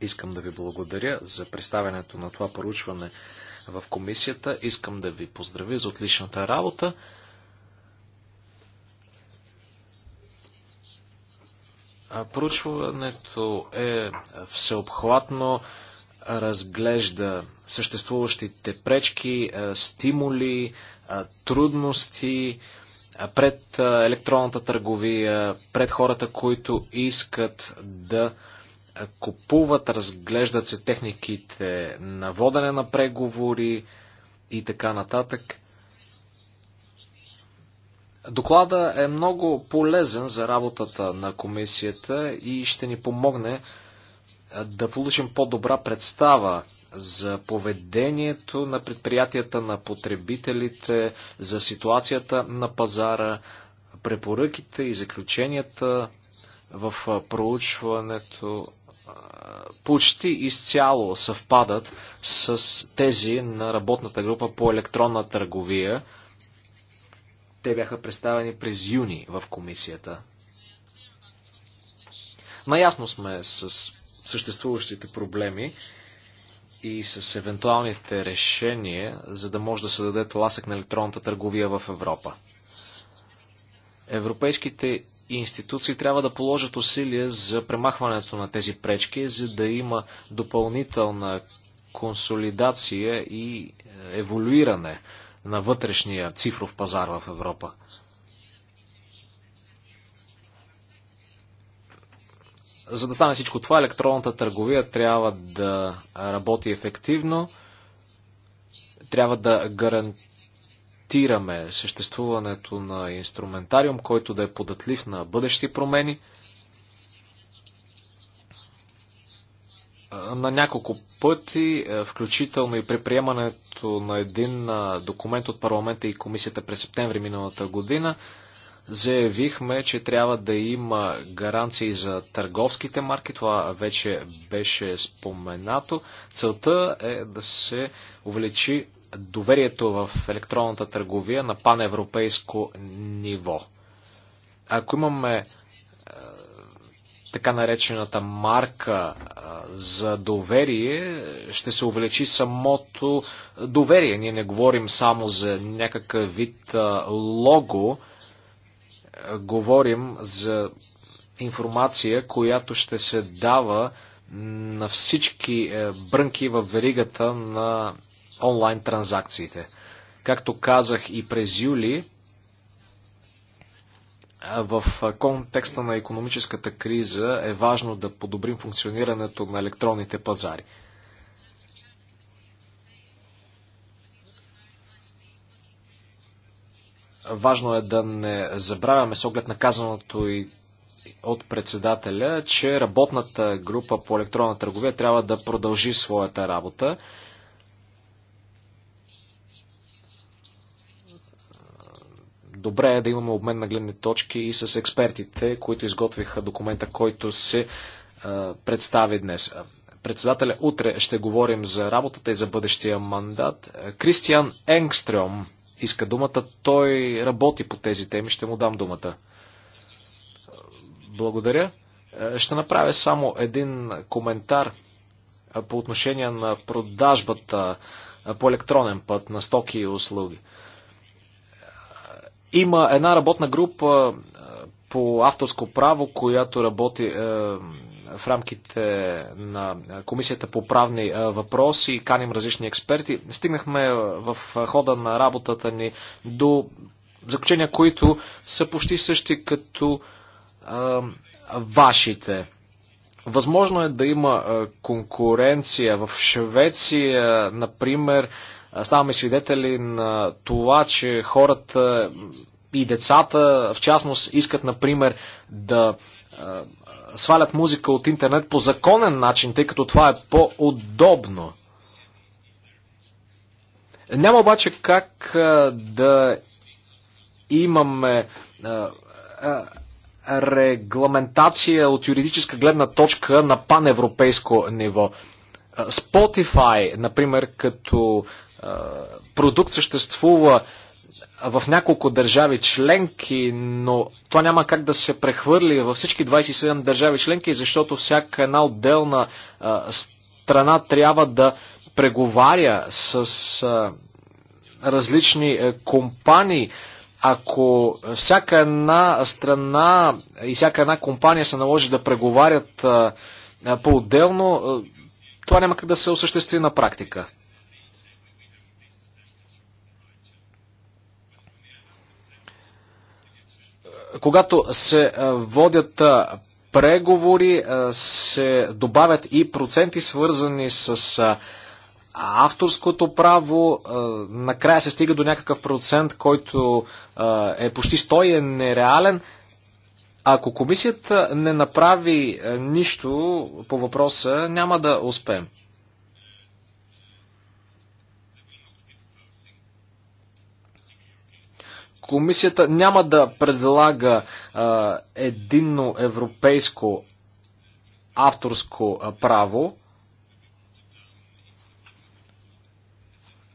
Искам да ви благодаря за представянето на това поручване в комисията. Искам да ви поздравя за отличната работа. Проучването е всеобхватно, разглежда съществуващите пречки, стимули, трудности пред електронната търговия, пред хората, които искат да купуват, разглеждат се техниките на водене на преговори и така нататък. Доклада е много полезен за работата на комисията и ще ни помогне да получим по-добра представа за поведението на предприятията, на потребителите, за ситуацията на пазара, препоръките и заключенията в проучването почти изцяло съвпадат с тези на работната група по електронна търговия. Те бяха представени през юни в комисията. Наясно сме с съществуващите проблеми и с евентуалните решения, за да може да се даде тласък на електронната търговия в Европа. Европейските институции трябва да положат усилия за премахването на тези пречки, за да има допълнителна консолидация и е, еволюиране на вътрешния цифров пазар в Европа. За да стане всичко това, електронната търговия трябва да работи ефективно, трябва да гарантира гарантираме съществуването на инструментариум, който да е податлив на бъдещи промени. На няколко пъти, е, включително и при приемането на един документ от парламента и комисията през септември миналата година, заявихме, че трябва да има гаранции за търговските марки. Това вече беше споменато. Целта е да се увеличи доверието в електронната търговия на паневропейско ниво. Ако имаме е, така наречената марка е, за доверие, ще се увеличи самото доверие. Ние не говорим само за някакъв вид е, лого, говорим за информация, която ще се дава на всички брънки в веригата на онлайн транзакциите. Както казах и през юли, в контекста на економическата криза е важно да подобрим функционирането на електронните пазари. Важно е да не забравяме с оглед на казаното и от председателя, че работната група по електронна търговия трябва да продължи своята работа. Добре е да имаме обмен на гледни точки и с експертите, които изготвиха документа, който се а, представи днес. Председателя, утре ще говорим за работата и за бъдещия мандат. Кристиан Енгстрем иска думата. Той работи по тези теми. Ще му дам думата. Благодаря. Ще направя само един коментар по отношение на продажбата по електронен път на стоки и услуги. Има една работна група по авторско право, която работи е, в рамките на Комисията по правни е, въпроси, каним различни експерти. Стигнахме е, в хода на работата ни до заключения, които са почти същи като вашите. Възможно е да има конкуренция. В Швеция, например, Ставаме свидетели на това, че хората и децата, в частност, искат, например, да свалят музика от интернет по законен начин, тъй като това е по-удобно. Няма обаче как да имаме регламентация от юридическа гледна точка на паневропейско ниво. Spotify, например, като продукт съществува в няколко държави членки, но това няма как да се прехвърли във всички 27 държави членки, защото всяка една отделна а, страна трябва да преговаря с а, различни а, компании. Ако всяка една страна и всяка една компания се наложи да преговарят по-отделно, това няма как да се осъществи на практика. когато се водят преговори, се добавят и проценти, свързани с авторското право. Накрая се стига до някакъв процент, който е почти стой, е нереален. Ако комисията не направи нищо по въпроса, няма да успеем. Комисията няма да предлага а, единно европейско авторско а, право.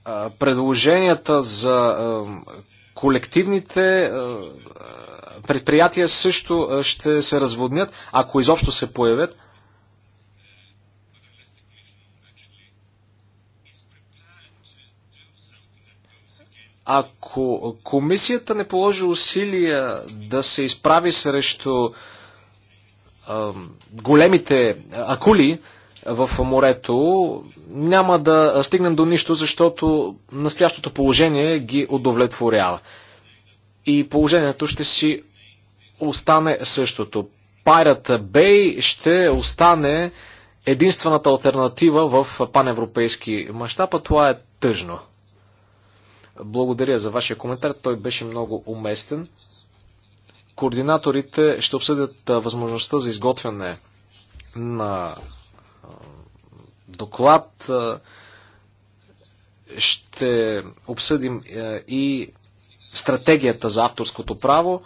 А, предложенията за а, колективните а, предприятия също ще се разводнят, ако изобщо се появят. Ако комисията не положи усилия да се изправи срещу а, големите акули в морето, няма да стигнем до нищо, защото настоящото положение ги удовлетворява. И положението ще си остане същото. Pirate Bay ще остане единствената альтернатива в паневропейски мащаб, а това е тъжно. Благодаря за вашия коментар. Той беше много уместен. Координаторите ще обсъдят възможността за изготвяне на доклад. Ще обсъдим и стратегията за авторското право.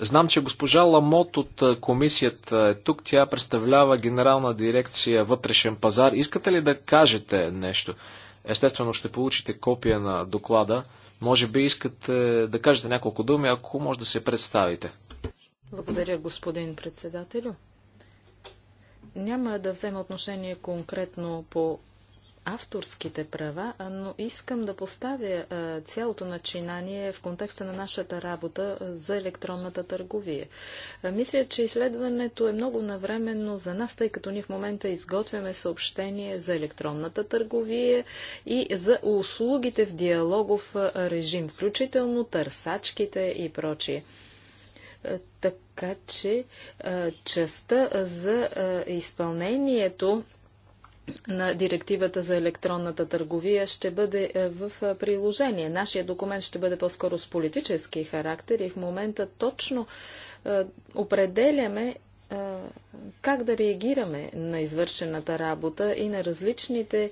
Знам, че госпожа Ламот от комисията е тук. Тя представлява генерална дирекция вътрешен пазар. Искате ли да кажете нещо? Естествено ще получите копия на доклада. Може би искате да кажете няколко думи, ако може да се представите. Благодаря, господин председателю. Няма да взема отношение конкретно по авторските права, но искам да поставя цялото начинание в контекста на нашата работа за електронната търговия. мисля, че изследването е много навременно за нас, тъй като ние в момента изготвяме съобщение за електронната търговия и за услугите в диалогов режим, включително търсачките и прочие. Така че частта за изпълнението на директивата за електронната търговия ще бъде е, в е, приложение. Нашия документ ще бъде по-скоро с политически характер и в момента точно е, определяме как да реагираме на извършената работа и на различните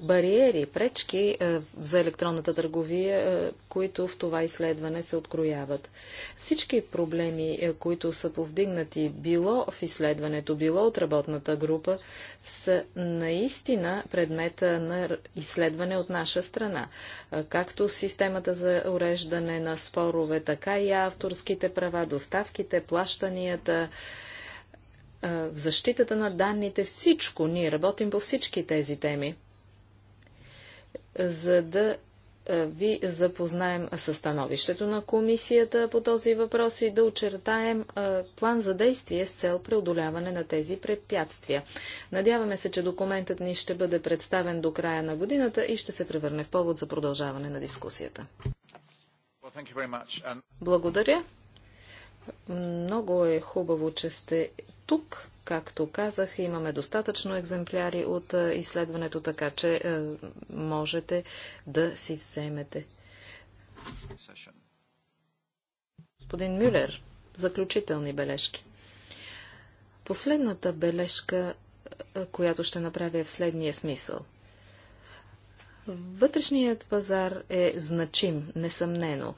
бариери, пречки за електронната търговия, които в това изследване се открояват. Всички проблеми, които са повдигнати било в изследването, било от работната група, са наистина предмета на изследване от наша страна. Както системата за уреждане на спорове, така и авторските права, доставките, плащанията, в защитата на данните, всичко. Ние работим по всички тези теми, за да ви запознаем с становището на комисията по този въпрос и да очертаем план за действие с цел преодоляване на тези препятствия. Надяваме се, че документът ни ще бъде представен до края на годината и ще се превърне в повод за продължаване на дискусията. Благодаря. Много е хубаво, че сте тук. Както казах, имаме достатъчно екземпляри от изследването, така че можете да си вземете. Господин Мюлер, заключителни бележки. Последната бележка, която ще направя е в следния смисъл. Вътрешният пазар е значим, несъмнено,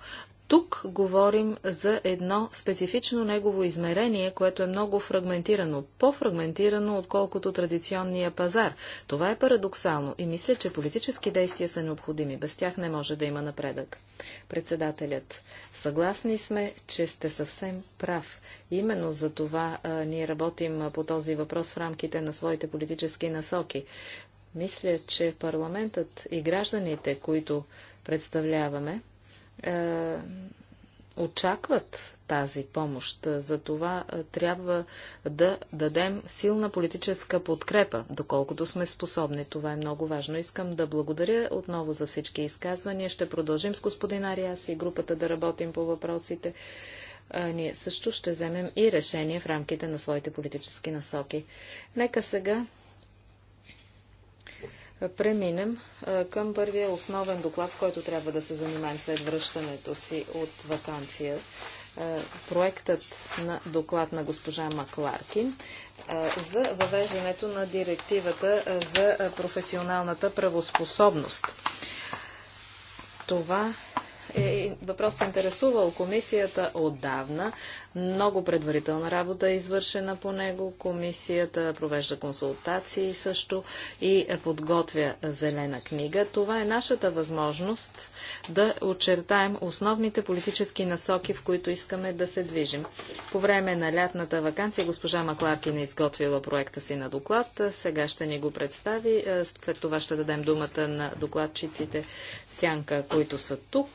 тук говорим за едно специфично негово измерение, което е много фрагментирано, по-фрагментирано, отколкото традиционния пазар. Това е парадоксално и мисля, че политически действия са необходими. Без тях не може да има напредък. Председателят, съгласни сме, че сте съвсем прав. Именно за това а, ние работим по този въпрос в рамките на своите политически насоки. Мисля, че парламентът и гражданите, които представляваме, е, очакват тази помощ. За това е, трябва да дадем силна политическа подкрепа, доколкото сме способни. Това е много важно. Искам да благодаря отново за всички изказвания. Ще продължим с господин Ариас и групата да работим по въпросите. Е, ние също ще вземем и решение в рамките на своите политически насоки. Нека сега преминем към първия основен доклад, с който трябва да се занимаем след връщането си от вакансия. Проектът на доклад на госпожа Макларкин за въвеждането на директивата за професионалната правоспособност. Това е, въпрос се интересувал комисията отдавна. Много предварителна работа е извършена по него. Комисията провежда консултации също и подготвя зелена книга. Това е нашата възможност да очертаем основните политически насоки, в които искаме да се движим. По време на лятната вакансия госпожа Макларкина е изготвила проекта си на доклад. Сега ще ни го представи. Е, след това ще дадем думата на докладчиците сянка, които са тук.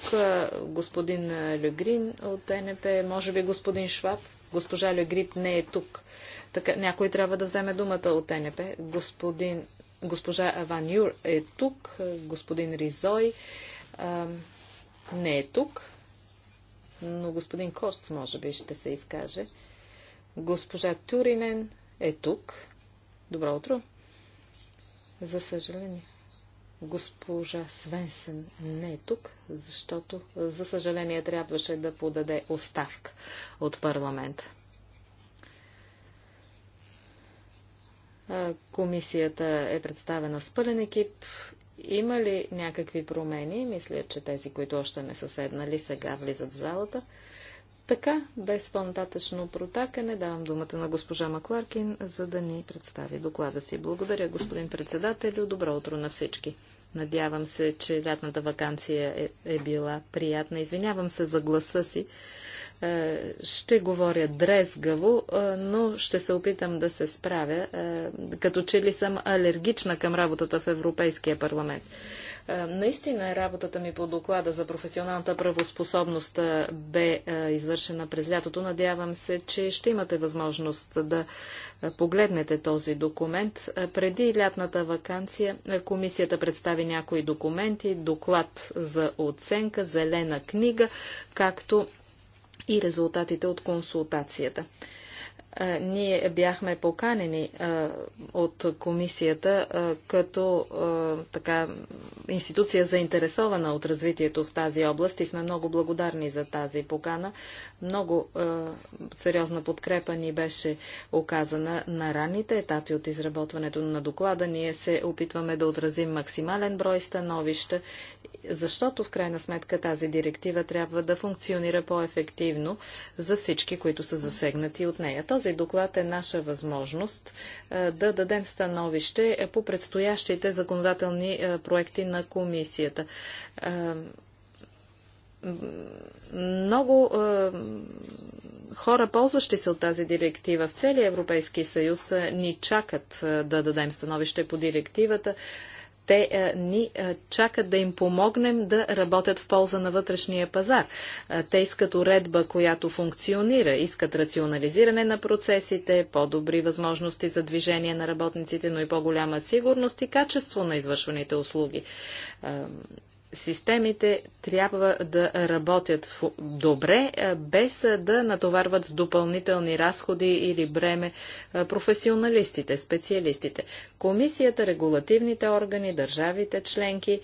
Господин Легрин от НП, може би господин Шваб. Госпожа Легрип не е тук. Така, някой трябва да вземе думата от НП. Господин, госпожа Аван Юр е тук. Господин Ризой а, не е тук. Но господин Кост, може би, ще се изкаже. Госпожа Тюринен е тук. Добро утро. За съжаление. Госпожа Свенсен не е тук, защото, за съжаление, трябваше да подаде оставка от парламент. Комисията е представена с пълен екип. Има ли някакви промени? Мисля, че тези, които още не са седнали, сега влизат в залата. Така, без по-нататъчно протакане, давам думата на госпожа Макларкин, за да ни представи доклада си. Благодаря, господин председателю. Добро утро на всички. Надявам се, че лятната вакансия е, е била приятна. Извинявам се за гласа си. Е, ще говоря дрезгаво, е, но ще се опитам да се справя, е, като че ли съм алергична към работата в Европейския парламент. Е, наистина е работата ми по доклада за професионалната правоспособност е, бе извършена през лятото. Надявам се, че ще имате възможност да погледнете този документ. Преди лятната вакансия комисията представи някои документи, доклад за оценка, зелена книга, както и резултатите от консултацията ние бяхме поканени а, от комисията а, като а, така институция заинтересована от развитието в тази област и сме много благодарни за тази покана. Много сериозна подкрепа ни беше оказана на ранните етапи от изработването на доклада. Ние се опитваме да отразим максимален брой становища, защото в крайна сметка тази директива трябва да функционира по-ефективно за всички, които са засегнати от нея. Този този доклад е наша възможност е, да дадем становище е, по предстоящите законодателни е, проекти на комисията. много хора, ползващи се от тази директива в целия Европейски съюз, ни чакат да дадем становище по директивата те а, е, ни а, е, чакат да им помогнем да работят в полза на вътрешния пазар. А, е, те искат уредба, която функционира, искат рационализиране на процесите, по-добри възможности за движение на работниците, но и по-голяма сигурност и качество на извършваните услуги системите трябва да работят добре, без да натоварват с допълнителни разходи или бреме професионалистите, специалистите. Комисията, регулативните органи, държавите членки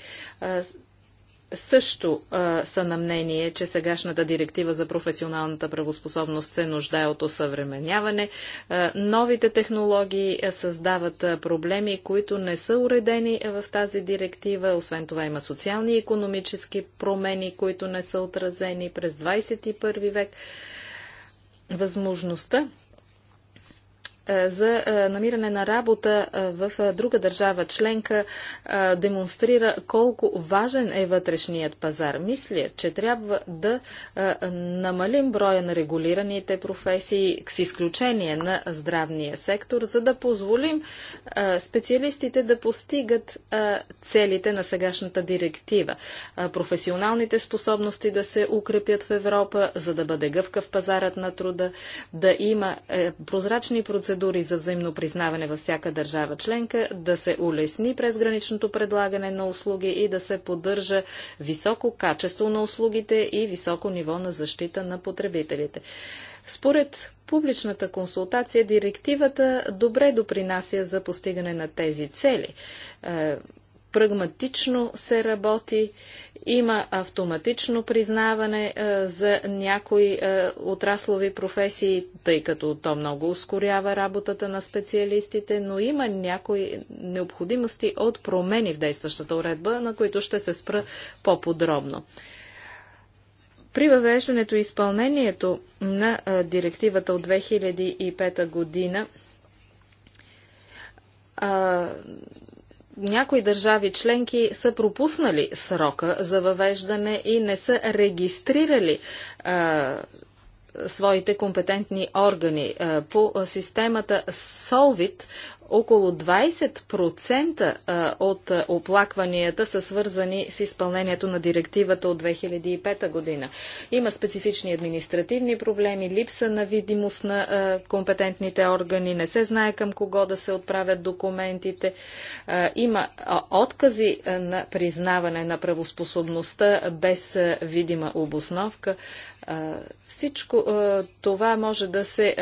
също а, са на мнение, че сегашната директива за професионалната правоспособност се нуждае от осъвременяване. А, новите технологии създават проблеми, които не са уредени е, в тази директива. Освен това има социални и економически промени, които не са отразени през 21 век. Възможността е, за е, намиране на работа е, в друга държава членка демонстрира колко важен е вътрешният пазар. Мисля, че трябва да намалим броя на регулираните професии с изключение на здравния сектор, за да позволим специалистите да постигат целите на сегашната директива. Професионалните способности да се укрепят в Европа, за да бъде гъвкав пазарът на труда, да има прозрачни процедури, процедури за взаимно признаване във всяка държава членка, да се улесни през граничното предлагане на услуги и да се поддържа високо качество на услугите и високо ниво на защита на потребителите. Според публичната консултация, директивата добре допринася за постигане на тези цели. Е, прагматично се работи. Има автоматично признаване е, за някои е, отраслови професии, тъй като то много ускорява работата на специалистите, но има някои необходимости от промени в действащата уредба, на които ще се спра по-подробно. При въвеждането и изпълнението на е, директивата от 2005 година някои държави членки са пропуснали срока за въвеждане и не са регистрирали а, своите компетентни органи. По системата Solvit около 20% от оплакванията са свързани с изпълнението на директивата от 2005 година. Има специфични административни проблеми, липса на видимост на компетентните органи, не се знае към кого да се отправят документите. Има откази на признаване на правоспособността без видима обосновка. Всичко това може да се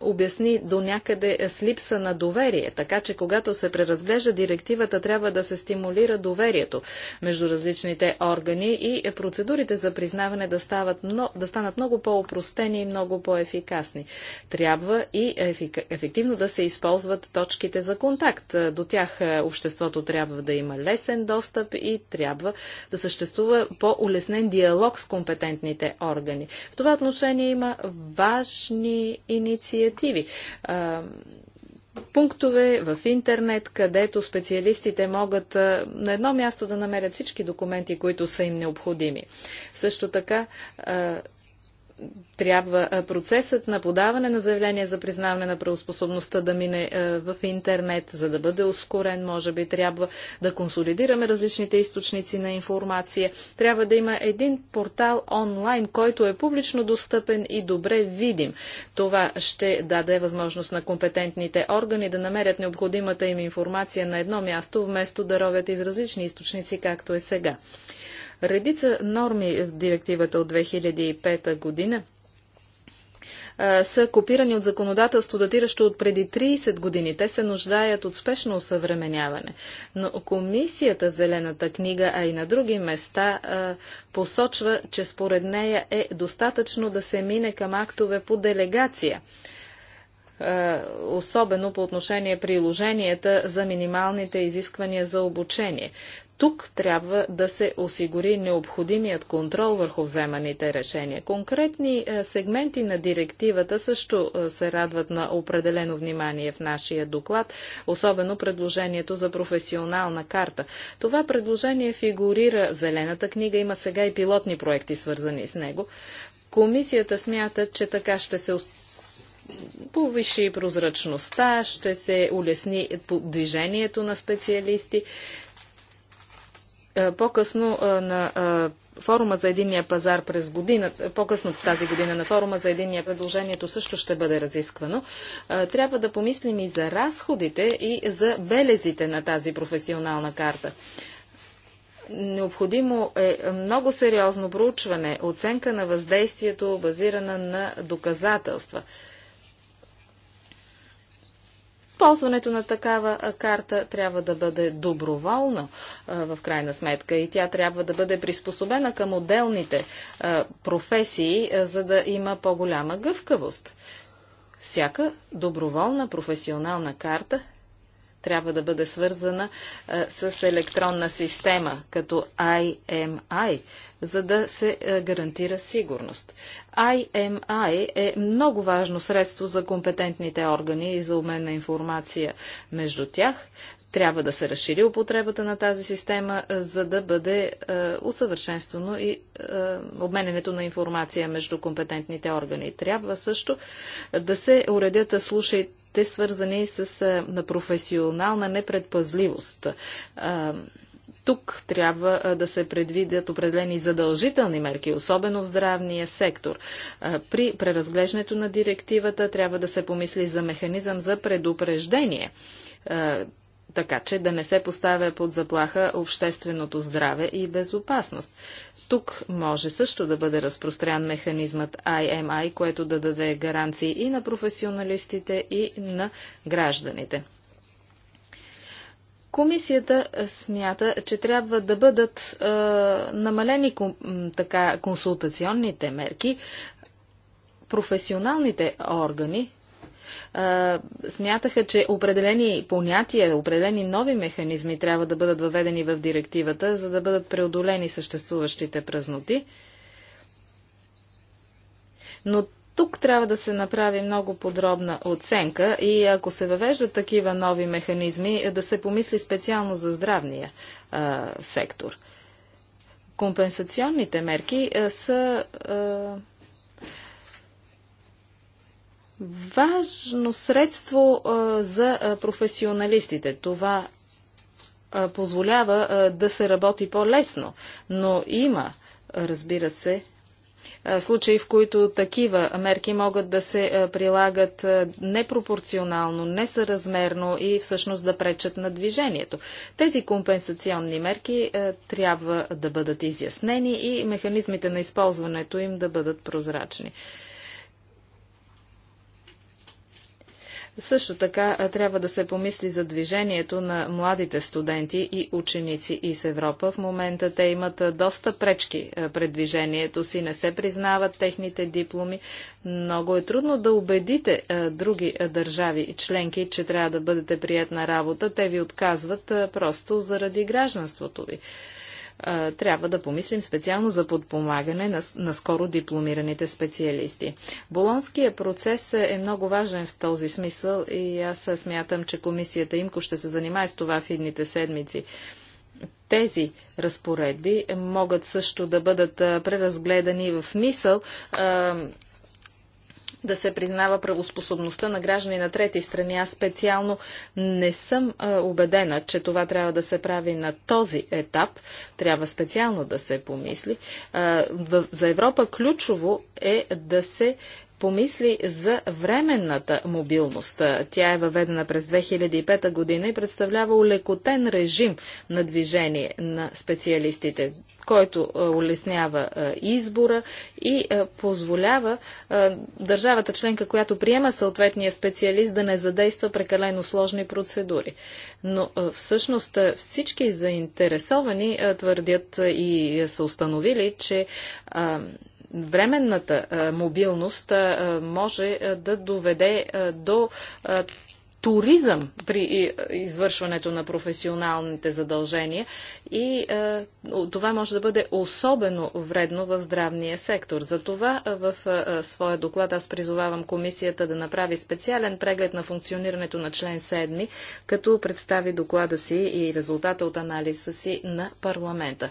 обясни до някъде с липса на доверие доверие. Така че, когато се преразглежда директивата, трябва да се стимулира доверието между различните органи и процедурите за признаване да, стават, да станат много по-опростени и много по-ефикасни. Трябва и ефективно да се използват точките за контакт. До тях е, обществото трябва да има лесен достъп и трябва да съществува по-улеснен диалог с компетентните органи. В това отношение има важни инициативи пунктове в интернет, където специалистите могат на едно място да намерят всички документи, които са им необходими. Също така трябва процесът на подаване на заявление за признаване на правоспособността да мине в интернет, за да бъде ускорен, може би трябва да консолидираме различните източници на информация. Трябва да има един портал онлайн, който е публично достъпен и добре видим. Това ще даде възможност на компетентните органи да намерят необходимата им информация на едно място, вместо да ровят из различни източници, както е сега. Редица норми в директивата от 2005 година са копирани от законодателство, датиращо от преди 30 години. Те се нуждаят от спешно усъвременяване. Но комисията в Зелената книга, а и на други места, посочва, че според нея е достатъчно да се мине към актове по делегация е, особено по отношение приложенията за минималните изисквания за обучение. Тук трябва да се осигури необходимият контрол върху вземаните решения. Конкретни е, сегменти на директивата също е, се радват на определено внимание в нашия доклад, особено предложението за професионална карта. Това предложение фигурира в Зелената книга, има сега и пилотни проекти свързани с него. Комисията смята, че така ще се повиши прозрачността, ще се улесни движението на специалисти. Е, по-късно е, на е, форума за единния пазар през година, по-късно тази година на форума за единния предложението също ще бъде разисквано. Трябва да помислим и за разходите и за белезите на тази професионална карта. Необходимо е много сериозно проучване, оценка на въздействието, базирана на доказателства. Ползването на такава карта трябва да бъде доброволна в крайна сметка и тя трябва да бъде приспособена към отделните професии, за да има по-голяма гъвкавост. Всяка доброволна професионална карта трябва да бъде свързана с електронна система, като IMI, за да се е, гарантира сигурност. IMI е много важно средство за компетентните органи и за обмен на информация между тях. Трябва да се разшири употребата на тази система, е, за да бъде е, усъвършенствано и обмененето на информация между компетентните органи. Трябва също да се уредят слушайте, те свързани с на професионална непредпазливост тук трябва да се предвидят определени задължителни мерки, особено в здравния сектор. при преразглеждането на директивата трябва да се помисли за механизъм за предупреждение така че да не се поставя под заплаха общественото здраве и безопасност. Тук може също да бъде разпрострян механизмът IMI, което да даде гаранции и на професионалистите, и на гражданите. Комисията смята, че трябва да бъдат е, намалени ком, така, консултационните мерки, професионалните органи е, смятаха, че определени понятия, определени нови механизми трябва да бъдат въведени в директивата, за да бъдат преодолени съществуващите празноти. Но тук трябва да се направи много подробна оценка и ако се въвеждат такива нови механизми, е да се помисли специално за здравния а, сектор. Компенсационните мерки а, са. А, важно средство а, за а, професионалистите. Това а, позволява да се работи по-лесно, но има, разбира се, случаи, в които такива мерки могат да се прилагат непропорционално, несъразмерно и всъщност да пречат на движението. Тези компенсационни мерки трябва да бъдат изяснени и механизмите на използването им да бъдат прозрачни. Също така трябва да се помисли за движението на младите студенти и ученици из Европа. В момента те имат доста пречки пред движението си, не се признават техните дипломи. Много е трудно да убедите други държави членки, че трябва да бъдете прият на работа. Те ви отказват просто заради гражданството ви трябва да помислим специално за подпомагане на, на скоро дипломираните специалисти. Болонския процес е много важен в този смисъл и аз смятам, че комисията Имко ще се занимае с това в идните седмици. Тези разпоредби могат също да бъдат преразгледани в смисъл да се признава правоспособността на граждани на трети страни. Аз специално не съм а, убедена, че това трябва да се прави на този етап. Трябва специално да се помисли. А, в, за Европа ключово е да се помисли за временната мобилност. Тя е въведена през 2005 година и представлява улекотен режим на движение на специалистите който улеснява избора и позволява държавата членка, която приема съответния специалист, да не задейства прекалено сложни процедури. Но всъщност всички заинтересовани твърдят и са установили, че временната мобилност може да доведе до туризъм при е, извършването на професионалните задължения и е, това може да бъде особено вредно в здравния сектор. Затова е, в е, е, своя доклад аз призовавам комисията да направи специален преглед на функционирането на член 7, като представи доклада си и резултата от анализа си на парламента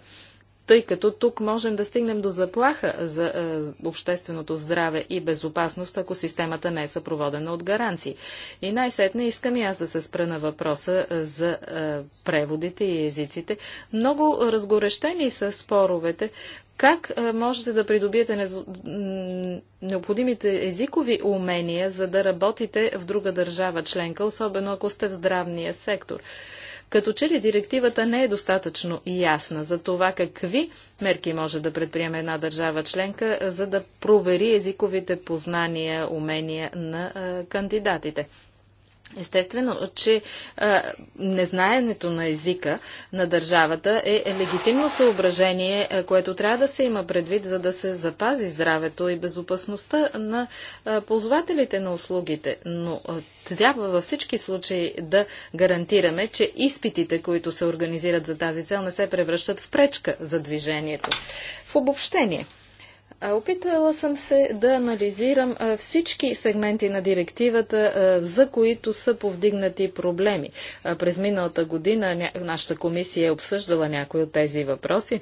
тъй като тук можем да стигнем до заплаха за е, общественото здраве и безопасност, ако системата не е съпроводена от гаранции. И най-сетне искам и аз да се спра на въпроса е, за е, преводите и езиците. Много разгорещени са споровете как е, можете да придобиете необходимите езикови умения, за да работите в друга държава членка, особено ако сте в здравния сектор? Като че ли директивата не е достатъчно ясна за това какви мерки може да предприеме една държава членка, за да провери езиковите познания, умения на кандидатите. Естествено, че а, незнаенето на езика на държавата е легитимно съображение, а, което трябва да се има предвид, за да се запази здравето и безопасността на а, ползвателите на услугите. Но а, трябва във всички случаи да гарантираме, че изпитите, които се организират за тази цел, не се превръщат в пречка за движението. В обобщение – Опитала съм се да анализирам всички сегменти на директивата, за които са повдигнати проблеми. През миналата година нашата комисия е обсъждала някои от тези въпроси.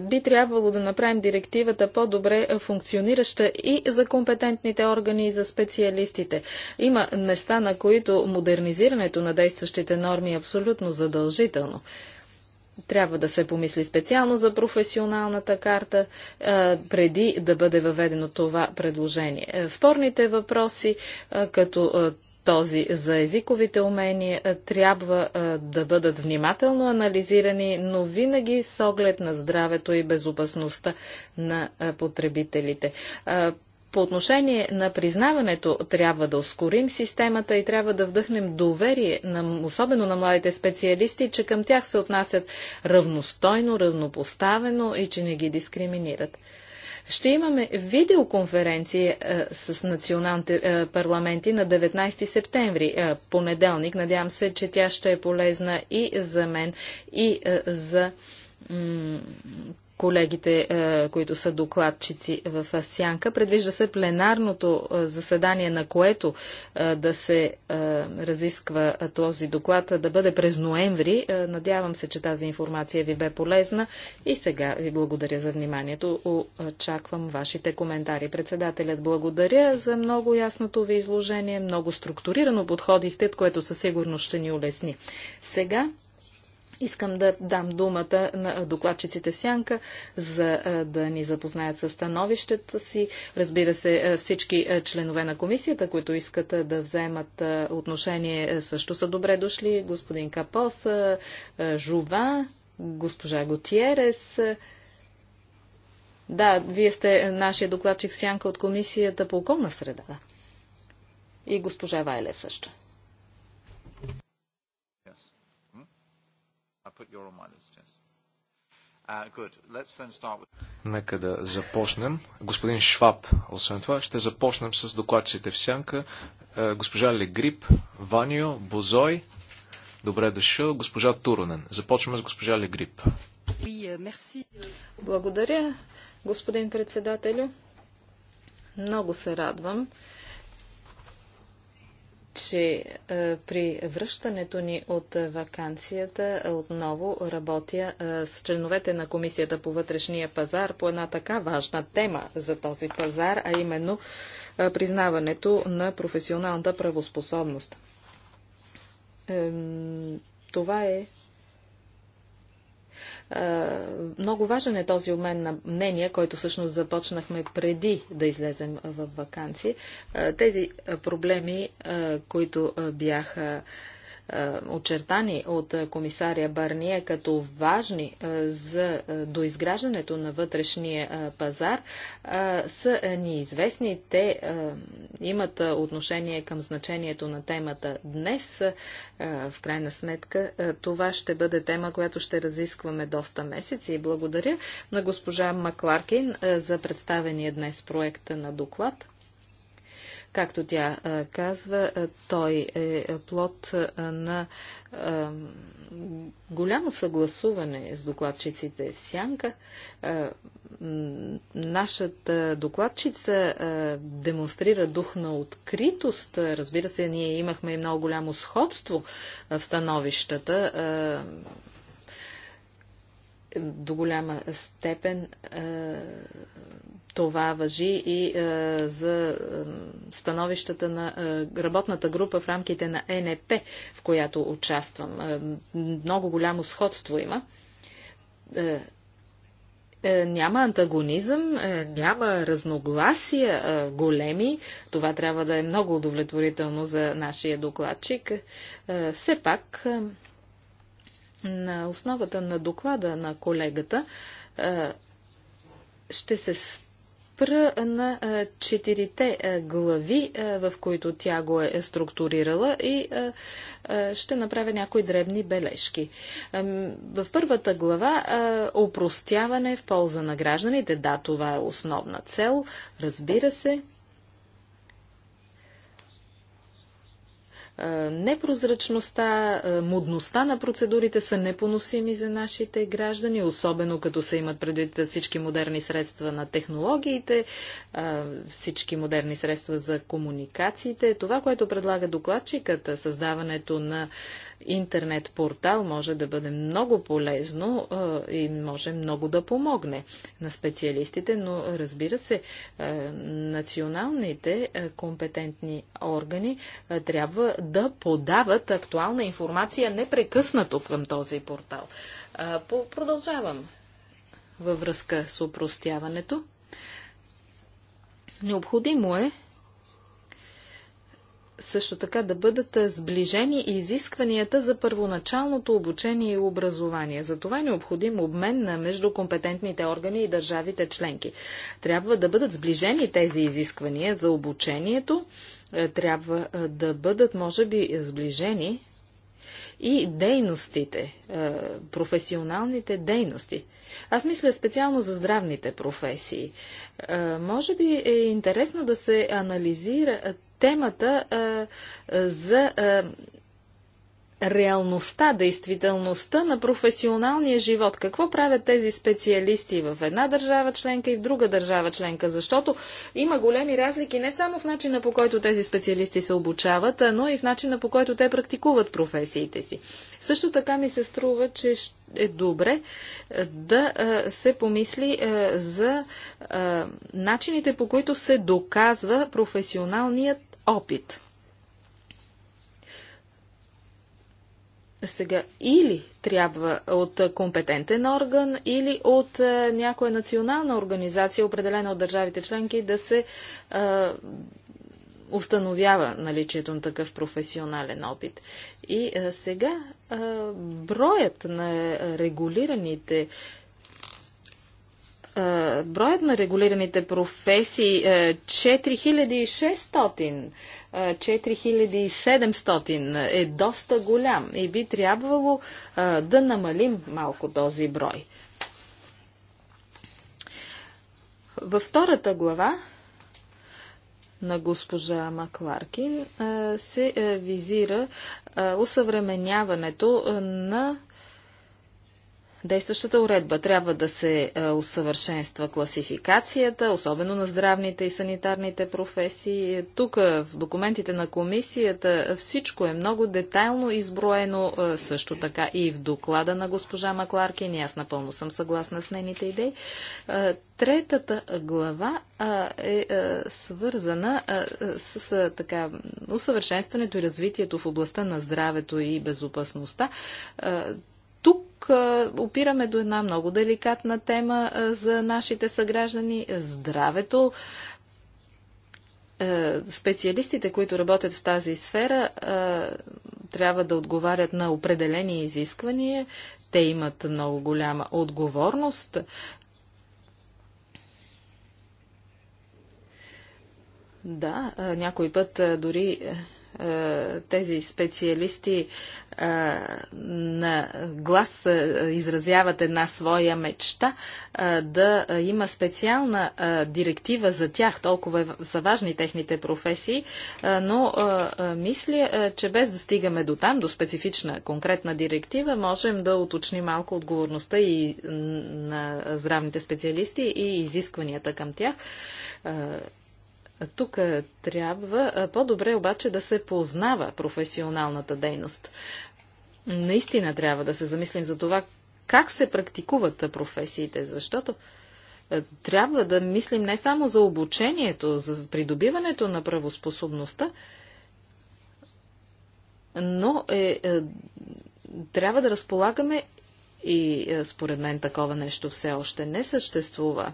Би трябвало да направим директивата по-добре функционираща и за компетентните органи и за специалистите. Има места, на които модернизирането на действащите норми е абсолютно задължително. Трябва да се помисли специално за професионалната карта, преди да бъде въведено това предложение. Е, спорните въпроси, като този за езиковите умения трябва а, да бъдат внимателно анализирани, но винаги с оглед на здравето и безопасността на а, потребителите. А, по отношение на признаването трябва да ускорим системата и трябва да вдъхнем доверие, на, особено на младите специалисти, че към тях се отнасят равностойно, равнопоставено и че не ги дискриминират. Ще имаме видеоконференции а, е, с националните е, парламенти на 19 септември, а, е, понеделник. Надявам се, че тя ще е полезна и за мен, и за колегите, е, които са докладчици в Сянка. Предвижда се пленарното е, заседание, на което е, да се разисква този доклад, да бъде през ноември. Надявам се, че тази информация ви бе полезна и сега ви благодаря за вниманието. Очаквам вашите коментари. Председателят, благодаря за много ясното ви изложение. Много структурирано подходихте, което със сигурност ще ни улесни. Сега Искам да дам думата на докладчиците Сянка, за да ни запознаят с становището си. Разбира се, всички членове на комисията, които искат да вземат отношение, също са добре дошли. Господин Капос, Жува, госпожа Готиерес. Да, вие сте нашия докладчик Сянка от комисията по околна среда. И госпожа Вайле също. put your on my list, yes. Нека да започнем. Господин Шваб, освен това, ще започнем с докладците в сянка. Е, госпожа Легрип, Ванио, Бозой, добре дошъл, госпожа Туронен. Започваме с госпожа Легрип. Е, Благодаря, господин председателю. Много се радвам, че е, при връщането ни от вакансията отново работя е, с членовете на Комисията по вътрешния пазар по една така важна тема за този пазар, а именно е, признаването на професионалната правоспособност. Това е много важен е този обмен на мнения, който всъщност започнахме преди да излезем в вакансии. Тези проблеми, които бяха е, очертани от е, комисаря Барния като важни е, за доизграждането на вътрешния пазар, са ни известни. Те имат отношение към значението на темата днес. В крайна сметка това ще бъде тема, която ще разискваме доста месеци. И благодаря на госпожа Макларкин за представения днес проекта на доклад. Както тя казва, той е плод на голямо съгласуване с докладчиците в Сянка. Нашата докладчица демонстрира дух на откритост. Разбира се, ние имахме и много голямо сходство в становищата до голяма степен това въжи и е, за е, становищата на е, работната група в рамките на НЕП, в която участвам. Е, много голямо сходство има. Е, е няма антагонизъм, е, няма разногласия големи. Това трябва да е много удовлетворително за нашия докладчик. Все пак, на основата на доклада на колегата, ще се спра на четирите глави, в които тя го е структурирала и ще направя някои дребни бележки. В първата глава опростяване в полза на гражданите. Да, това е основна цел. Разбира се, Е, непрозрачността, е, мудността на процедурите са непоносими за нашите граждани, особено като се имат предвид всички модерни средства на технологиите, е, всички модерни средства за комуникациите. Това, което предлага докладчиката, създаването на интернет портал може да бъде много полезно и може много да помогне на специалистите, но разбира се, националните компетентни органи трябва да подават актуална информация непрекъснато към този портал. Продължавам във връзка с упростяването. Необходимо е също така да бъдат сближени изискванията за първоначалното обучение и образование. За това е необходим обмен на между компетентните органи и държавите членки. Трябва да бъдат сближени тези изисквания за обучението, трябва да бъдат, може би, сближени и дейностите, е, професионалните дейности. Аз мисля специално за здравните професии. Е, може би е интересно да се анализира темата е, за реалността, действителността на професионалния живот. Какво правят тези специалисти в една държава членка и в друга държава членка? Защото има големи разлики не само в начина по който тези специалисти се обучават, но и в начина по който те практикуват професиите си. Също така ми се струва, че е добре е, да е, се помисли е, за начините по които се доказва професионалният опит. Сега или трябва от компетентен орган, или от е, някоя национална организация, определена от държавите членки, да се а, е, установява наличието на такъв професионален опит. И а, е, сега а, броят на регулираните броят на регулираните професии 4600 4700 е доста голям и би трябвало да намалим малко този брой. Във втората глава на госпожа Макларкин се визира усъвременяването на действащата уредба. Трябва да се е, усъвършенства класификацията, особено на здравните и санитарните професии. Е, тук е, в документите на комисията всичко е много детайлно изброено, също така и в доклада на госпожа Макларкин. Аз напълно съм съгласна с нейните идеи. Третата глава е свързана с така, усъвършенстването и развитието в областта на здравето и безопасността тук опираме до една много деликатна тема за нашите съграждани здравето. Е, специалистите, които работят в тази сфера, е, трябва да отговарят на определени изисквания. Те имат много голяма отговорност. Да, е, някой път дори е, тези специалисти е, на глас е, изразяват една своя мечта да има специална директива за тях. Толкова са важни техните професии, но мисля, че без да стигаме до там, до специфична конкретна директива, можем да уточним малко отговорността и на здравните специалисти и изискванията към тях тук трябва по-добре обаче да се познава професионалната дейност. Наистина трябва да се замислим за това как се практикуват професиите, защото трябва да мислим не само за обучението, за придобиването на правоспособността, но е, е, трябва да разполагаме и е, според мен такова нещо все още не съществува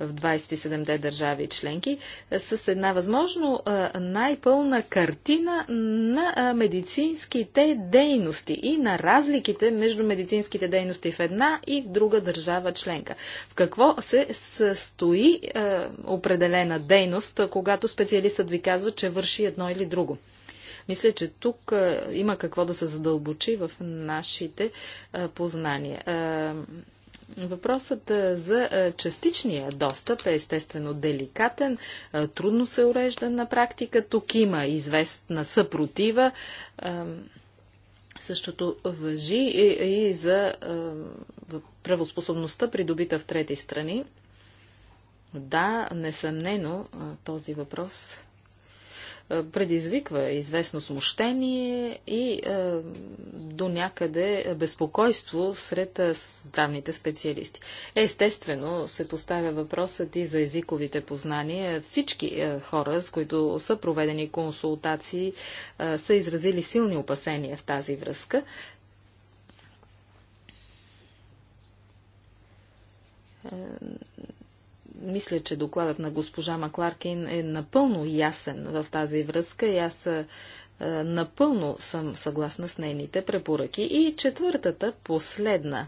в 27-те държави членки с една възможно най-пълна картина на медицинските дейности и на разликите между медицинските дейности в една и в друга държава членка. В какво се състои определена дейност, когато специалистът ви казва, че върши едно или друго? Мисля, че тук има какво да се задълбочи в нашите познания. Въпросът за частичния достъп е естествено деликатен, трудно се урежда на практика. Тук има известна съпротива. Същото въжи и за правоспособността, придобита в трети страни. Да, несъмнено, този въпрос е, предизвиква известно смущение и е, до някъде безпокойство сред е, здравните специалисти. Естествено се поставя въпросът и за езиковите познания. Всички хора, с които са проведени консултации, са изразили силни опасения в тази връзка мисля, че докладът на госпожа Макларкин е напълно ясен в тази връзка и аз е, е, напълно съм съгласна с нейните препоръки. И четвъртата, последна е,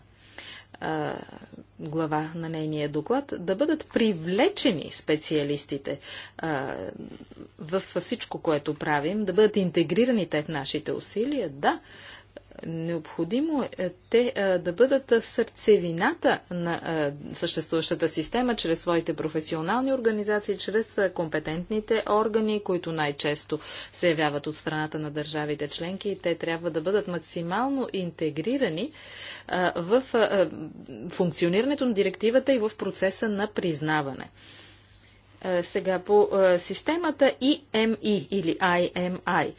глава на нейния доклад, да бъдат привлечени специалистите във всичко, което правим, да бъдат интегрирани те в нашите усилия. Да, Необходимо е те да бъдат сърцевината на съществуващата система чрез своите професионални организации, чрез компетентните органи, които най-често се явяват от страната на държавите членки и те трябва да бъдат максимално интегрирани в функционирането на директивата и в процеса на признаване. Сега по системата IMI или IMI.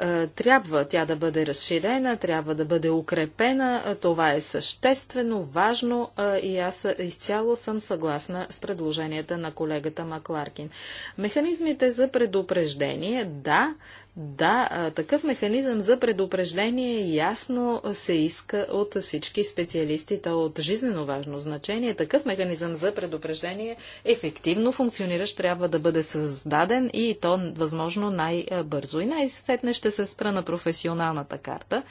Е, трябва тя да бъде разширена, трябва да бъде укрепена. Е, това е съществено, важно е, и аз изцяло съм съгласна с предложенията на колегата Макларкин. Механизмите за предупреждение, да, да, такъв механизъм за предупреждение ясно се иска от всички специалисти. То е от жизнено важно значение. Такъв механизъм за предупреждение ефективно функциониращ трябва да бъде създаден и то възможно най-бързо. И най-сетне ще се спра на професионалната карта.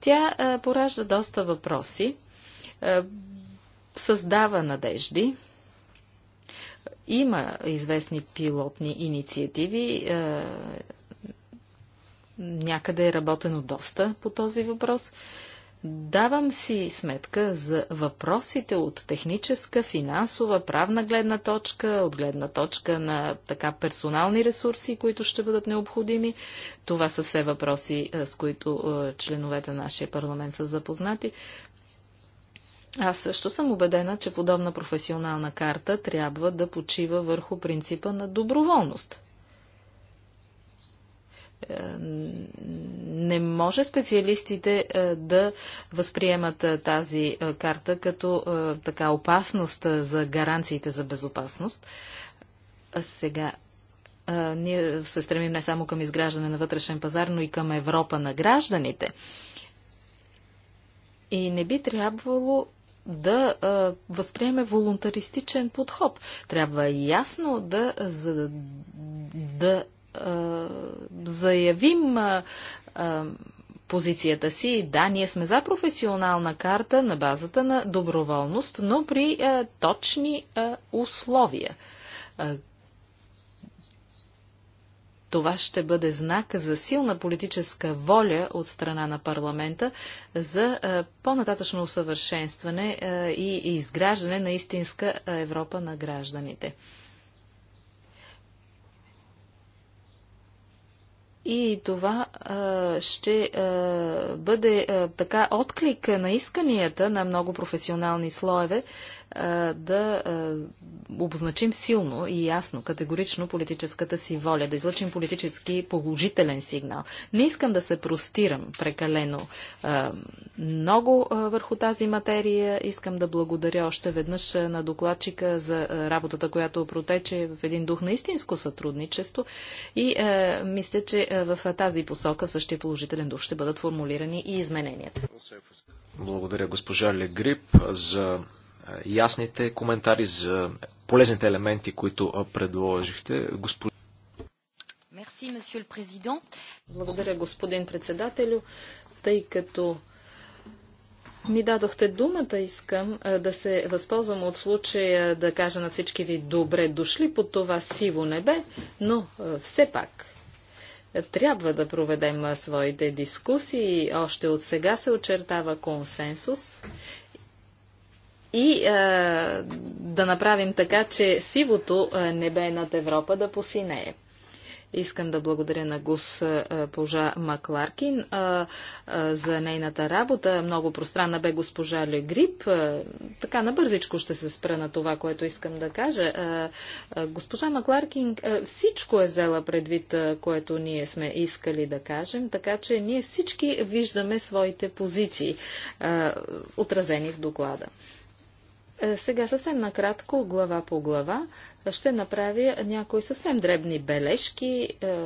Тя поражда доста въпроси, създава надежди, има известни пилотни инициативи. Някъде е работено доста по този въпрос. Давам си сметка за въпросите от техническа, финансова, правна гледна точка, от гледна точка на така персонални ресурси, които ще бъдат необходими. Това са все въпроси, с които членовете на нашия парламент са запознати. Аз също съм убедена, че подобна професионална карта трябва да почива върху принципа на доброволност не може специалистите е, да възприемат е, тази е, карта като така опасност за гаранциите за безопасност. Сега ние се стремим не само към изграждане на вътрешен пазар, но и към Европа на гражданите. И не би трябвало да а, възприеме волонтаристичен подход. Трябва ясно да, за, да е, заявим е, е, позицията си. Да, ние сме за професионална карта на базата на доброволност, но при точни условия. това ще бъде знак за силна политическа воля от страна на парламента за по-нататъчно усъвършенстване и изграждане на истинска Европа на гражданите. И това а, ще а, бъде а, така отклик на исканията на много професионални слоеве да обозначим силно и ясно, категорично политическата си воля, да излъчим политически положителен сигнал. Не искам да се простирам прекалено много върху тази материя. Искам да благодаря още веднъж на докладчика за работата, която протече в един дух на истинско сътрудничество и мисля, че в тази посока в същия положителен дух ще бъдат формулирани и измененията. Благодаря госпожа Легрип за ясните коментари за полезните елементи, които предложихте. Господин благодаря, господин председателю. Тъй като ми дадохте думата, искам да се възползвам от случая да кажа на всички ви добре дошли по това сиво небе, но все пак трябва да проведем своите дискусии. Още от сега се очертава консенсус и е, да направим така, че сивото е, небе над Европа да посинее. Искам да благодаря на гос е, Пожа Макларкин е, за нейната работа. Много пространна бе госпожа Легрип. А, така набързичко ще се спра на това, което искам да кажа. Госпожа Макларкин всичко е взела предвид, което ние сме искали да кажем, така че ние всички виждаме своите позиции, отразени в доклада. Е, сега съвсем накратко, глава по глава, ще направя някои съвсем дребни бележки. Е,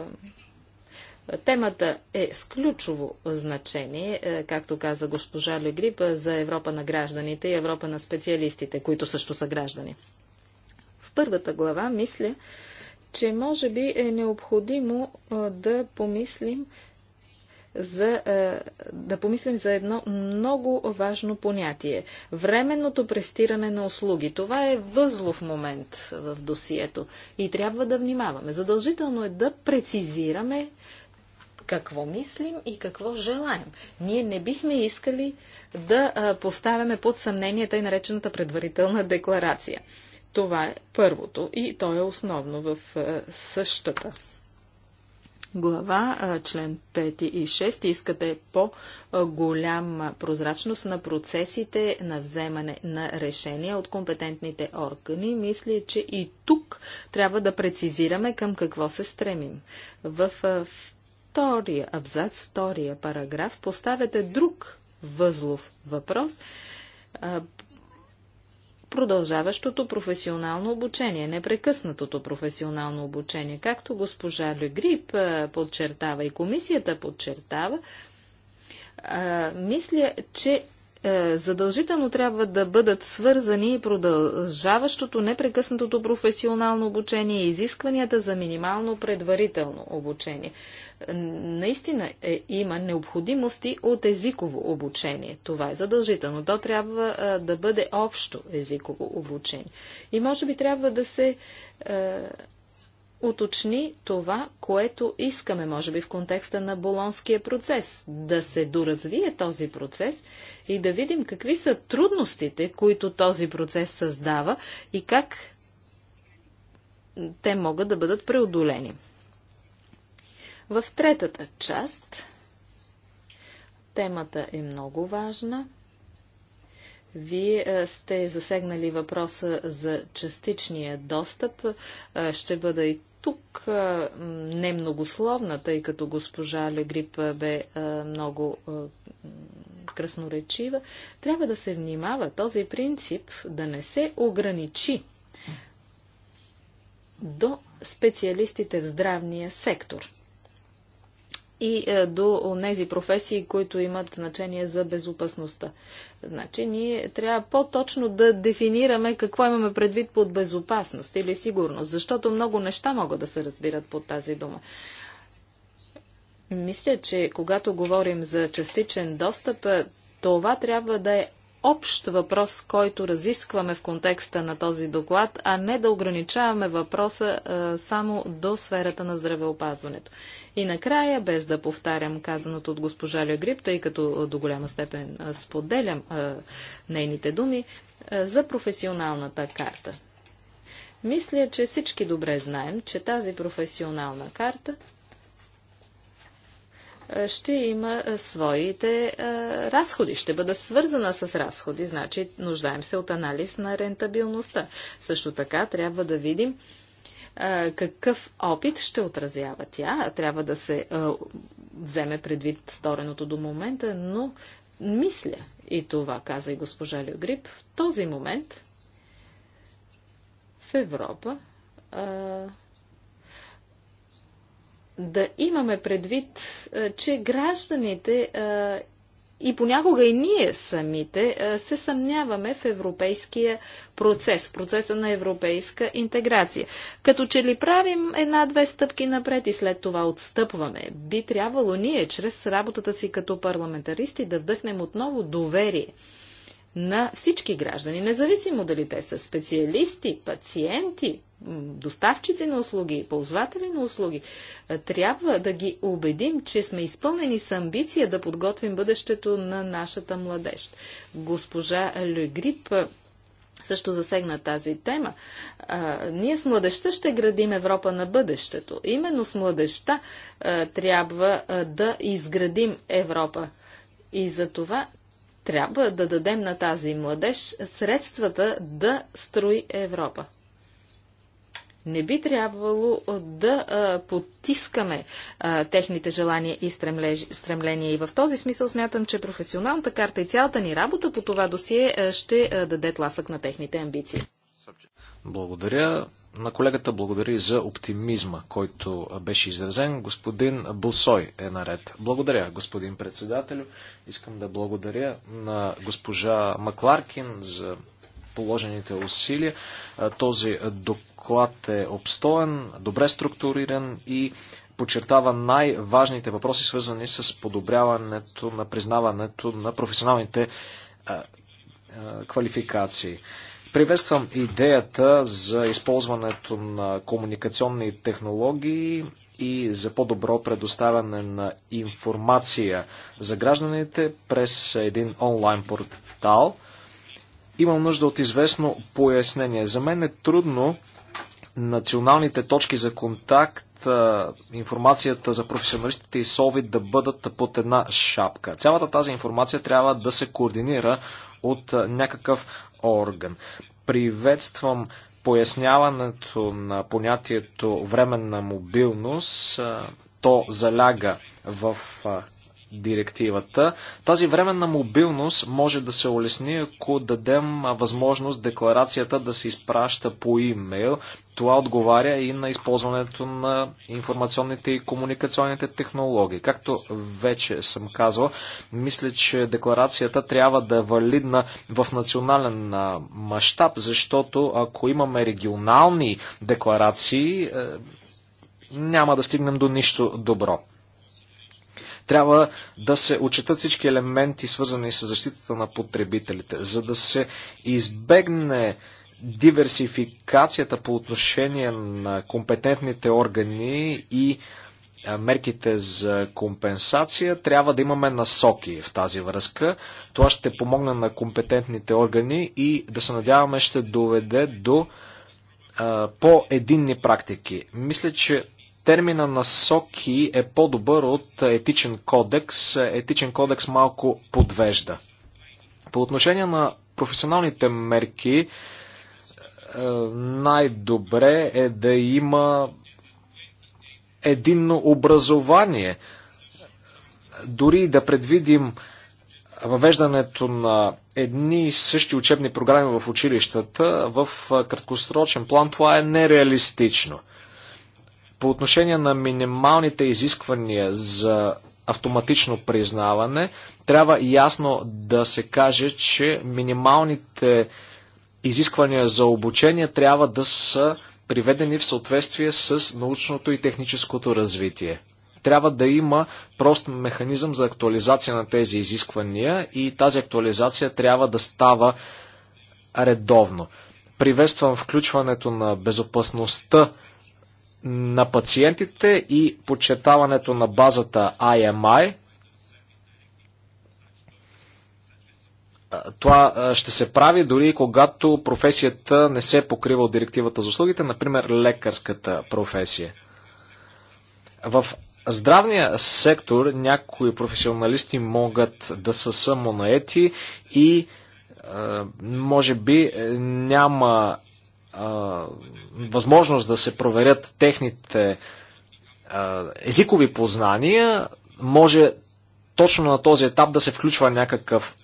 темата е с ключово значение, е, както каза госпожа Легрип, за Европа на гражданите и Европа на специалистите, които също са граждани. В първата глава мисля, че може би е необходимо да помислим за, е, да помислим за едно много важно понятие. Временното престиране на услуги. Това е възлов момент в досието и трябва да внимаваме. Задължително е да прецизираме какво мислим и какво желаем. Ние не бихме искали да е, поставяме под съмнение тъй наречената предварителна декларация. Това е първото и то е основно в е, същата глава, член 5 и 6, искате по-голяма прозрачност на процесите на вземане на решения от компетентните органи. Мисля, че и тук трябва да прецизираме към какво се стремим. В втория абзац, втория параграф поставяте друг възлов въпрос продължаващото професионално обучение, непрекъснатото професионално обучение. Както госпожа Легрип подчертава и комисията подчертава, мисля, че е, задължително трябва да бъдат свързани продължаващото непрекъснатото професионално обучение и изискванията за минимално предварително обучение. Наистина е, има необходимости от езиково обучение. Това е задължително. То трябва е, да бъде общо езиково обучение. И може би трябва да се е, уточни това, което искаме, може би в контекста на болонския процес, да се доразвие този процес и да видим какви са трудностите, които този процес създава и как те могат да бъдат преодолени. В третата част темата е много важна. Вие сте засегнали въпроса за частичния достъп. Ще бъда и тук не многословна, тъй като госпожа Легрип бе много красноречива, трябва да се внимава този принцип да не се ограничи до специалистите в здравния сектор и е, до тези професии, които имат значение за безопасността. Значи ние трябва по-точно да дефинираме какво имаме предвид под безопасност или сигурност, защото много неща могат да се разбират под тази дума. Мисля, че когато говорим за частичен достъп, това трябва да е общ въпрос, който разискваме в контекста на този доклад, а не да ограничаваме въпроса а, само до сферата на здравеопазването. И накрая, без да повтарям казаното от госпожа Легрип, тъй като до голяма степен споделям а, нейните думи, а, за професионалната карта. Мисля, че всички добре знаем, че тази професионална карта ще има своите разходи. Ще бъде свързана с разходи, значи нуждаем се от анализ на рентабилността. Също така трябва да видим какъв опит ще отразява тя. Трябва да се вземе предвид стореното до момента, но мисля, и това каза и госпожа Люгрип, в този момент в Европа да имаме предвид, че гражданите и понякога и ние самите се съмняваме в европейския процес, в процеса на европейска интеграция. Като че ли правим една-две стъпки напред и след това отстъпваме, би трябвало ние, чрез работата си като парламентаристи, да вдъхнем отново доверие на всички граждани, независимо дали те са специалисти, пациенти, доставчици на услуги, ползватели на услуги. Трябва да ги убедим, че сме изпълнени с амбиция да подготвим бъдещето на нашата младеж. Госпожа Люгрип също засегна тази тема. А, ние с младеща ще градим Европа на бъдещето. Именно с младеща а, трябва а, да изградим Европа. И за това трябва да дадем на тази младеж средствата да строи Европа. Не би трябвало да а, потискаме а, техните желания и стремлеж, стремления. И в този смисъл смятам, че професионалната карта и цялата ни работа по това досие а, ще а, даде тласък на техните амбиции. Благодаря на колегата благодари за оптимизма, който беше изразен. Господин Бусой е наред. Благодаря, господин председателю. Искам да благодаря на госпожа Макларкин за положените усилия. Този доклад е обстоен, добре структуриран и подчертава най-важните въпроси, свързани с подобряването на признаването на професионалните квалификации. Приветствам идеята за използването на комуникационни технологии и за по-добро предоставяне на информация за гражданите през един онлайн портал. Имам нужда от известно пояснение. За мен е трудно националните точки за контакт, информацията за професионалистите и СОВИ да бъдат под една шапка. Цялата тази информация трябва да се координира от някакъв орган. Приветствам поясняването на понятието временна мобилност. То заляга в директивата. Тази временна мобилност може да се улесни, ако дадем възможност декларацията да се изпраща по имейл. Това отговаря и на използването на информационните и комуникационните технологии. Както вече съм казал, мисля, че декларацията трябва да е валидна в национален мащаб, защото ако имаме регионални декларации, е, няма да стигнем до нищо добро. Трябва да се отчитат всички елементи, свързани с защитата на потребителите, за да се избегне диверсификацията по отношение на компетентните органи и мерките за компенсация, трябва да имаме насоки в тази връзка. Това ще помогне на компетентните органи и да се надяваме ще доведе до по-единни практики. Мисля, че термина насоки е по-добър от етичен кодекс. Етичен кодекс малко подвежда. По отношение на професионалните мерки, е, най-добре е да има единно образование. Дори да предвидим въвеждането на едни и същи учебни програми в училищата, в краткосрочен план това е нереалистично – по отношение на минималните изисквания за автоматично признаване, трябва ясно да се каже, че минималните изисквания за обучение трябва да са приведени в съответствие с научното и техническото развитие. Трябва да има прост механизъм за актуализация на тези изисквания и тази актуализация трябва да става редовно. Приветствам включването на безопасността на пациентите и подчертаването на базата IMI. Това ще се прави дори когато професията не се покрива от директивата за услугите, например лекарската професия. В здравния сектор някои професионалисти могат да са самонаети и може би е, няма а, възможност да се проверят техните а, езикови познания, може точно на този етап да се включва някакъв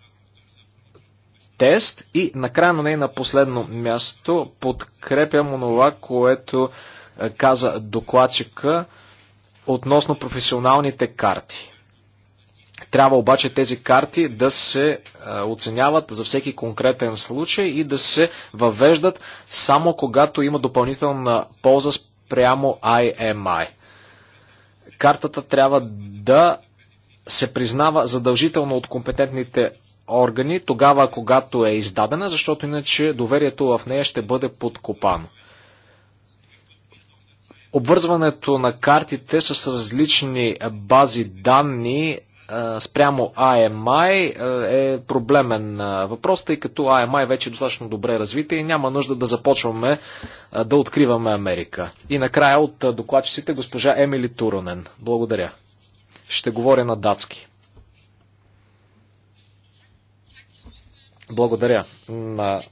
тест и накрая, но не на последно място, подкрепям онова, което каза докладчика относно професионалните карти. Трябва обаче тези карти да се е, оценяват за всеки конкретен случай и да се въвеждат само когато има допълнителна полза спрямо IMI. Картата трябва да се признава задължително от компетентните органи тогава, когато е издадена, защото иначе доверието в нея ще бъде подкопано. Обвързването на картите с различни бази данни спрямо IMI е проблемен въпрос, тъй като IMI вече е достатъчно добре развита и няма нужда да започваме да откриваме Америка. И накрая от докладчиците госпожа Емили Туронен. Благодаря. Ще говоря на датски. Благодаря на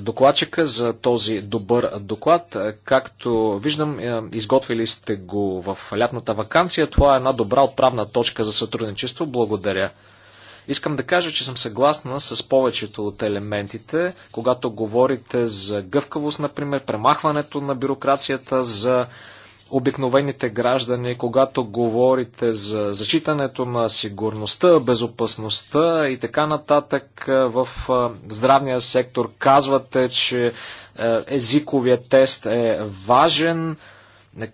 докладчика за този добър доклад. Както виждам, е, изготвили сте го в лятната вакансия. Това е една добра отправна точка за сътрудничество. Благодаря. Искам да кажа, че съм съгласна с повечето от елементите, когато говорите за гъвкавост, например, премахването на бюрокрацията, за обикновените граждани, когато говорите за зачитането на сигурността, безопасността и така нататък е, в е, здравния сектор. Казвате, че е, езиковия тест е важен.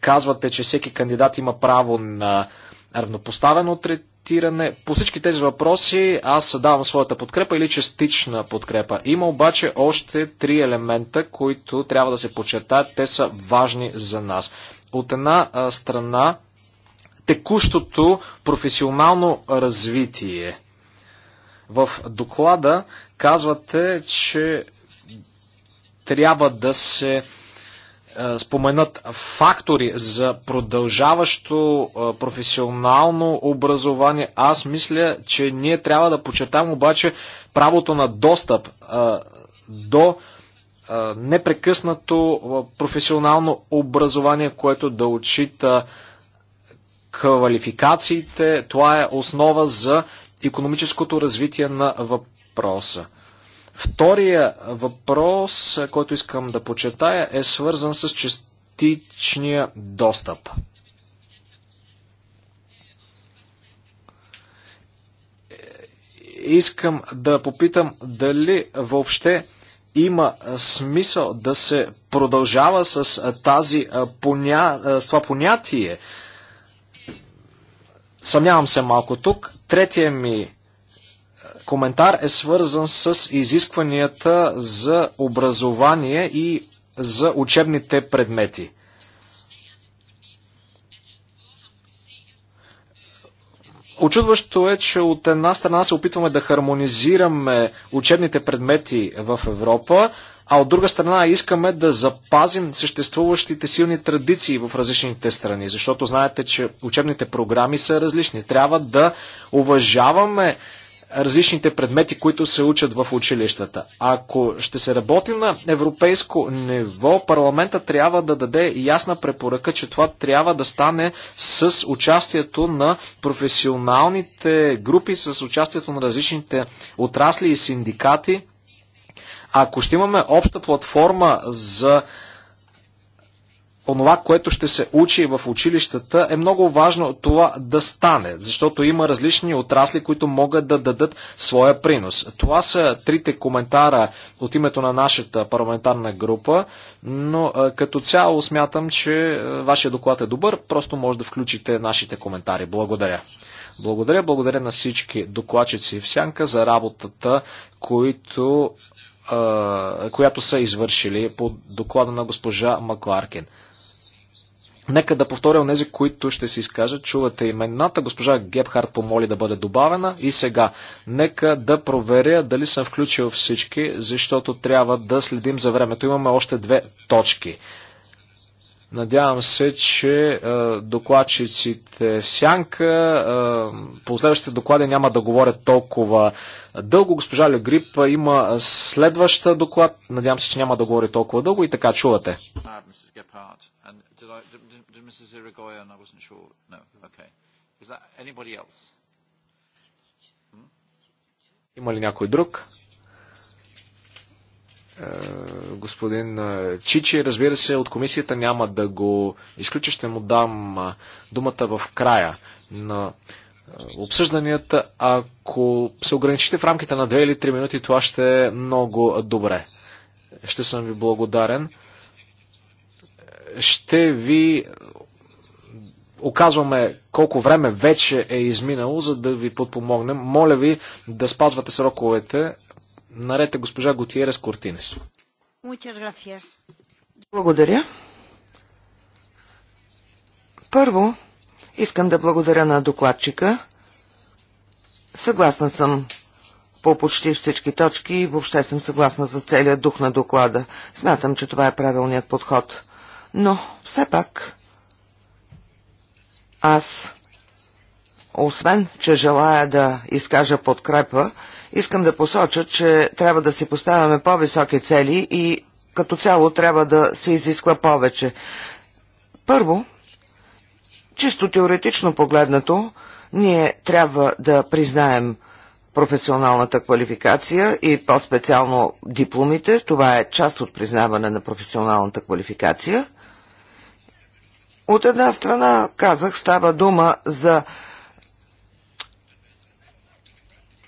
Казвате, че всеки кандидат има право на равнопоставено третиране. По всички тези въпроси аз давам своята подкрепа или частична подкрепа. Има обаче още три елемента, които трябва да се подчертаят. Те са важни за нас от една страна текущото професионално развитие. В доклада казвате, че трябва да се споменат фактори за продължаващо професионално образование. Аз мисля, че ние трябва да почетам обаче правото на достъп до непрекъснато професионално образование, което да отчита квалификациите. Това е основа за економическото развитие на въпроса. Втория въпрос, който искам да почетая, е свързан с частичния достъп. Искам да попитам дали въобще има смисъл да се продължава с, тази, поня... с това понятие. Съмнявам се малко тук. Третия ми коментар е свързан с изискванията за образование и за учебните предмети. Очудващо е, че от една страна се опитваме да хармонизираме учебните предмети в Европа, а от друга страна искаме да запазим съществуващите силни традиции в различните страни, защото знаете, че учебните програми са различни. Трябва да уважаваме различните предмети, които се учат в училищата. Ако ще се работи на европейско ниво, парламента трябва да даде ясна препоръка, че това трябва да стане с участието на професионалните групи, с участието на различните отрасли и синдикати. Ако ще имаме обща платформа за онова, което ще се учи в училищата, е много важно това да стане, защото има различни отрасли, които могат да дадат своя принос. Това са трите коментара от името на нашата парламентарна група, но като цяло смятам, че вашия доклад е добър, просто може да включите нашите коментари. Благодаря. Благодаря, благодаря на всички докладчици в Сянка за работата, които която са извършили по доклада на госпожа Макларкин. Нека да повторя нези, които ще се изкажат. Чувате имената. Госпожа Гепхард, помоли да бъде добавена. И сега, нека да проверя дали съм включил всички, защото трябва да следим за времето. Имаме още две точки. Надявам се, че е, докладчиците в сянка е, по следващите доклади няма да говорят толкова дълго. Госпожа Легрип има следваща доклад. Надявам се, че няма да говори толкова дълго и така чувате. Uh, Mrs. Irigoyen? I wasn't sure. No. Okay. Is that anybody else? Hmm? Има ли някой друг? Е, господин е, Чичи. Разбира се, от комисията няма да го изключа. Ще му дам е, думата в края на обсъжданията. Ако се ограничите в рамките на 2 или 3 минути, това ще е много добре. Ще съм ви благодарен. Ще ви оказваме колко време вече е изминало, за да ви подпомогнем. Моля ви да спазвате сроковете. Нарете госпожа Готиерес Кортинес. Благодаря. Първо, искам да благодаря на докладчика. Съгласна съм по почти всички точки и въобще съм съгласна за целият дух на доклада. Смятам, че това е правилният подход. Но, все пак, аз, освен, че желая да изкажа подкрепа, искам да посоча, че трябва да си поставяме по-високи цели и като цяло трябва да се изисква повече. Първо, чисто теоретично погледнато, ние трябва да признаем професионалната квалификация и по-специално дипломите. Това е част от признаване на професионалната квалификация. От една страна, казах, става дума за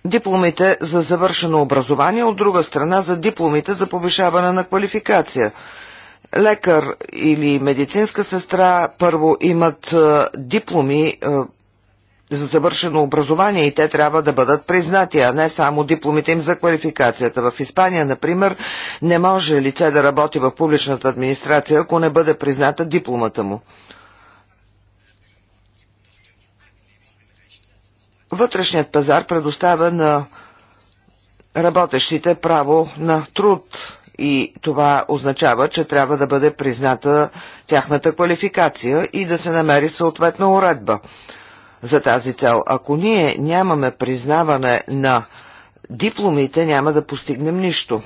дипломите за завършено образование, от друга страна за дипломите за повишаване на квалификация. Лекар или медицинска сестра първо имат е, дипломи е, за завършено образование и те трябва да бъдат признати, а не само дипломите им за квалификацията. В Испания, например, не може лице да работи в публичната администрация, ако не бъде призната дипломата му. Вътрешният пазар предоставя на работещите право на труд и това означава, че трябва да бъде призната тяхната квалификация и да се намери съответна уредба за тази цел. Ако ние нямаме признаване на дипломите, няма да постигнем нищо.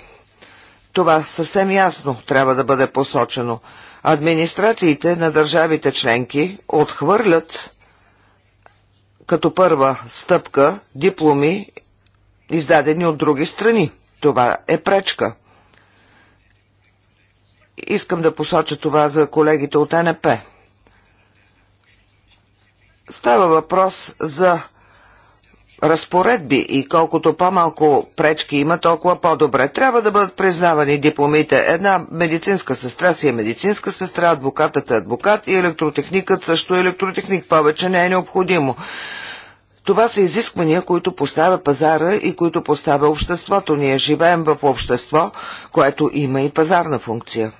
Това съвсем ясно трябва да бъде посочено. Администрациите на държавите членки отхвърлят като първа стъпка дипломи, издадени от други страни. Това е пречка. Искам да посоча това за колегите от НП. Става въпрос за разпоредби и колкото по-малко пречки има, толкова по-добре. Трябва да бъдат признавани дипломите. Една медицинска сестра си е медицинска сестра, адвокатът е адвокат и електротехникът също е електротехник. Повече не е необходимо. Това са изисквания, които поставя пазара и които поставя обществото. Ние живеем в общество, което има и пазарна функция.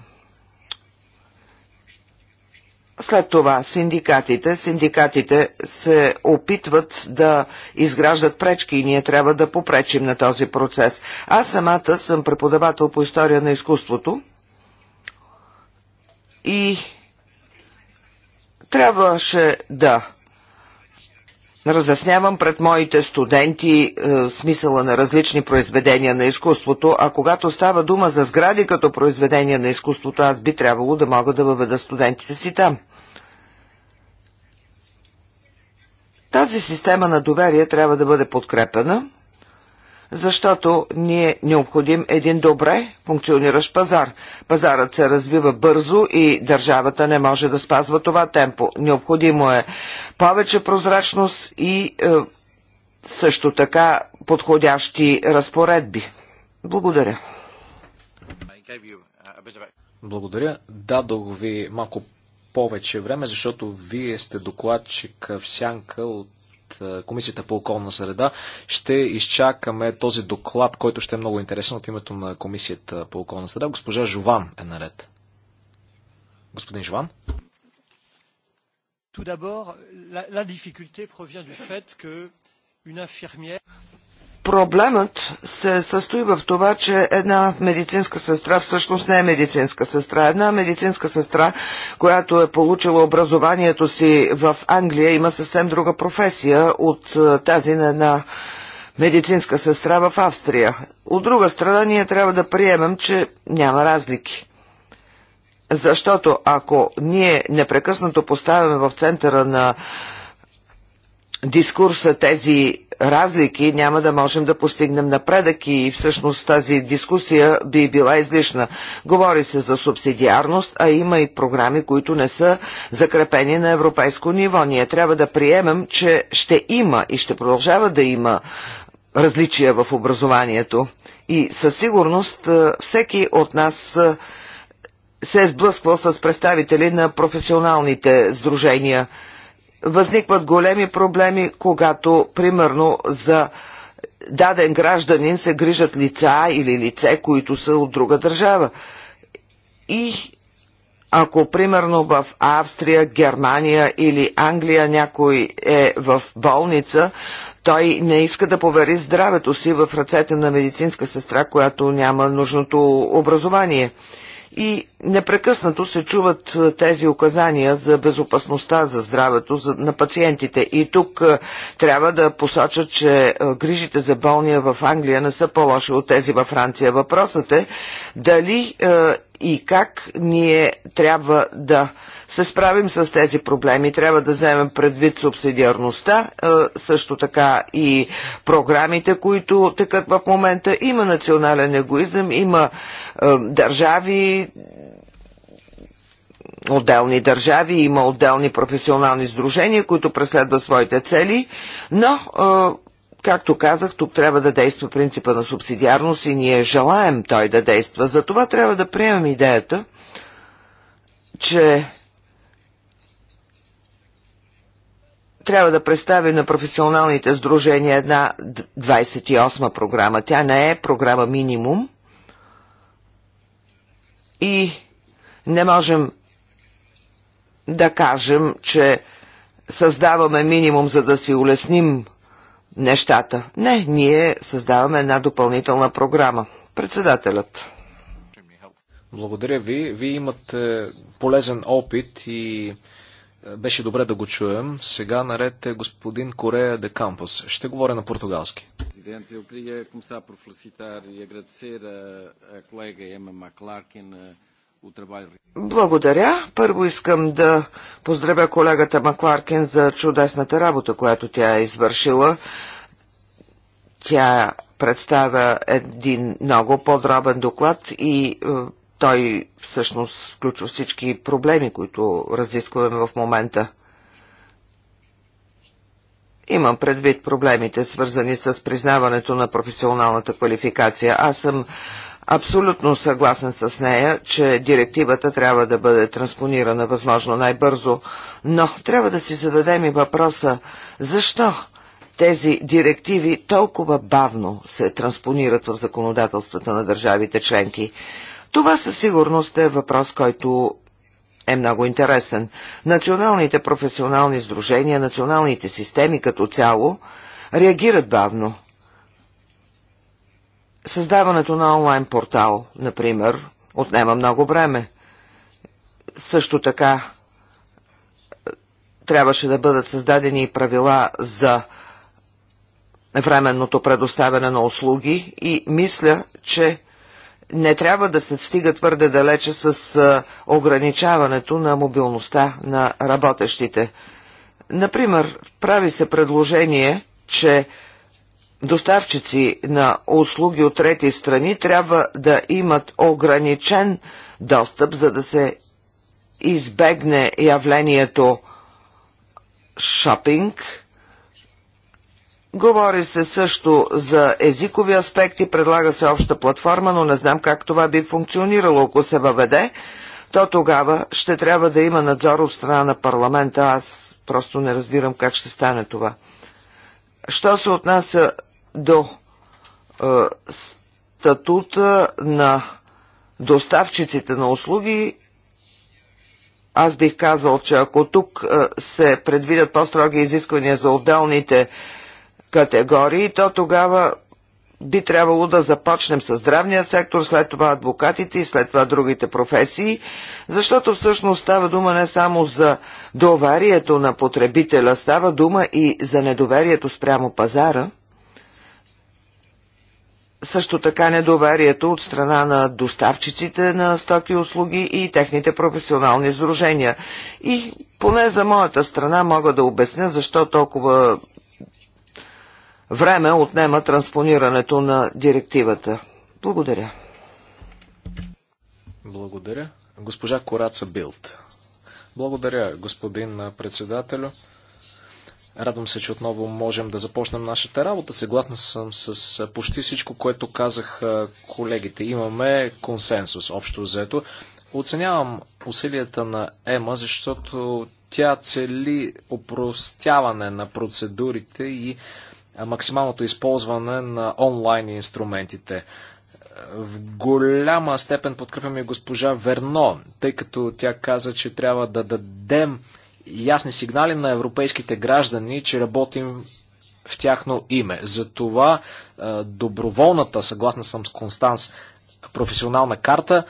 След това синдикатите, синдикатите се опитват да изграждат пречки и ние трябва да попречим на този процес. Аз самата съм преподавател по история на изкуството и трябваше да разяснявам пред моите студенти е, смисъла на различни произведения на изкуството, а когато става дума за сгради като произведения на изкуството, аз би трябвало да мога да въведа студентите си там. Тази система на доверие трябва да бъде подкрепена, защото ни е необходим един добре функциониращ пазар. Пазарът се развива бързо и държавата не може да спазва това темпо. Необходимо е повече прозрачност и е, също така подходящи разпоредби. Благодаря. Благодаря. Дадох ви малко повече време, защото вие сте докладчик в сянка от Комисията по околна среда. Ще изчакаме този доклад, който ще е много интересен от името на Комисията по околна среда. Госпожа Жован е наред. Господин Жован? Проблемът се състои в това, че една медицинска сестра всъщност не е медицинска сестра. Една медицинска сестра, която е получила образованието си в Англия, има съвсем друга професия от е, тази на една медицинска сестра в Австрия. От друга страна, ние трябва да приемем, че няма разлики. Защото ако ние непрекъснато поставяме в центъра на дискурса тези разлики няма да можем да постигнем напредък и всъщност тази дискусия би била излишна. Говори се за субсидиарност, а има и програми, които не са закрепени на европейско ниво. Ние трябва да приемем, че ще има и ще продължава да има различия в образованието. И със сигурност всеки от нас се е сблъсквал с представители на професионалните сдружения – възникват големи проблеми, когато, примерно, за даден гражданин се грижат лица или лице, които са от друга държава. И ако примерно в Австрия, Германия или Англия някой е в болница, той не иска да повери здравето си в ръцете на медицинска сестра, която няма нужното образование и непрекъснато се чуват е, тези указания за безопасността, за здравето на пациентите. И тук е, трябва да посоча, че е, грижите за болния в Англия не са по-лоши от тези във Франция. Въпросът е дали и как ние трябва да се справим с тези проблеми. Трябва да вземем предвид субсидиарността, е, също така и програмите, които текат в момента. Има национален егоизъм, има е, държави, отделни държави, има отделни професионални сдружения, които преследват своите цели, но, е, както казах, тук трябва да действа принципа на субсидиарност и ние желаем той да действа. Затова трябва да приемем идеята, че трябва да представи на професионалните сдружения една 28 програма. Тя не е програма минимум и не можем да кажем, че създаваме минимум, за да си улесним нещата. Не, ние създаваме една допълнителна програма. Председателят. Благодаря ви. Вие имате полезен опит и беше добре да го чуем. Сега наред е господин Корея де Кампус. Ще говоря на португалски. Благодаря. Първо искам да поздравя колегата Макларкин за чудесната работа, която тя е извършила. Тя представя един много подробен доклад и е, той всъщност включва всички проблеми, които разискваме в момента. Имам предвид проблемите, свързани с признаването на професионалната квалификация. Аз съм абсолютно съгласен с нея, че директивата трябва да бъде транспонирана възможно най-бързо, но трябва да си зададем и въпроса защо тези директиви толкова бавно се транспонират в законодателствата на държавите членки. Това със сигурност е въпрос, който е много интересен. Националните професионални сдружения, националните системи като цяло реагират бавно. Създаването на онлайн портал, например, отнема много време. Също така е, трябваше да бъдат създадени и правила за временното предоставяне на услуги и мисля, че не трябва да се стига твърде далече с ограничаването на мобилността на работещите. Например, прави се предложение, че доставчици на услуги от трети страни трябва да имат ограничен достъп, за да се избегне явлението шопинг – Говори се също за езикови аспекти, предлага се обща платформа, но не знам как това би функционирало, ако се въведе то тогава ще трябва да има надзор от страна на парламента. Аз просто не разбирам как ще стане това. Що се отнася до е, статута на доставчиците на услуги, аз бих казал, че ако тук е, се предвидят по-строги изисквания за отделните категории, то тогава би трябвало да започнем с здравния сектор, след това адвокатите и след това другите професии, защото всъщност става дума не само за доверието на потребителя, става дума и за недоверието спрямо пазара, също така недоверието от страна на доставчиците на стоки и услуги и техните професионални изружения. И поне за моята страна мога да обясня защо толкова време отнема транспонирането на директивата. Благодаря. Благодаря. Госпожа Кораца Билт. Благодаря, господин председателю. Радвам се, че отново можем да започнем нашата работа. Съгласна съм с почти всичко, което казах колегите. Имаме консенсус, общо взето. Оценявам усилията на ЕМА, защото тя цели опростяване на процедурите и максималното използване на онлайн инструментите. Е, в голяма степен подкрепяме госпожа Верно, тъй като тя каза, че трябва да дадем ясни сигнали на европейските граждани, че работим в тяхно име. Затова е, доброволната, съгласна съм с Констанс, професионална карта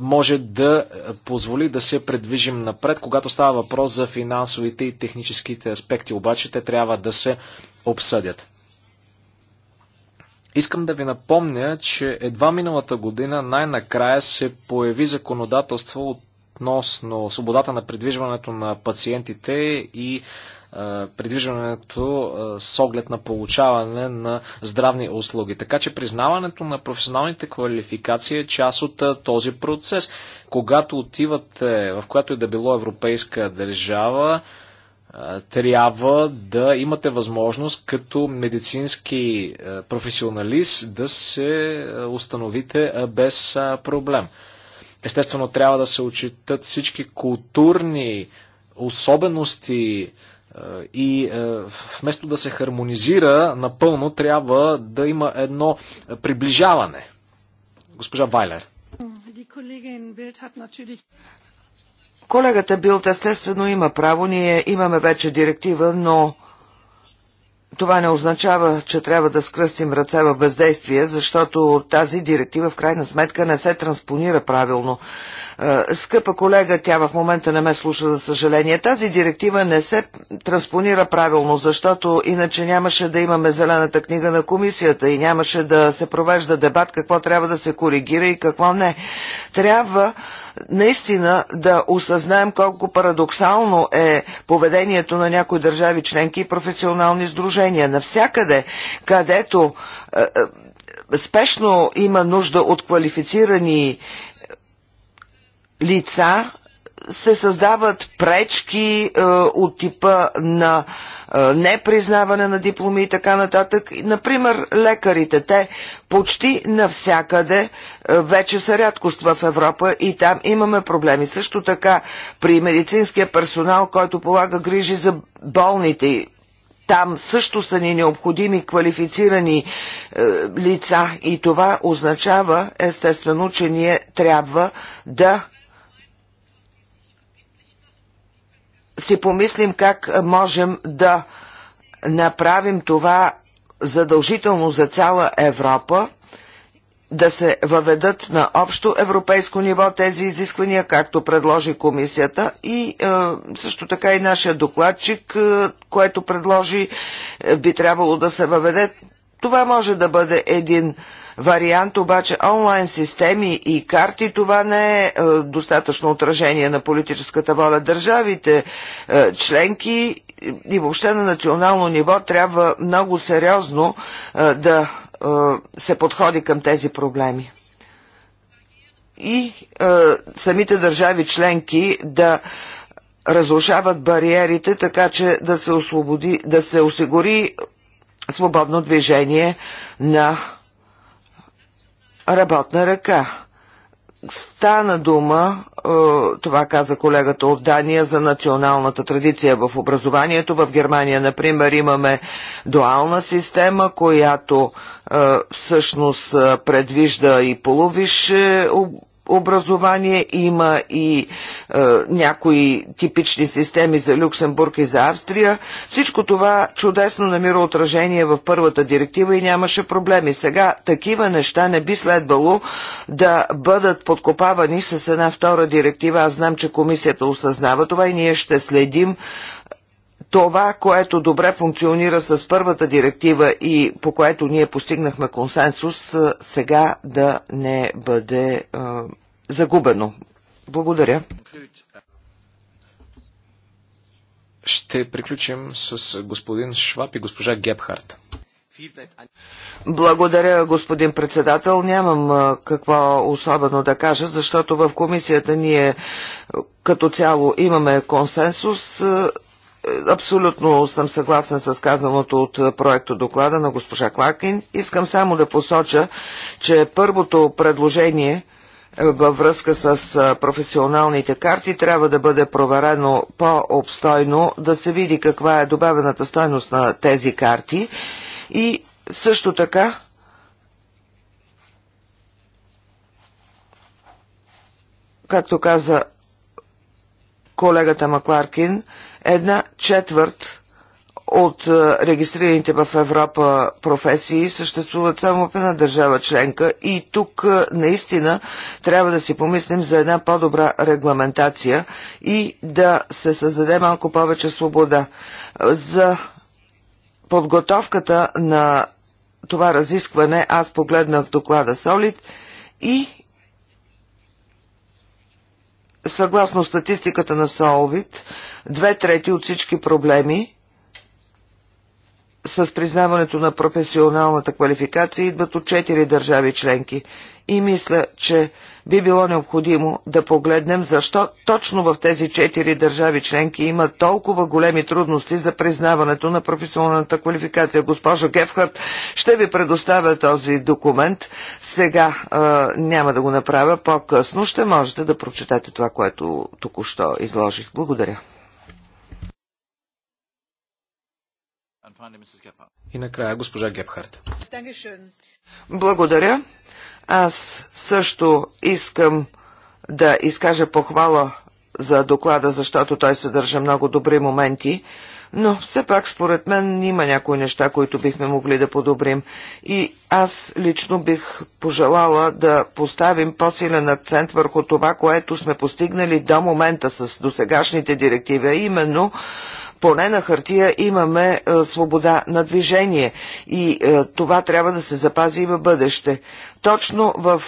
може да е, позволи да се предвижим напред. Когато става въпрос за финансовите и техническите аспекти, обаче те трябва да се обсъдят. Искам да ви напомня, че едва миналата година най-накрая се появи законодателство относно свободата на придвижването на пациентите и е, придвижването е, с оглед на получаване на здравни услуги. Така че признаването на професионалните квалификации е част от е, този процес. Когато отивате в която и да било европейска държава, трябва да имате възможност като медицински професионалист да се установите без проблем. Естествено, трябва да се отчитат всички културни особености и вместо да се хармонизира напълно, трябва да има едно приближаване. Госпожа Вайлер. Колегата Билт естествено има право, ние имаме вече директива, но това не означава, че трябва да скръстим ръце в бездействие, защото тази директива в крайна сметка не се транспонира правилно. Е, скъпа колега, тя в момента не ме слуша, за съжаление. Тази директива не се транспонира правилно, защото иначе нямаше да имаме зелената книга на комисията и нямаше да се провежда дебат какво трябва да се коригира и какво не. Трябва наистина да осъзнаем колко парадоксално е поведението на някои държави членки и професионални сдружения. Навсякъде, където е, е, спешно има нужда от квалифицирани е, лица, се създават пречки е, от типа на е, непризнаване на дипломи и така нататък. Например, лекарите, те почти навсякъде е, вече са рядкост в Европа и там имаме проблеми. Също така при медицинския персонал, който полага грижи за болните там също са ни необходими квалифицирани е, лица и това означава естествено, че ние трябва да си помислим как можем да направим това задължително за цяла Европа, да се въведат на общо европейско ниво тези изисквания, както предложи комисията и е, също така и нашия докладчик, е, което предложи, е, би трябвало да се въведе това може да бъде един вариант, обаче онлайн системи и карти това не е, е достатъчно отражение на политическата воля. Държавите е, членки и въобще на национално ниво трябва много сериозно е, да се подходи към тези проблеми и самите държави членки да разрушават бариерите, така че да се, освободи, да се осигури свободно движение на работна ръка. Стана дума, е, това каза колегата от Дания, за националната традиция в образованието. В Германия, например, имаме дуална система, която е, всъщност е, предвижда и половише образование, има и е, някои типични системи за Люксембург и за Австрия. Всичко това чудесно намира отражение в първата директива и нямаше проблеми. Сега такива неща не би следвало да бъдат подкопавани с една втора директива. Аз знам, че комисията осъзнава това и ние ще следим това, което добре функционира с първата директива и по което ние постигнахме консенсус, е, сега да не бъде е, загубено. Благодаря. Ще приключим с господин Шваб и госпожа Гебхарт. Благодаря, господин председател. Нямам какво особено да кажа, защото в комисията ние като цяло имаме консенсус. Абсолютно съм съгласен с казаното от проекто доклада на госпожа Клакин. Искам само да посоча, че първото предложение – във връзка с професионалните карти трябва да бъде проверено по-обстойно, да се види каква е добавената стойност на тези карти и също така както каза колегата Макларкин, една четвърт от е, регистрираните в Европа професии съществуват само в една държава членка и тук е, наистина трябва да си помислим за една по-добра регламентация и да се създаде малко повече свобода. За подготовката на това разискване аз погледнах доклада Солид и съгласно статистиката на Солвит, две трети от всички проблеми с признаването на професионалната квалификация идват от четири държави членки и мисля, че би било необходимо да погледнем защо точно в тези четири държави членки има толкова големи трудности за признаването на професионалната квалификация. Госпожо Гефхарт, ще ви предоставя този документ. Сега а, няма да го направя, по-късно ще можете да прочетете това, което току-що изложих. Благодаря. И накрая госпожа Гепхарт. Благодаря. Аз също искам да изкажа похвала за доклада, защото той съдържа много добри моменти, но все пак според мен има някои неща, които бихме могли да подобрим. И аз лично бих пожелала да поставим по-силен акцент върху това, което сме постигнали до момента с досегашните директиви, а именно поне на хартия имаме е, свобода на движение и е, това трябва да се запази и в бъдеще. Точно в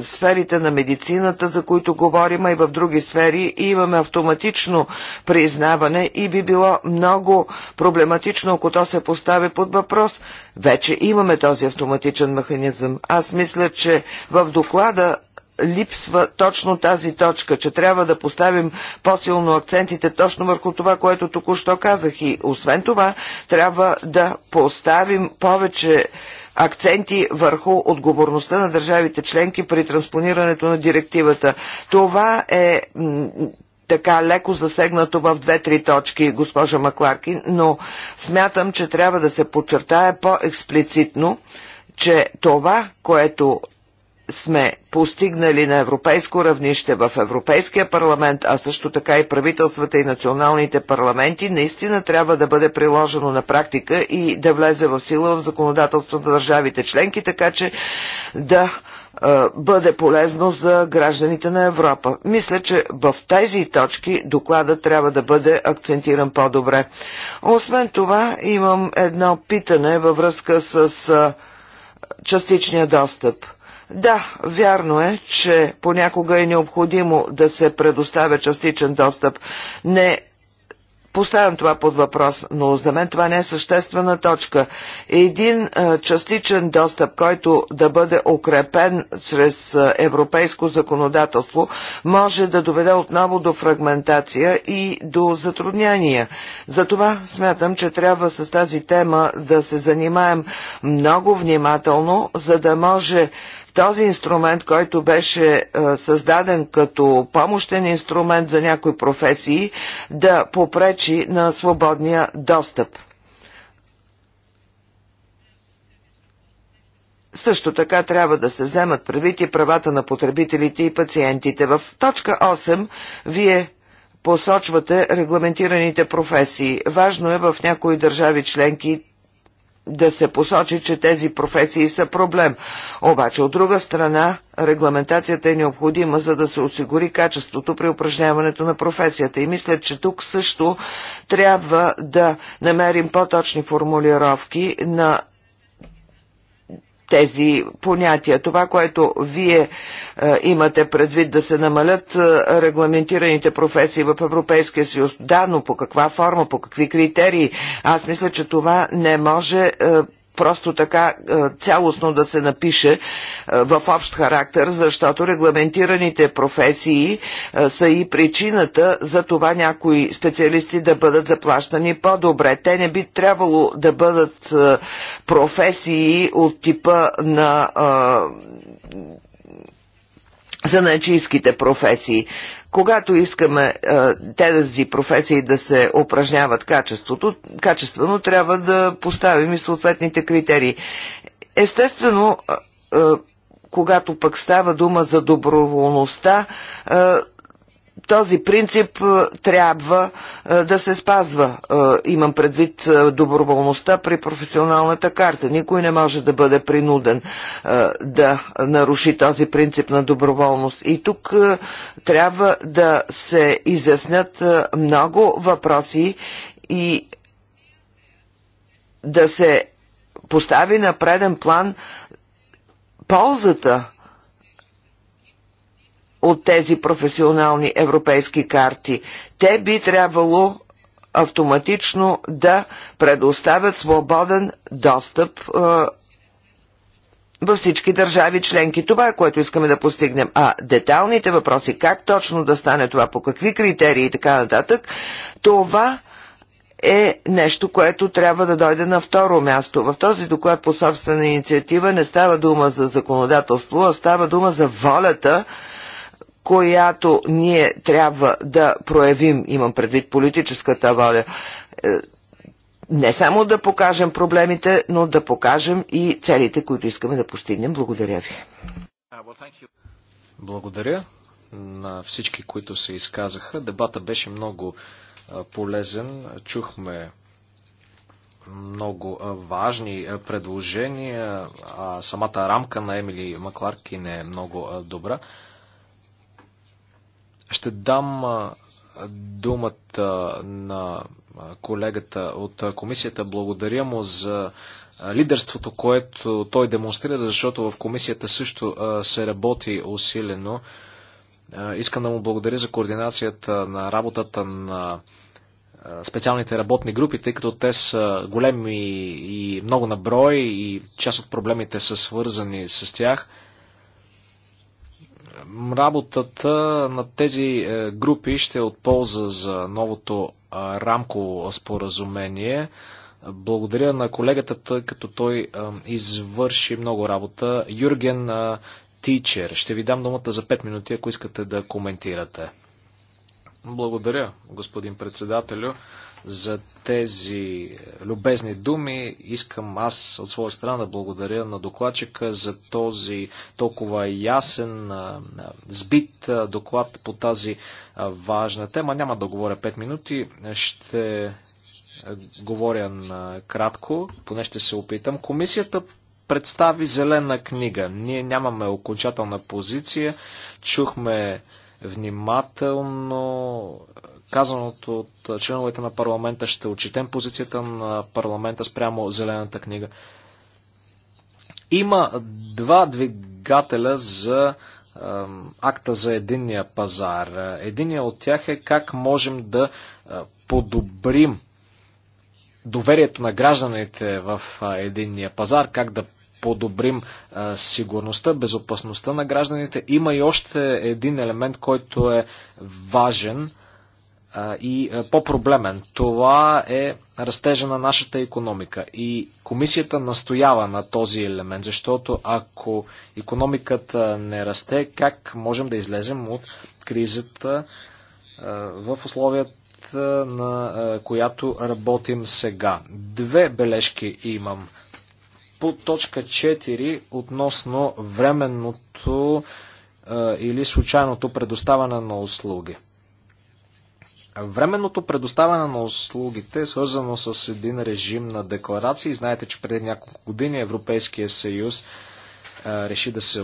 е, сферите на медицината, за които говорим, а и в други сфери, имаме автоматично признаване и би било много проблематично, ако то се постави под въпрос. Вече имаме този автоматичен механизъм. Аз мисля, че в доклада липсва точно тази точка, че трябва да поставим по-силно акцентите точно върху това, което току-що казах. И освен това, трябва да поставим повече акценти върху отговорността на държавите членки при транспонирането на директивата. Това е така леко засегнато в две-три точки, госпожа Макларки, но смятам, че трябва да се подчертае по-експлицитно, че това, което сме постигнали на европейско равнище в Европейския парламент, а също така и правителствата и националните парламенти, наистина трябва да бъде приложено на практика и да влезе в сила в законодателство на държавите членки, така че да е, бъде полезно за гражданите на Европа. Мисля, че в тези точки доклада трябва да бъде акцентиран по-добре. Освен това, имам едно питане във връзка с е, частичния достъп. Да, вярно е, че понякога е необходимо да се предоставя частичен достъп. Не Поставям това под въпрос, но за мен това не е съществена точка. Един а, частичен достъп, който да бъде укрепен чрез а, европейско законодателство, може да доведе отново до фрагментация и до затрудняния. Затова смятам, че трябва с тази тема да се занимаем много внимателно, за да може този инструмент, който беше е, създаден като помощен инструмент за някои професии, да попречи на свободния достъп. Също така трябва да се вземат правите правата на потребителите и пациентите. В точка 8 вие посочвате регламентираните професии. Важно е в някои държави членки да се посочи, че тези професии са проблем. Обаче, от друга страна, регламентацията е необходима, за да се осигури качеството при упражняването на професията. И мисля, че тук също трябва да намерим по-точни формулировки на тези понятия. Това, което вие е, имате предвид да се намалят е, регламентираните професии в Европейския съюз. Да, но по каква форма, по какви критерии? Аз мисля, че това не може е, просто така е, цялостно да се напише е, в общ характер, защото регламентираните професии е, са и причината за това някои специалисти да бъдат заплащани по-добре. Те не би трябвало да бъдат професии от типа на занаячийските професии. Когато искаме тези професии да се упражняват качеството, качествено трябва да поставим и съответните критерии. Естествено, когато пък става дума за доброволността, този принцип е, трябва е, да се спазва. Е, имам предвид доброволността при професионалната карта. Никой не може да бъде принуден да наруши този принцип на доброволност. И тук трябва да се изяснят много въпроси и да се постави на преден план ползата от тези професионални европейски карти. Те би трябвало автоматично да предоставят свободен достъп във всички държави членки. Това е което искаме да постигнем. А деталните въпроси, как точно да стане това, по какви критерии и така нататък, това е нещо, което трябва да дойде на второ място. В този доклад по собствена инициатива не става дума за законодателство, а става дума за волята която ние трябва да проявим, имам предвид политическата воля, е, не само да покажем проблемите, но да покажем и целите, които искаме да постигнем. Благодаря ви. Благодаря на всички, които се изказаха. Дебата беше много е, полезен. Чухме много е, важни предложения, а самата рамка на Емили Макларкин е много добра. Ще дам думата на колегата от комисията. Благодаря му за лидерството, което той демонстрира, защото в комисията също се работи усилено. Искам да му благодаря за координацията на работата на специалните работни групи, тъй като те са големи и много наброй и част от проблемите са свързани с тях. Работата на тези е, групи ще е от полза за новото е, рамково споразумение. Благодаря на колегата, тъй като той е, извърши много работа. Юрген Тичер, ще ви дам думата за 5 минути, ако искате да коментирате. Благодаря, господин председателю за тези е, любезни думи. Искам аз от своя страна да благодаря на докладчика за този толкова ясен, е, е, сбит доклад по тази важна тема. Няма да говоря 5 минути. Ще говоря на кратко, поне ще се опитам. Комисията представи зелена книга. Ние нямаме окончателна позиция. Чухме внимателно казаното от членовете на парламента, ще отчетем позицията на парламента спрямо зелената книга. Има два двигателя за е, акта за единния пазар. Единият от тях е как можем да подобрим доверието на гражданите в единния пазар, как да подобрим а, сигурността, безопасността на гражданите. Има и още един елемент, който е важен и по-проблемен. Това е растежа на нашата економика. И комисията настоява на този елемент, защото ако економиката не расте, как можем да излезем от кризата в условията на която работим сега. Две бележки имам. По точка 4 относно временното или случайното предоставяне на услуги. Временното предоставяне на услугите е свързано с един режим на декларации. Знаете, че преди няколко години Европейския съюз а, реши да се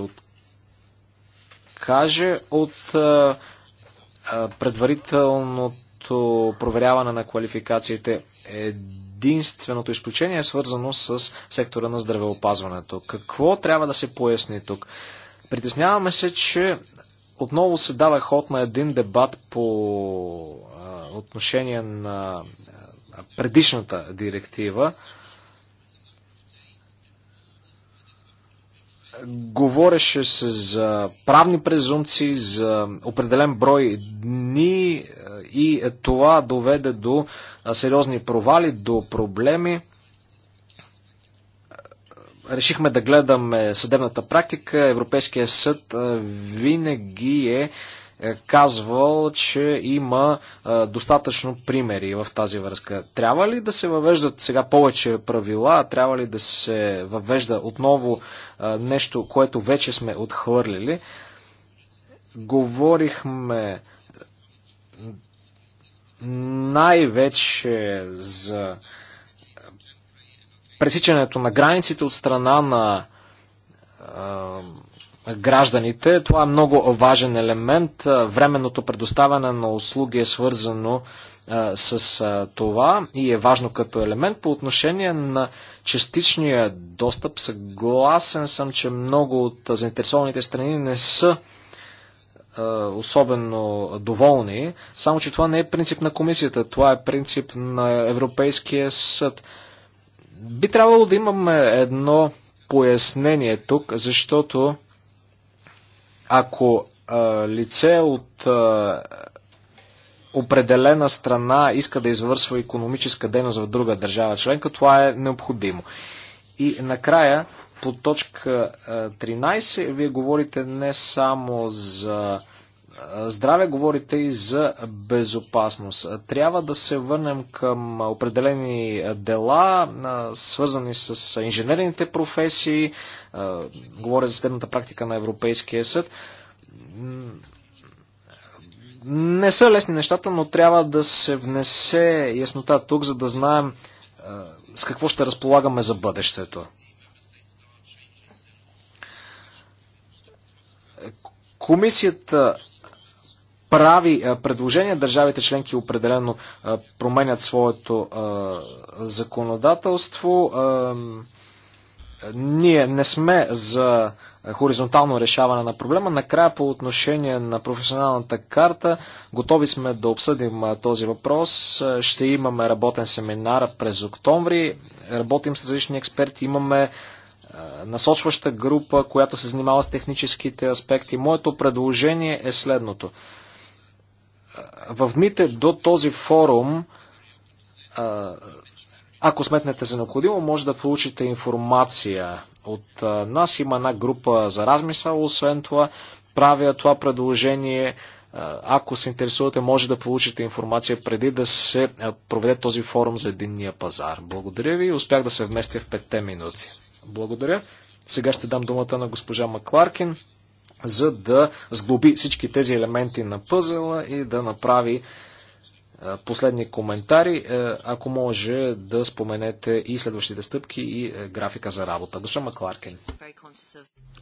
откаже от а, предварителното проверяване на квалификациите. Единственото изключение е свързано с сектора на здравеопазването. Какво трябва да се поясни тук? Притесняваме се, че отново се дава ход на един дебат по отношение на предишната директива, говореше се за правни презумпции, за определен брой дни е, и това доведе до сериозни провали, до проблеми. Решихме да гледаме съдебната практика. Европейския съд винаги е е, казвал, че има е, достатъчно примери в тази връзка. Трябва ли да се въвеждат сега повече правила? Трябва ли да се въвежда отново е, нещо, което вече сме отхвърлили? Говорихме най-вече за пресичането на границите от страна на гражданите. Това е много важен елемент. Временното предоставяне на услуги е свързано с това и е важно като елемент. По отношение на частичния достъп, съгласен съм, че много от заинтересованите страни не са особено доволни, само че това не е принцип на комисията, това е принцип на Европейския съд. Би трябвало да имаме едно пояснение тук, защото ако а, лице от а, определена страна иска да извършва економическа дейност в друга държава членка, това е необходимо. И накрая, по точка 13, вие говорите не само за здраве, говорите и за безопасност. Трябва да се върнем към определени дела, свързани с инженерните професии. Говоря за следната практика на Европейския съд. Не са лесни нещата, но трябва да се внесе яснота тук, за да знаем с какво ще разполагаме за бъдещето. Комисията прави предложения, държавите членки определено променят своето законодателство. Ние не сме за хоризонтално решаване на проблема. Накрая по отношение на професионалната карта, готови сме да обсъдим този въпрос. Ще имаме работен семинар през октомври. Работим с различни експерти. Имаме насочваща група, която се занимава с техническите аспекти. Моето предложение е следното. В дните до този форум, ако сметнете за необходимо, може да получите информация от нас. Има една група за размисъл, освен това правя това предложение. Ако се интересувате, може да получите информация преди да се проведе този форум за единния пазар. Благодаря ви. Успях да се вместя в петте минути. Благодаря. Сега ще дам думата на госпожа Макларкин за да сглоби всички тези елементи на пъзела и да направи е, последни коментари. Е, ако може да споменете и следващите стъпки и е, графика за работа. Душа Макларкен.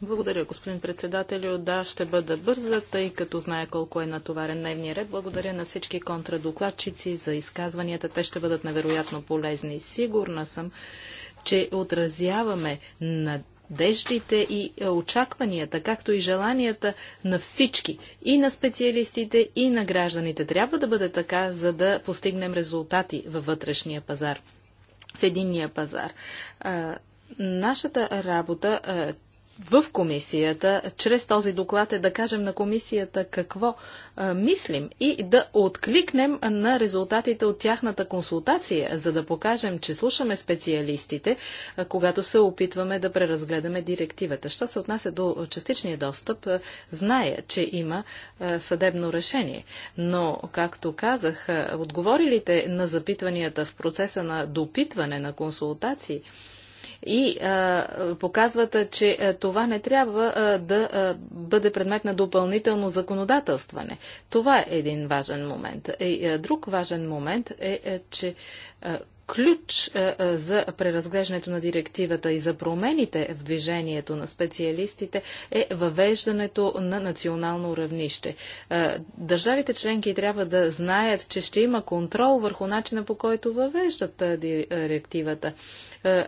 Благодаря, господин председател, Да, ще бъда бърза, тъй като знае колко е натоварен дневния ред. Благодаря на всички контрадокладчици за изказванията. Те ще бъдат невероятно полезни. Сигурна съм, че отразяваме на надеждите и е, очакванията, както и желанията на всички, и на специалистите, и на гражданите. Трябва да бъде така, за да постигнем резултати във вътрешния пазар, в единния пазар. нашата работа в комисията, чрез този доклад е да кажем на комисията какво а, мислим и да откликнем на резултатите от тяхната консултация, за да покажем, че слушаме специалистите, а, когато се опитваме да преразгледаме директивата. Що се отнася до частичния достъп, а, зная, че има а, съдебно решение. Но, както казах, а, отговорилите на запитванията в процеса на допитване, на консултации, и а, показват, че а, това не трябва а, да а, бъде предмет на допълнително законодателстване. Това е един важен момент. И, а, друг важен момент е, а, е, че а, ключ е, е, за преразглеждането на директивата и за промените в движението на специалистите е въвеждането на национално равнище. Е, държавите членки трябва да знаят, че ще има контрол върху начина по който въвеждат директивата.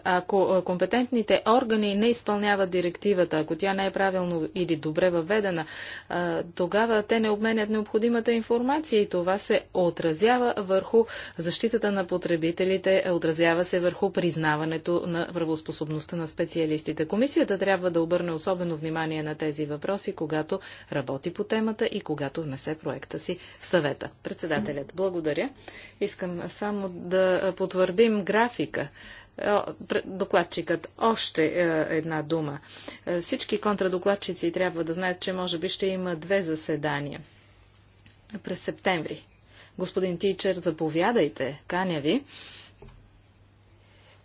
Ако компетентните органи не изпълняват директивата, ако тя не е правилно или добре въведена, тогава те не обменят необходимата информация и това се отразява върху защитата на потребителите рисковете, е, отразява се върху признаването на правоспособността на специалистите. Комисията трябва да обърне особено внимание на тези въпроси, когато работи по темата и когато внесе проекта си в съвета. Председателят, благодаря. Искам само да потвърдим графика докладчикът. Още е, една дума. Е, всички контрадокладчици трябва да знаят, че може би ще има две заседания през септември. Господин Тичер, заповядайте, каня ви.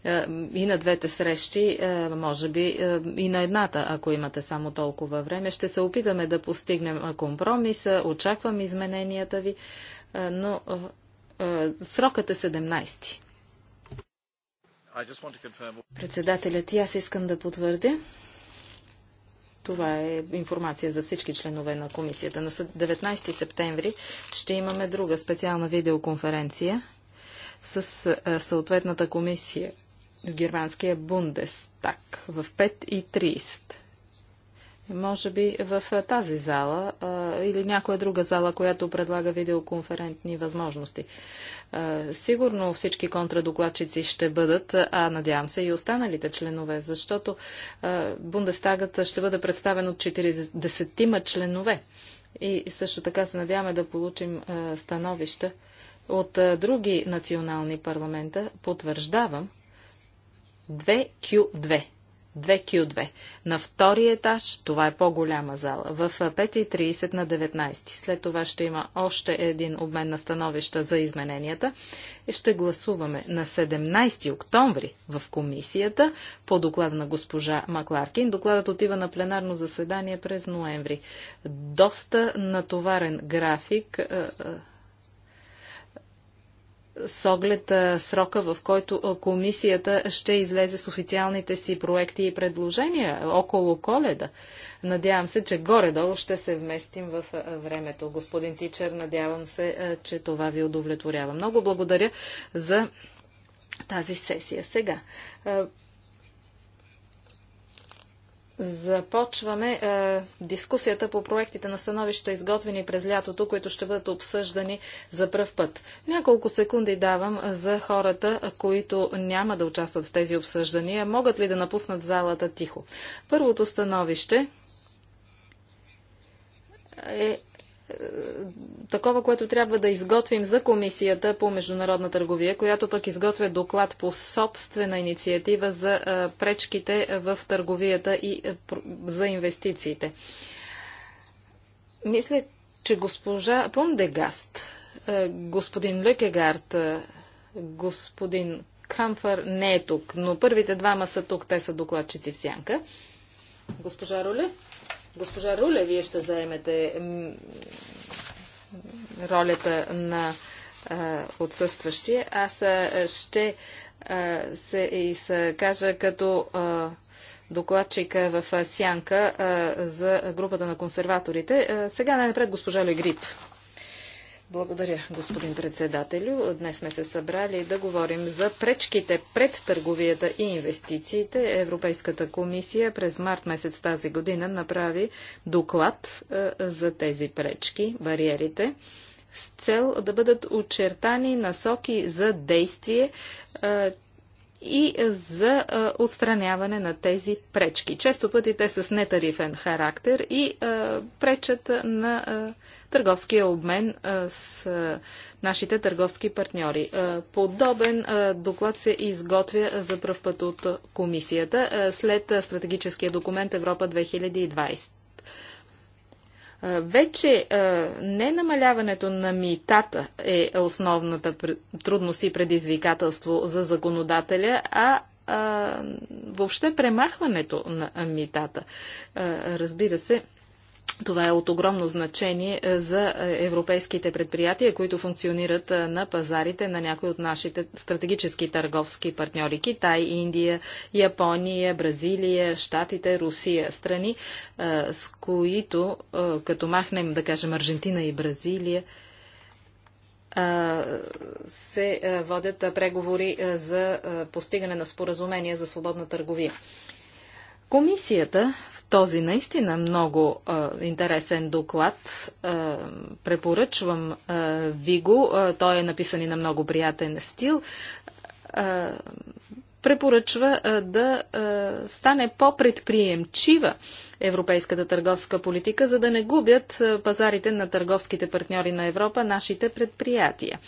Е, и на двете срещи, е, може би е, и на едната, ако имате само толкова време. Ще се опитаме да постигнем компромиса, очаквам измененията ви, но срокът е 17. Председателят и аз искам да потвърдя. Това е информация за всички членове на комисията. На 19 септември ще имаме друга специална видеоконференция с съответната комисия германския Бундестаг в 5.30. Може би в тази зала или някоя друга зала, която предлага видеоконферентни възможности. сигурно всички контрадокладчици ще бъдат, а надявам се и останалите членове, защото Бундестагът ще бъде представен от 40 членове. И също така се надяваме да получим становища от други национални парламента. Потвърждавам, 2Q2. 2Q2. На втория етаж, това е по-голяма зала, в 5.30 на 19. След това ще има още един обмен на становища за измененията и ще гласуваме на 17 октомври в комисията по доклада на госпожа Макларкин. Докладът отива на пленарно заседание през ноември. Доста натоварен график с оглед срока, в който комисията ще излезе с официалните си проекти и предложения около коледа. Надявам се, че горе-долу ще се вместим в времето. Господин Тичер, надявам се, че това ви удовлетворява. Много благодаря за тази сесия. Сега започваме е, дискусията по проектите на становища, изготвени през лятото, които ще бъдат обсъждани за пръв път. Няколко секунди давам за хората, които няма да участват в тези обсъждания. Могат ли да напуснат залата тихо? Първото становище е такова, което трябва да изготвим за комисията по международна търговия, която пък изготвя доклад по собствена инициатива за пречките в търговията и за инвестициите. Мисля, че госпожа Пундегаст, господин Лекегард, господин Камфър не е тук, но първите двама са тук, те са докладчици в сянка. Госпожа Роле? Госпожа Руле, вие ще заемете ролята на отсъстващи, отсъстващия. Аз ще се изкажа като докладчика в Сянка за групата на консерваторите. сега най-напред госпожа Легрип. Благодаря, господин председателю. Днес сме се събрали да говорим за пречките пред търговията и инвестициите. Европейската комисия през март месец тази година направи доклад е, за тези пречки, бариерите, с цел да бъдат очертани насоки за действие, е, и за отстраняване на тези пречки. Често пъти те са с нетарифен характер и пречат на търговския обмен с нашите търговски партньори. Подобен доклад се изготвя за пръв път от комисията след стратегическия документ Европа 2020. Вече не намаляването на митата е основната трудност и предизвикателство за законодателя, а въобще премахването на митата. Разбира се, това е от огромно значение е, за е, европейските предприятия, които функционират е, на пазарите на някои от нашите стратегически търговски партньори Китай, Индия, Япония, Бразилия, Штатите, Русия. Страни, с които, като махнем, да кажем, Аржентина и Бразилия, се водят преговори за постигане на споразумение за свободна търговия. Комисията в този наистина много а, интересен доклад а, препоръчвам а, ви го. А, той е написан и на много приятен стил. А, препоръчва а, да а, стане по-предприемчива европейската търговска политика, за да не губят а, пазарите на търговските партньори на Европа нашите предприятия.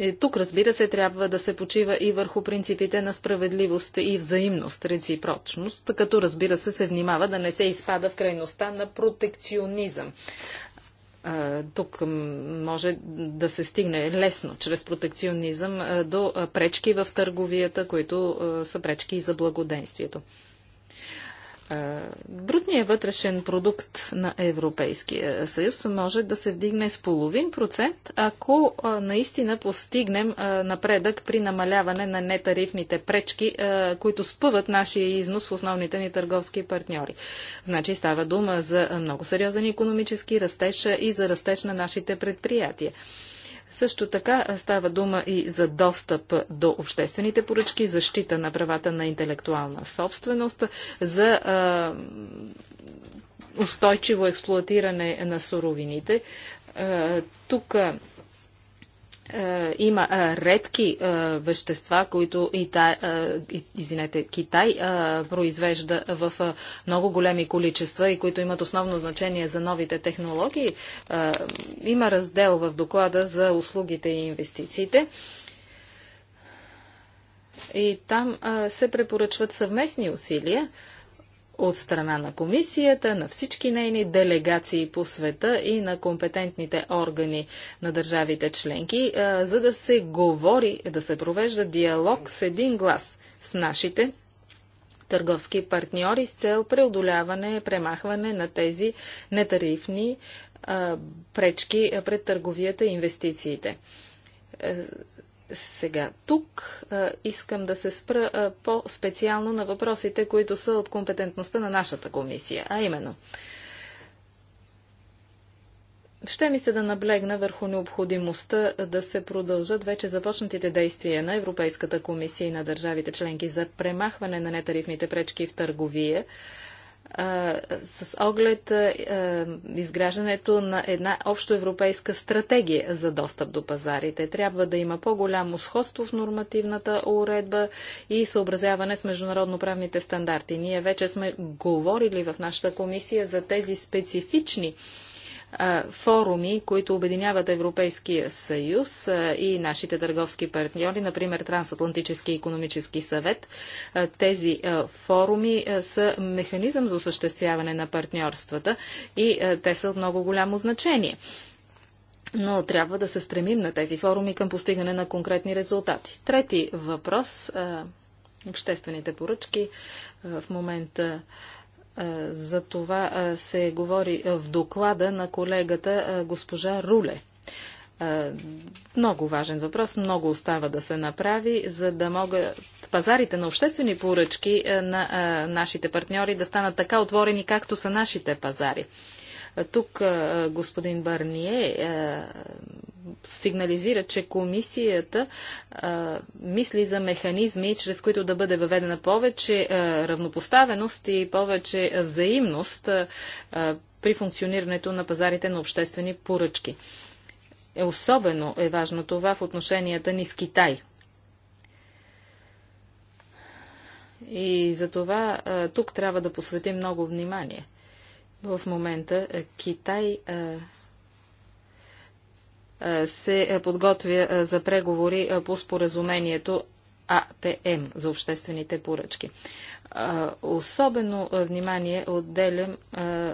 Е, тук, разбира се, трябва да се почива и върху принципите на справедливост и взаимност, реципрочност, като, разбира се, се внимава да не се изпада в крайността на протекционизъм. тук може да се стигне лесно, чрез протекционизъм, до пречки в търговията, които са пречки и за благоденствието брутният вътрешен продукт на Европейския съюз може да се вдигне с половин процент, ако наистина постигнем напредък при намаляване на нетарифните пречки, които спъват нашия износ в основните ни търговски партньори. Значи става дума за много сериозен економически растеж и за растеж на нашите предприятия. Също така става дума и за достъп до обществените поръчки, защита на правата на интелектуална собственост, за а, устойчиво експлуатиране на суровините. А, тук е, има е, редки е, вещества, които извинете, Китай произвежда в много големи количества и които имат основно значение за новите технологии. Има раздел в доклада за услугите и инвестициите. И там се препоръчват съвместни усилия от страна на комисията, на всички нейни делегации по света и на компетентните органи на държавите членки, за да се говори, да се провежда диалог с един глас с нашите търговски партньори с цел преодоляване, премахване на тези нетарифни пречки пред търговията и инвестициите сега, тук а, искам да се спра по-специално на въпросите, които са от компетентността на нашата комисия, а именно. Ще ми се да наблегна върху необходимостта да се продължат вече започнатите действия на Европейската комисия и на държавите членки за премахване на нетарифните пречки в търговия с оглед изграждането на една общоевропейска стратегия за достъп до пазарите. Трябва да има по-голямо сходство в нормативната уредба и съобразяване с международноправните стандарти. Ние вече сме говорили в нашата комисия за тези специфични форуми, които обединяват Европейския съюз и нашите търговски партньори, например Трансатлантически економически съвет. Тези форуми са механизъм за осъществяване на партньорствата и те са от много голямо значение. Но трябва да се стремим на тези форуми към постигане на конкретни резултати. Трети въпрос. Обществените поръчки в момента за това се говори в доклада на колегата госпожа Руле. Много важен въпрос, много остава да се направи, за да могат пазарите на обществени поръчки на нашите партньори да станат така отворени, както са нашите пазари. Тук господин Барние сигнализира, че комисията а, мисли за механизми, чрез които да бъде въведена повече а, равнопоставеност и повече взаимност а, при функционирането на пазарите на обществени поръчки. Е, особено е важно това в отношенията ни с Китай. И за това тук трябва да посветим много внимание. В момента Китай е, се е, подготвя е, за преговори по споразумението АПМ за обществените поръчки. Особено внимание отделям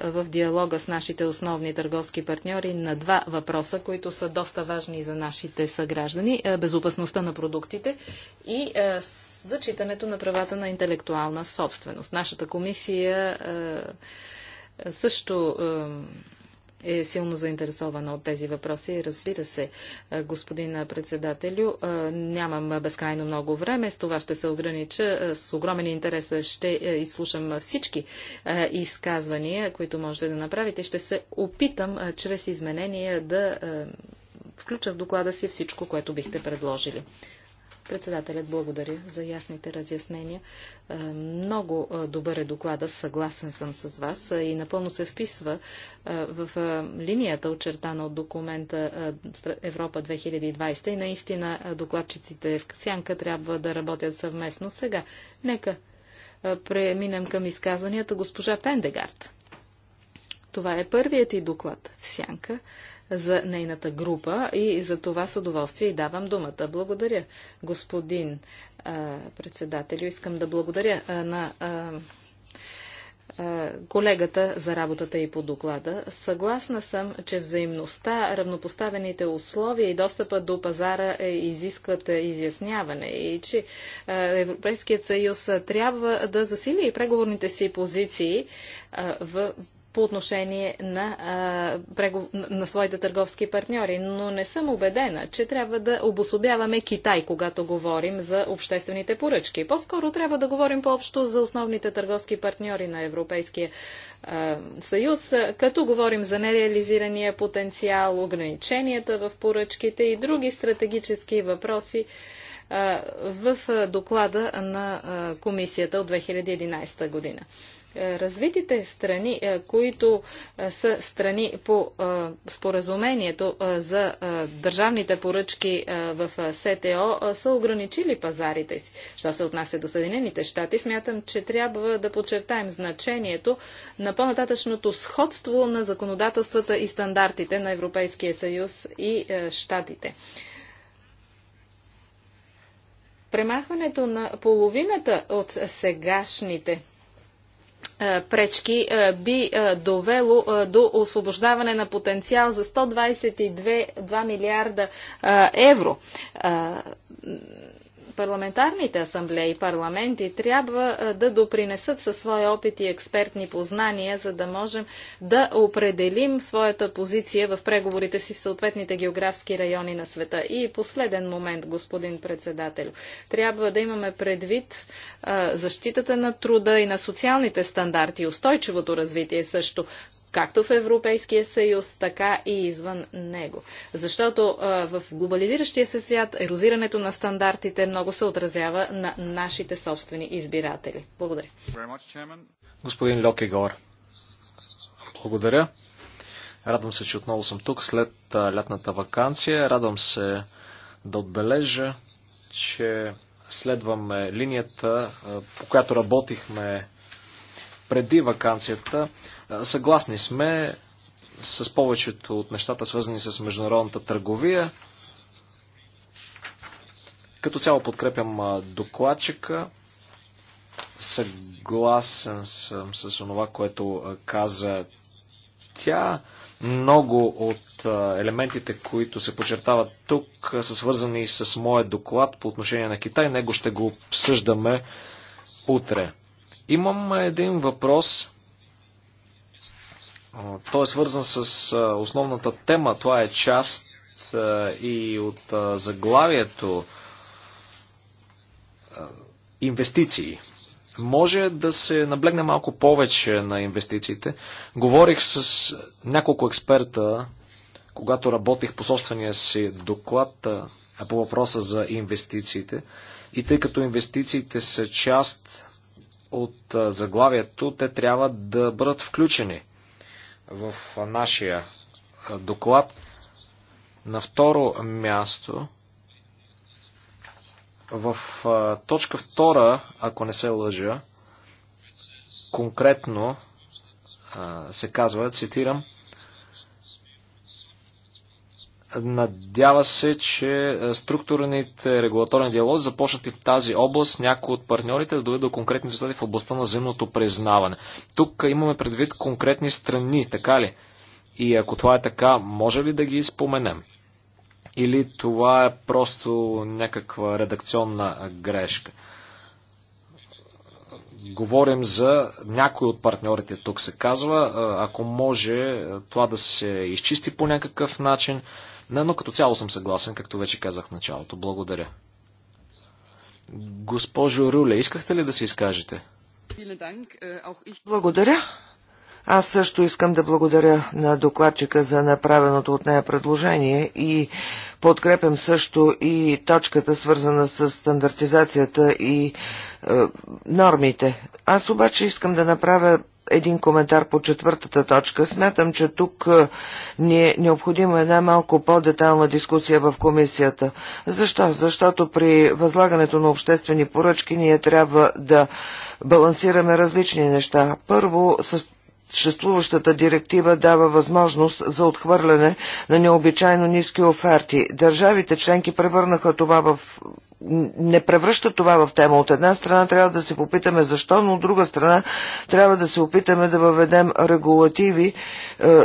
в диалога с нашите основни търговски партньори на два въпроса, които са доста важни за нашите съграждани безопасността на продуктите и зачитането на правата на интелектуална собственост. Нашата комисия също е силно заинтересована от тези въпроси. Разбира се, господин председателю, нямам безкрайно много време, с това ще се огранича. С огромен интерес ще е, изслушам всички изказвания, които можете да направите. Ще се опитам чрез изменения да включа в доклада си всичко, което бихте предложили. Председателят, благодаря за ясните разяснения. Е, много е, добър е доклада, съгласен съм с вас е, и напълно се вписва в линията, очертана от документа Европа 2020 и наистина докладчиците в Сянка трябва да работят съвместно. Сега, нека преминем към изказванията госпожа Пендегард. Това е първият и доклад в Сянка за нейната група и за това с удоволствие и давам думата. Благодаря, господин а, председателю. Искам да благодаря а, на а, колегата за работата и по доклада. Съгласна съм, че взаимността, равнопоставените условия и достъпа до пазара е, изискват е, изясняване и че Европейският съюз трябва да засили и преговорните си позиции в по отношение на, а, прегов... на своите търговски партньори. Но не съм убедена, че трябва да обособяваме Китай, когато говорим за обществените поръчки. По-скоро трябва да говорим по-общо за основните търговски партньори на Европейския а, съюз, като говорим за нереализирания потенциал, ограниченията в поръчките и други стратегически въпроси в доклада на комисията от 2011 година. Е, развитите страни, е, които е, са страни по споразумението за държавните поръчки в СТО, са ограничили пазарите си. Що се отнася до Съединените щати, смятам, че трябва да подчертаем значението на по-нататъчното сходство на законодателствата и стандартите на Европейския съюз и щатите. Премахването на половината от сегашните е, пречки е, би е, довело до освобождаване на потенциал за 122 милиарда евро парламентарните асамблеи и парламенти трябва да допринесат със своя опит и експертни познания, за да можем да определим своята позиция в преговорите си в съответните географски райони на света. И последен момент, господин председател. Трябва да имаме предвид защитата на труда и на социалните стандарти, устойчивото развитие също както в Европейския съюз, така и извън него. Защото а, в глобализиращия се свят ерозирането на стандартите много се отразява на нашите собствени избиратели. Благодаря. Господин Локегор, благодаря. Радвам се, че отново съм тук след лятната вакансия. Радвам се да отбележа, че следваме линията, по която работихме преди вакансията. Съгласни сме с повечето от нещата, свързани с международната търговия. Като цяло подкрепям докладчика. Съгласен съм с това, което каза тя. Много от елементите, които се подчертават тук, са свързани с моят доклад по отношение на Китай. Него ще го обсъждаме утре. Имам един въпрос той е свързан с основната тема. Това е част и от заглавието инвестиции. Може да се наблегне малко повече на инвестициите. Говорих с няколко експерта, когато работих по собствения си доклад по въпроса за инвестициите. И тъй като инвестициите са част от заглавието, те трябва да бъдат включени – в нашия доклад. На второ място, в точка втора, ако не се лъжа, конкретно се казва, цитирам, Надява се, че е, структурните регулаторни диалози започнат и в тази област някои от партньорите да доведат до конкретни резултати в областта на земното признаване. Тук е, имаме предвид конкретни страни, така ли? И ако това е така, може ли да ги споменем? Или това е просто някаква редакционна грешка? Говорим за някои от партньорите, тук се казва. Е, ако може това да се изчисти по някакъв начин, не, но като цяло съм съгласен, както вече казах в началото. Благодаря. Госпожо Руле, искахте ли да се изкажете? Благодаря. Аз също искам да благодаря на докладчика за направеното от нея предложение и подкрепям също и точката свързана с стандартизацията и е, нормите. Аз обаче искам да направя един коментар по четвъртата точка. Смятам, че тук е, ни е необходима една малко по-детална дискусия в комисията. Защо? Защото при възлагането на обществени поръчки ние трябва да балансираме различни неща. Първо, с съществуващата директива дава възможност за отхвърляне на необичайно ниски оферти. Държавите членки превърнаха това в не превръща това в тема. От една страна трябва да се попитаме защо, но от друга страна трябва да се опитаме да въведем регулативи, е,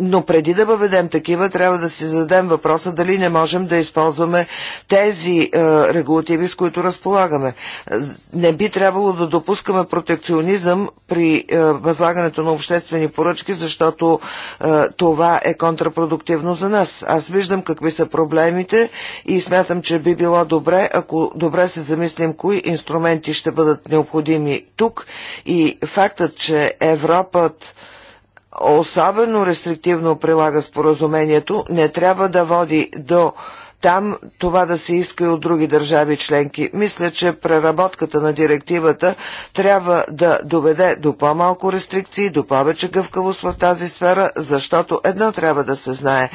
но преди да въведем такива, трябва да си зададем въпроса дали не можем да използваме тези е, регулативи, с които разполагаме. Не би трябвало да допускаме протекционизъм при е, възлагането на обществени поръчки, защото е, това е контрапродуктивно за нас. Аз виждам какви са проблемите и смятам, че би било добре, ако добре се замислим кои инструменти ще бъдат необходими тук и фактът, че Европът особено рестриктивно прилага споразумението, не трябва да води до там това да се иска и от други държави членки. Мисля, че преработката на директивата трябва да доведе до по-малко рестрикции, до повече гъвкавост в тази сфера, защото едно трябва да се знае.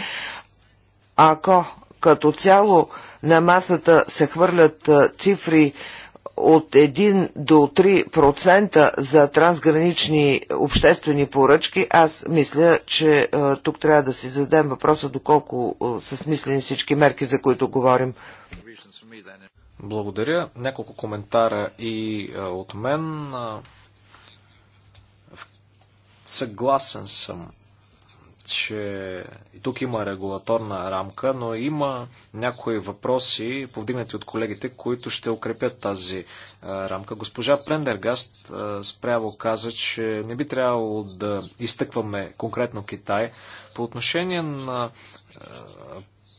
Ако като цяло на масата се хвърлят цифри, от 1 до 3% за трансгранични обществени поръчки, аз мисля, че е, тук трябва да си зададем въпроса доколко е, са смислени всички мерки, за които говорим. Благодаря. Няколко коментара и е, от мен. Съгласен съм че и тук има регулаторна рамка, но има някои въпроси, повдигнати от колегите, които ще укрепят тази рамка. Госпожа Прендергаст спряво каза, че не би трябвало да изтъкваме конкретно Китай. По отношение на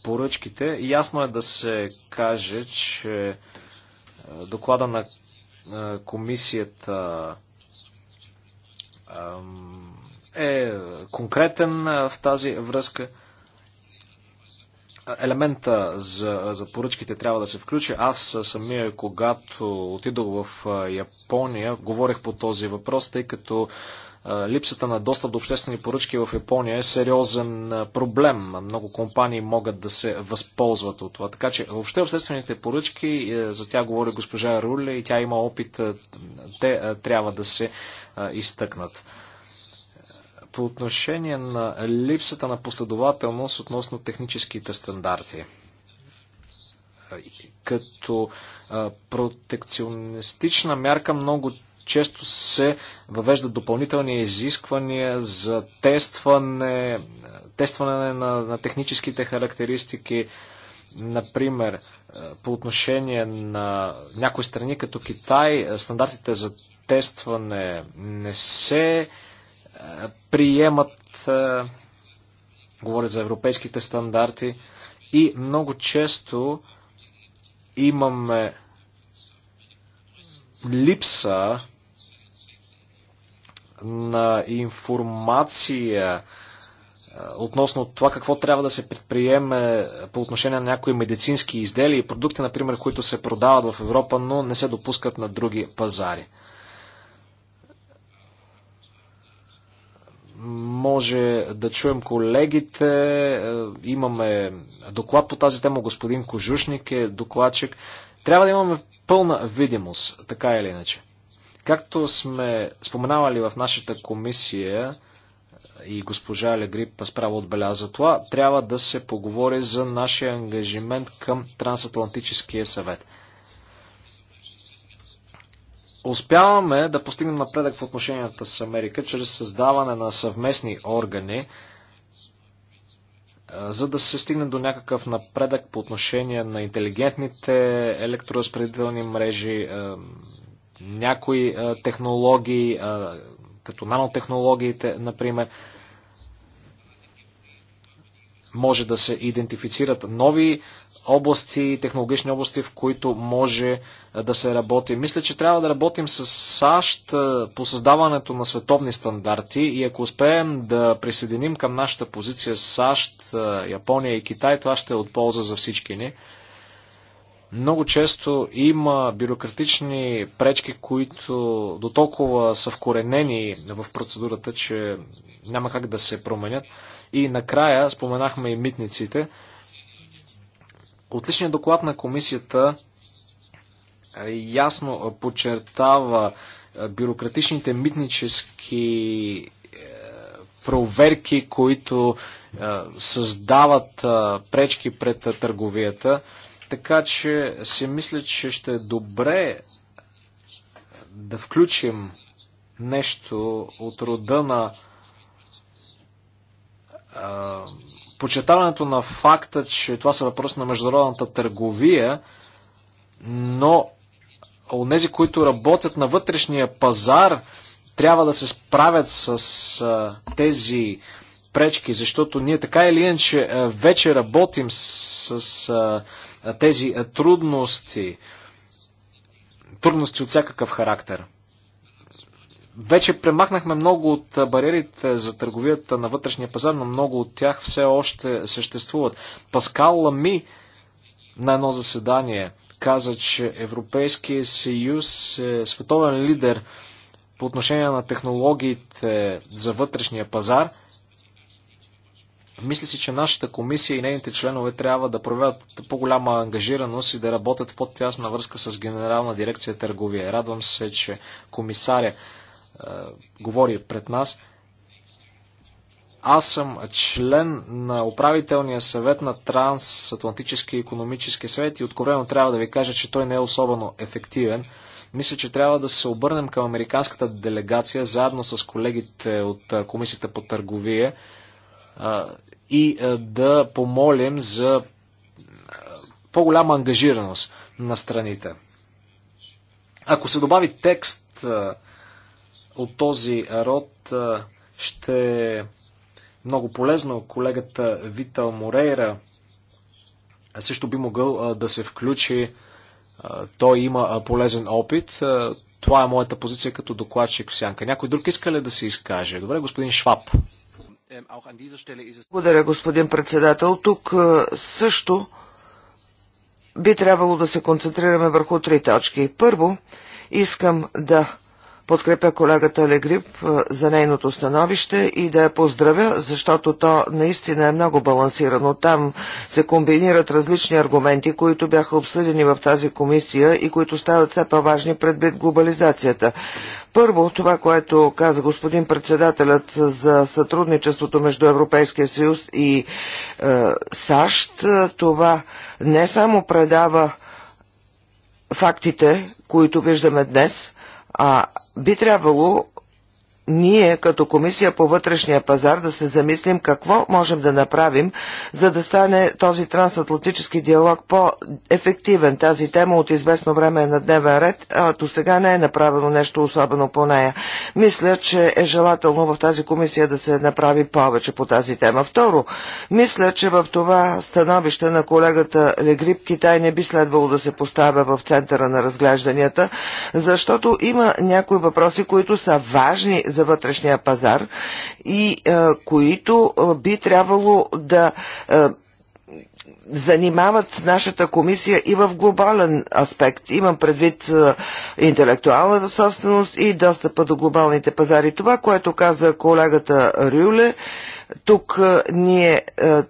поръчките, ясно е да се каже, че доклада на комисията е конкретен в тази връзка. Елемента за, за поръчките трябва да се включи. Аз самия, когато отидох в Япония, говорих по този въпрос, тъй като липсата на достъп до обществени поръчки в Япония е сериозен проблем. Много компании могат да се възползват от това. Така че въобще обществените поръчки, е, за тя говори госпожа Руле и тя има опит, те трябва да се изтъкнат по отношение на липсата на последователност относно техническите стандарти. Като протекционистична мярка много често се въвеждат допълнителни изисквания за тестване, тестване на, на техническите характеристики. Например, по отношение на някои страни като Китай, стандартите за тестване не се приемат, е, говорят за европейските стандарти и много често имаме липса на информация е, относно това какво трябва да се предприеме по отношение на някои медицински изделия и продукти, например, които се продават в Европа, но не се допускат на други пазари. може да чуем колегите. Е, имаме доклад по тази тема. Господин Кожушник е докладчик. Трябва да имаме пълна видимост, така или иначе. Както сме споменавали в нашата комисия е, и госпожа Легрип справа отбеляза това, трябва да се поговори за нашия ангажимент към Трансатлантическия съвет – успяваме да постигнем напредък в отношенията с Америка чрез създаване на съвместни органи, за да се стигне до някакъв напредък по отношение на интелигентните електроразпределителни мрежи, някои технологии, като нанотехнологиите, например, може да се идентифицират нови области, технологични области, в които може да се работи. Мисля, че трябва да работим с САЩ по създаването на световни стандарти и ако успеем да присъединим към нашата позиция САЩ, Япония и Китай, това ще е от полза за всички ни. Много често има бюрократични пречки, които до толкова са вкоренени в процедурата, че няма как да се променят. И накрая споменахме и митниците – Отличният доклад на комисията е, ясно е, подчертава е, бюрократичните митнически проверки, които създават пречки пред търговията. Така че си мисля, че ще е добре да включим нещо от рода на почетаването на факта, че това са въпрос на международната търговия, но онези, които работят на вътрешния пазар, трябва да се справят с а, тези пречки, защото ние така или иначе вече работим с, с а, тези трудности, трудности от всякакъв характер. Вече премахнахме много от бариерите за търговията на вътрешния пазар, но много от тях все още съществуват. Паскал Лами на едно заседание каза, че Европейския съюз е световен лидер по отношение на технологиите за вътрешния пазар. Мисля си, че нашата комисия и нейните членове трябва да проявят по-голяма ангажираност и да работят в по-тясна връзка с Генерална дирекция търговия. Радвам се, че комисаря говори пред нас. Аз съм член на управителния съвет на Трансатлантически економически съвет и откровено трябва да ви кажа, че той не е особено ефективен. Мисля, че трябва да се обърнем към американската делегация, заедно с колегите от Комисията по търговия и да помолим за по-голяма ангажираност на страните. Ако се добави текст, от този род ще е много полезно. Колегата Витал Морейра също би могъл да се включи. Той има полезен опит. Това е моята позиция като докладчик в сянка. Някой друг иска ли да се изкаже? Добре, господин Шваб. Благодаря, господин председател. Тук също би трябвало да се концентрираме върху три точки. Първо, искам да подкрепя колегата Легрип за нейното становище и да я поздравя, защото то наистина е много балансирано. Там се комбинират различни аргументи, които бяха обсъдени в тази комисия и които стават все по-важни предвид глобализацията. Първо, това, което каза господин председателят за сътрудничеството между Европейския съюз и е, САЩ, е, това не само предава фактите, които виждаме днес, а би трябвало ние като комисия по вътрешния пазар да се замислим какво можем да направим, за да стане този трансатлантически диалог по-ефективен. Тази тема от известно време е на дневен ред, а до сега не е направено нещо особено по нея. Мисля, че е желателно в тази комисия да се направи повече по тази тема. Второ, мисля, че в това становище на колегата Легрип Китай не би следвало да се поставя в центъра на разглежданията, защото има някои въпроси, които са важни за вътрешния пазар и е, които е, би трябвало да е, занимават нашата комисия и в глобален аспект. Имам предвид интелектуалната собственост и достъпа до глобалните пазари. Това, което каза колегата Рюле, тук ние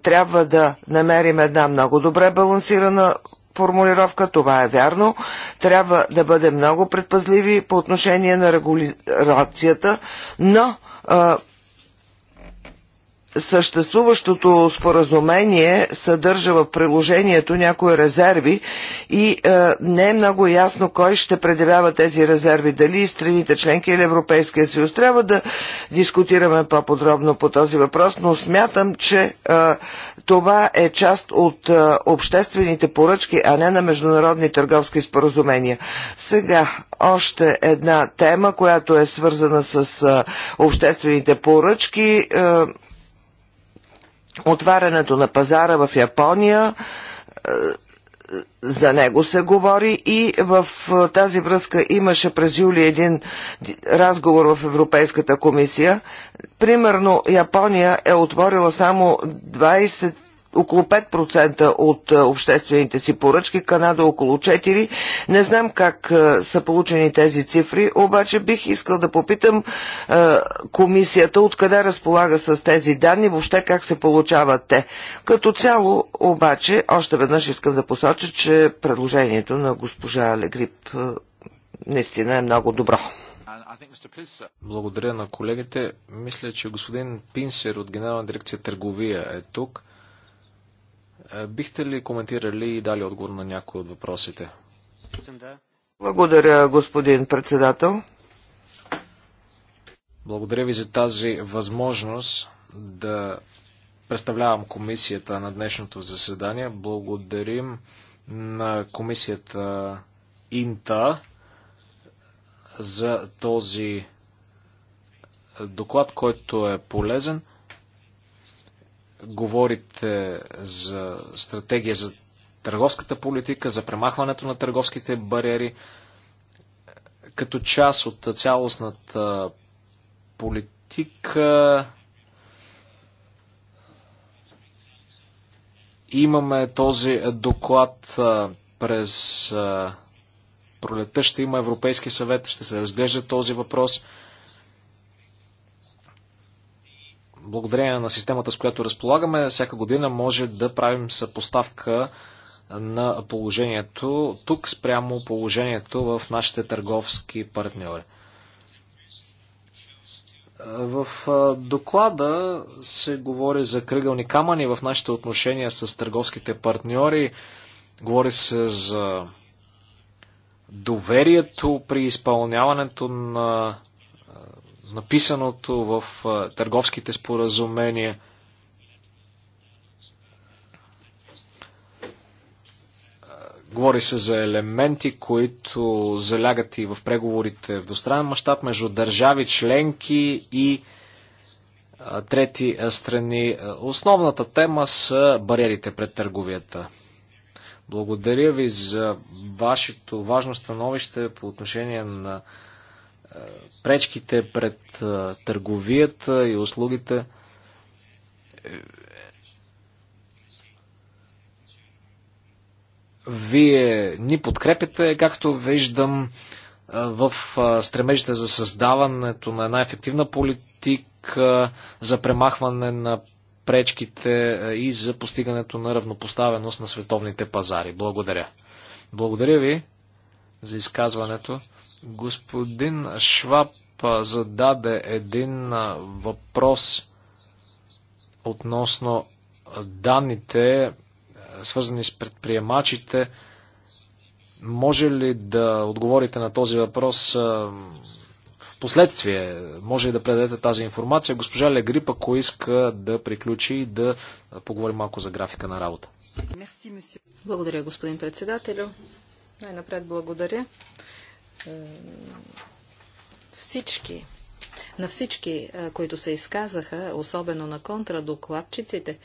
трябва да намерим една много добре балансирана формулировка, това е вярно. Трябва да бъдем много предпазливи по отношение на регулацията, но а, съществуващото споразумение съдържа в приложението някои резерви и а, не е много ясно кой ще предявява тези резерви, дали страните членки или Европейския съюз. Трябва да дискутираме по-подробно по този въпрос, но смятам, че а, това е част от е, обществените поръчки, а не на международни търговски споразумения. Сега още една тема, която е свързана с е, обществените поръчки. Е, отварянето на пазара в Япония за него се говори и в тази връзка имаше през юли един разговор в Европейската комисия. Примерно Япония е отворила само 20 около 5% от е, обществените си поръчки, Канада около 4%. Не знам как е, са получени тези цифри, обаче бих искал да попитам е, комисията откъде разполага с тези данни, въобще как се получават те. Като цяло, обаче, още веднъж искам да посоча, че предложението на госпожа Легрип наистина е много добро. Благодаря на колегите. Мисля, че господин Пинсер от Генерална дирекция търговия е тук. Е, бихте ли коментирали и дали отговор на някои от въпросите? Благодаря, господин председател. Благодаря ви за тази възможност да представлявам комисията на днешното заседание. Благодарим на комисията Инта за този доклад, който е полезен говорите е, за стратегия за търговската политика, за премахването на търговските бариери, като част от цялостната политика имаме този доклад е, през е, пролета ще има Европейски съвет, ще се разглежда този въпрос. благодарение на системата, с която разполагаме, всяка година може да правим съпоставка на положението тук спрямо положението в нашите търговски партньори. В доклада се говори за кръгълни камъни в нашите отношения с търговските партньори. Говори се за доверието при изпълняването на написаното в търговските споразумения. Говори се за елементи, които залягат и в преговорите в двустранен мащаб между държави, членки и трети страни. Основната тема са бариерите пред търговията. Благодаря ви за вашето важно становище по отношение на пречките пред търговията и услугите. Вие ни подкрепите, както виждам, в стремежите за създаването на една ефективна политика, за премахване на пречките и за постигането на равнопоставеност на световните пазари. Благодаря. Благодаря ви за изказването. Господин Шваб зададе един въпрос относно данните, свързани с предприемачите. Може ли да отговорите на този въпрос в последствие? Може ли да предадете тази информация? Госпожа Легрип, ако иска да приключи и да поговорим малко за графика на работа. Благодаря, господин председателю. Най-напред благодаря всички, на всички, които се изказаха, особено на контрадокладчиците,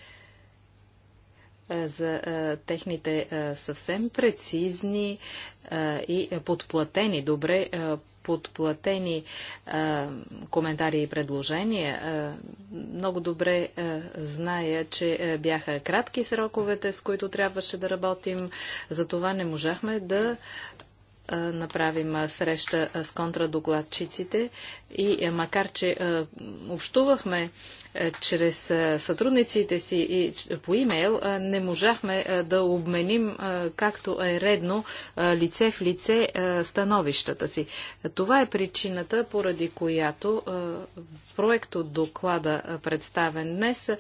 за техните съвсем прецизни и подплатени, добре подплатени коментари и предложения. Много добре зная, че бяха кратки сроковете, с които трябваше да работим. Затова не можахме да направим среща с контрадокладчиците и макар, че общувахме чрез сътрудниците си и по имейл, не можахме да обменим, както е редно, лице в лице становищата си. Това е причината, поради която проектът доклада, представен днес,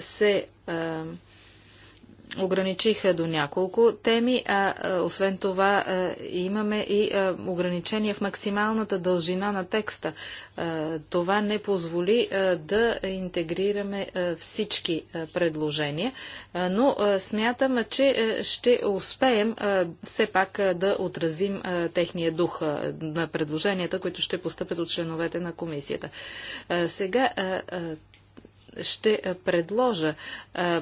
се ограничиха до няколко теми, а, освен това имаме и ограничения в максималната дължина на текста. това не позволи да интегрираме всички предложения, но смятам, че ще успеем все пак да отразим техния дух на предложенията, които ще постъпят от членовете на комисията. сега ще предложа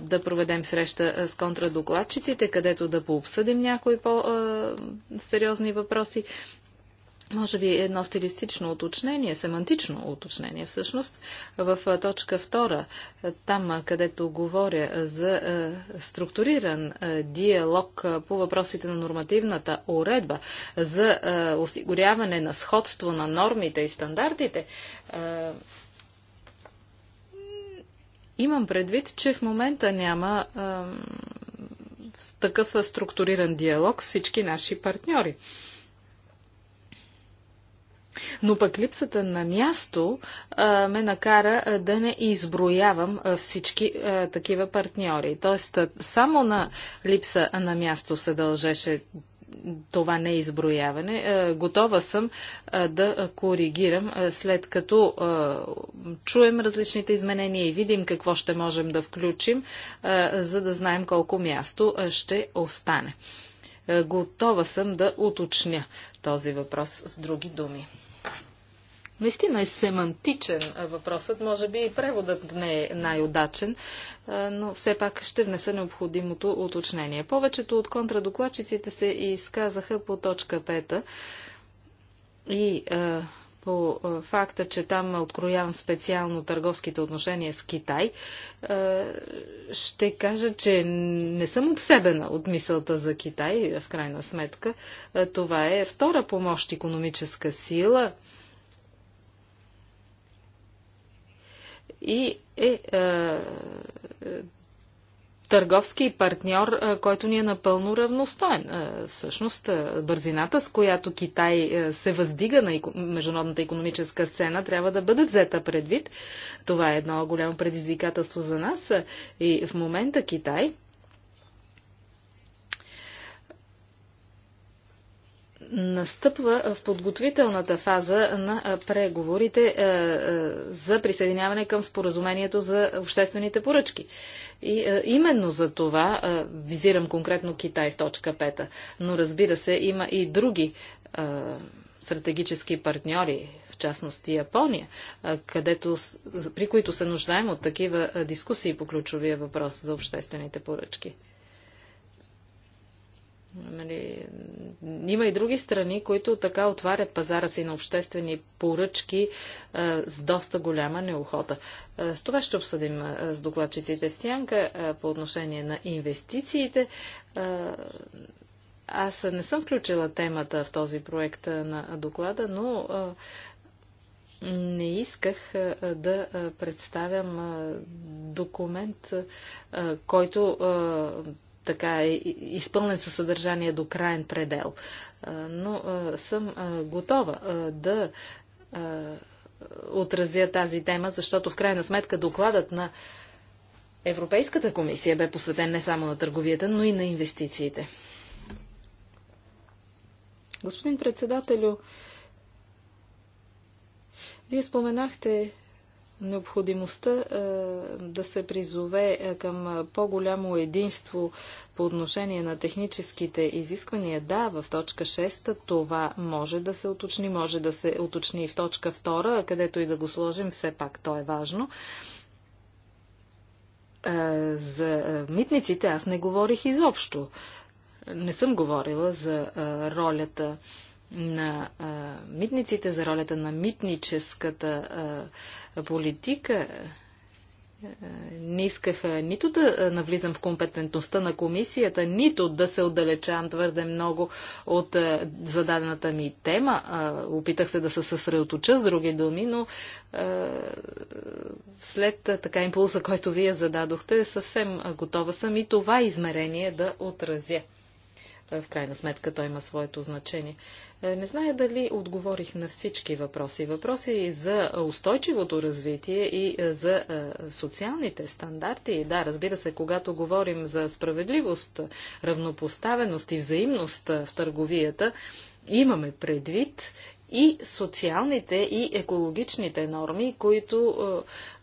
да проведем среща с контрадокладчиците, където да пообсъдим някои по-сериозни въпроси. Може би едно стилистично уточнение, семантично уточнение всъщност, в точка 2, там където говоря за структуриран диалог по въпросите на нормативната уредба, за осигуряване на сходство на нормите и стандартите, Имам предвид, че в момента няма такъв структуриран диалог с всички наши партньори. Но пък липсата на място а, ме накара а, да не изброявам а, всички а, такива партньори. Тоест, а, само на липса на място се дължеше това не изброяване, е, Готова съм е, да коригирам е, след като чуем различните изменения и видим какво ще можем да включим, за да знаем колко място ще остане. Готова съм да уточня този въпрос с други думи. Наистина е семантичен въпросът, може би и преводът не е най-удачен, но все пак ще внеса необходимото уточнение. Повечето от контрадокладчиците се изказаха по точка 5 и по факта, че там откроявам специално търговските отношения с Китай, ще кажа, че не съм обсебена от мисълта за Китай, в крайна сметка. Това е втора помощ економическа сила и е, е, е търговски партньор, е, който ни е напълно равностоен. Е, всъщност, е, бързината, с която Китай е, се въздига на еко... международната економическа сцена, трябва да бъде взета предвид. Това е едно голямо предизвикателство за нас. Е, и в момента Китай настъпва в подготвителната фаза на преговорите за присъединяване към споразумението за обществените поръчки. И именно за това визирам конкретно Китай в точка 5. Но разбира се, има и други стратегически партньори, в частност и Япония, където, при които се нуждаем от такива дискусии по ключовия въпрос за обществените поръчки. Нали, има и други страни, които така отварят пазара си на обществени поръчки а, с доста голяма неохота. А, с това ще обсъдим а, с докладчиците в Сянка а, по отношение на инвестициите. А, аз не съм включила темата в този проект на доклада, но а, не исках а, да представям а, документ, който така е изпълнен със съдържание до крайен предел. Но съм готова да отразя тази тема, защото в крайна сметка докладът на Европейската комисия бе посветен не само на търговията, но и на инвестициите. Господин председателю, вие споменахте необходимостта е, да се призове е, към е, по-голямо единство по отношение на техническите изисквания. Да, в точка 6 това може да се уточни, може да се уточни и в точка 2, където и да го сложим, все пак то е важно. За митниците аз не говорих изобщо. Не съм говорила за ролята на а, митниците, за ролята на митническата а, политика. Е, е, не исках нито да навлизам в компетентността на комисията, нито да се отдалечавам твърде много от зададената ми тема. Опитах се да се съсредоточа с други думи, но след така импулса, който вие зададохте, съвсем готова съм и това измерение да отразя. В крайна сметка той има своето значение. Е, не зная дали отговорих на всички въпроси. Въпроси за устойчивото развитие и е, за е, социалните стандарти. Да, разбира се, когато говорим за справедливост, равнопоставеност и взаимност в търговията, имаме предвид и социалните и екологичните норми, които а,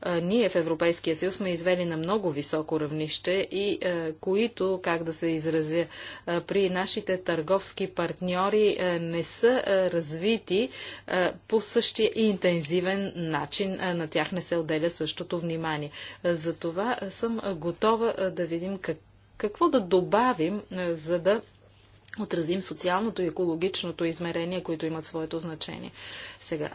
е, а, е, ние в Европейския съюз сме извели на много високо равнище и а, е, които, как да се изразя, при нашите търговски партньори не са развити по същия интензивен начин. На тях не се отделя същото внимание. Затова съм готова да видим как, какво да добавим, за да отразим социалното и екологичното измерение, които имат своето значение. Сега,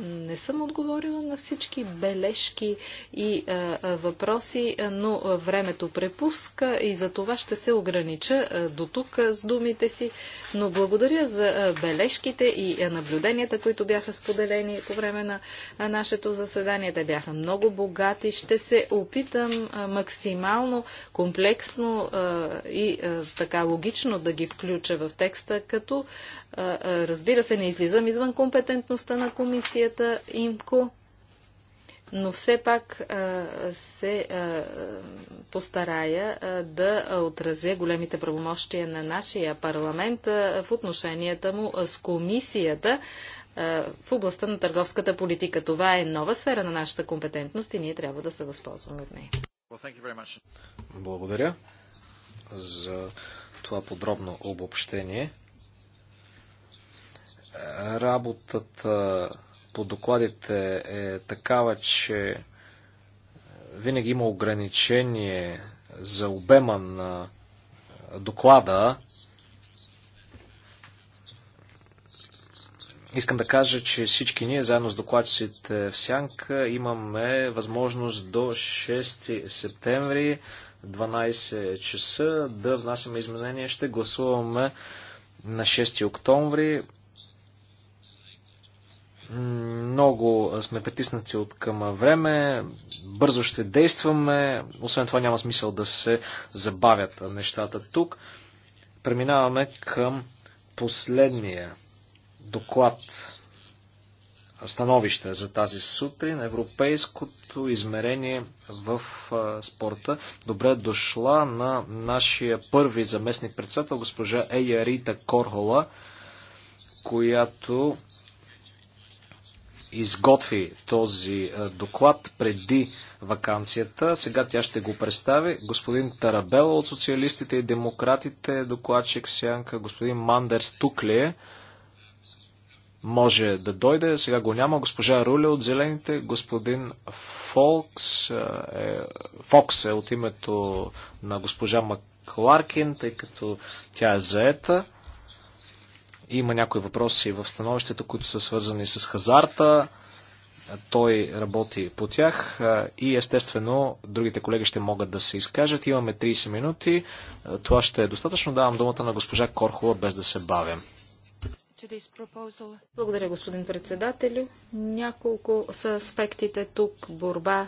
не съм отговорила на всички бележки и а, въпроси, но времето препуска и за това ще се огранича до тук с думите си. Но благодаря за бележките и наблюденията, които бяха споделени по време на нашето заседание. Те бяха много богати. Ще се опитам максимално комплексно и така логично да ги включа в текста, като Разбира се, не излизам извън компетентността на комисията ИМКО, но все пак се постарая да отразя големите правомощия на нашия парламент в отношенията му с комисията в областта на търговската политика. Това е нова сфера на нашата компетентност и ние трябва да се възползваме от нея. Благодаря за това подробно обобщение работата по докладите е такава, че винаги има ограничение за обема на доклада. Искам да кажа, че всички ние, заедно с докладчиците в Сянка, имаме възможност до 6 септември 12 часа да внасяме изменения. Ще гласуваме на 6 октомври. Много сме притиснати от към време, бързо ще действаме, освен това няма смисъл да се забавят нещата тук. Преминаваме към последния доклад становище за тази сутрин. Европейското измерение в спорта. Добре дошла на нашия първи заместник председател, госпожа Ейарита Корхола, която изготви този доклад преди вакансията. Сега тя ще го представи. Господин Тарабела от Социалистите и Демократите, докладчик Сянка, господин Мандерс тук ли е? Може да дойде. Сега го няма. Госпожа Руля от Зелените, господин Фокс, е, Фокс е от името на госпожа Макларкин, тъй като тя е заета. Има някои въпроси в становището, които са свързани с хазарта. Той работи по тях и естествено другите колеги ще могат да се изкажат. Имаме 30 минути. Това ще е достатъчно. Давам думата на госпожа Корхова без да се бавя. Благодаря, господин председателю. Няколко са аспектите тук. Борба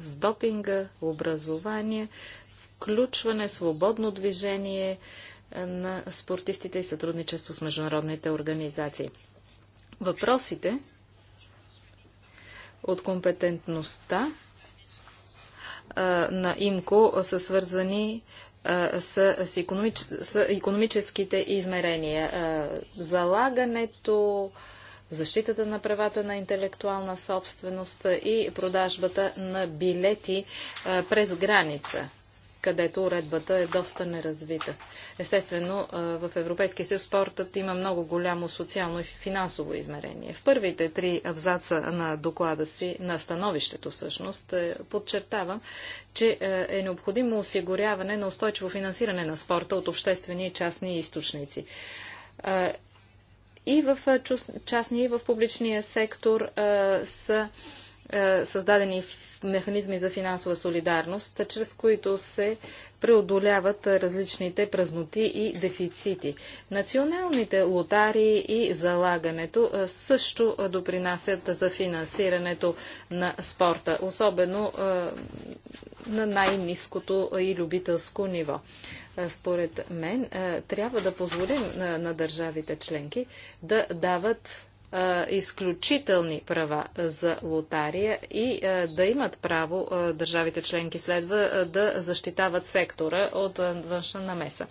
с допинга, образование, включване, свободно движение, на спортистите и сътрудничество с международните организации. Въпросите от компетентността на ИМКО са свързани с, економич... с економическите измерения. Залагането, защитата на правата на интелектуална собственост и продажбата на билети през граница където уредбата е доста неразвита. Естествено, в Европейския съюз спортът има много голямо социално и финансово измерение. В първите три абзаца на доклада си, на становището всъщност, е, подчертавам, че е, е необходимо осигуряване на устойчиво финансиране на спорта от обществени и частни източници и в частния, и в публичния сектор са е, създадени механизми за финансова солидарност, чрез които се преодоляват различните празноти и дефицити. Националните лотари и залагането е, също допринасят за финансирането на спорта, особено е, на най-низкото и любителско ниво. Според мен трябва да позволим на държавите членки да дават изключителни права за лотария и да имат право държавите членки следва да защитават сектора от външна намеса.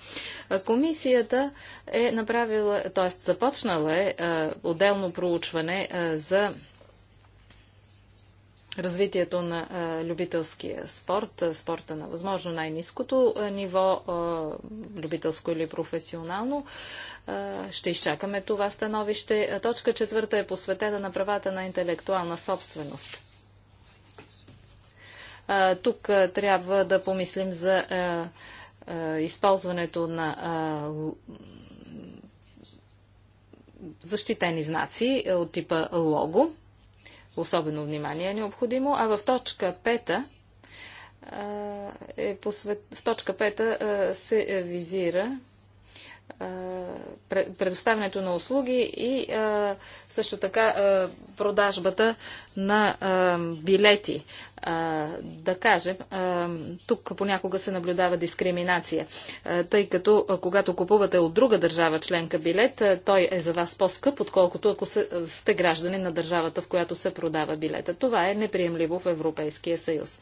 комисията е направила, т.е. започнала е отделно проучване за развитието на любителския спорт, спорта на възможно най-низкото ниво, любителско или професионално. Ще изчакаме това становище. Точка четвърта е посветена на правата на интелектуална собственост. Тук трябва да помислим за използването на защитени знаци от типа лого особено внимание е необходимо. А в точка 5 е посвет... в точка 5 се визира предоставянето на услуги и също така продажбата на билети. Да кажем, тук понякога се наблюдава дискриминация, тъй като когато купувате от друга държава членка билет, той е за вас по-скъп, отколкото ако сте граждани на държавата, в която се продава билета. Това е неприемливо в Европейския съюз.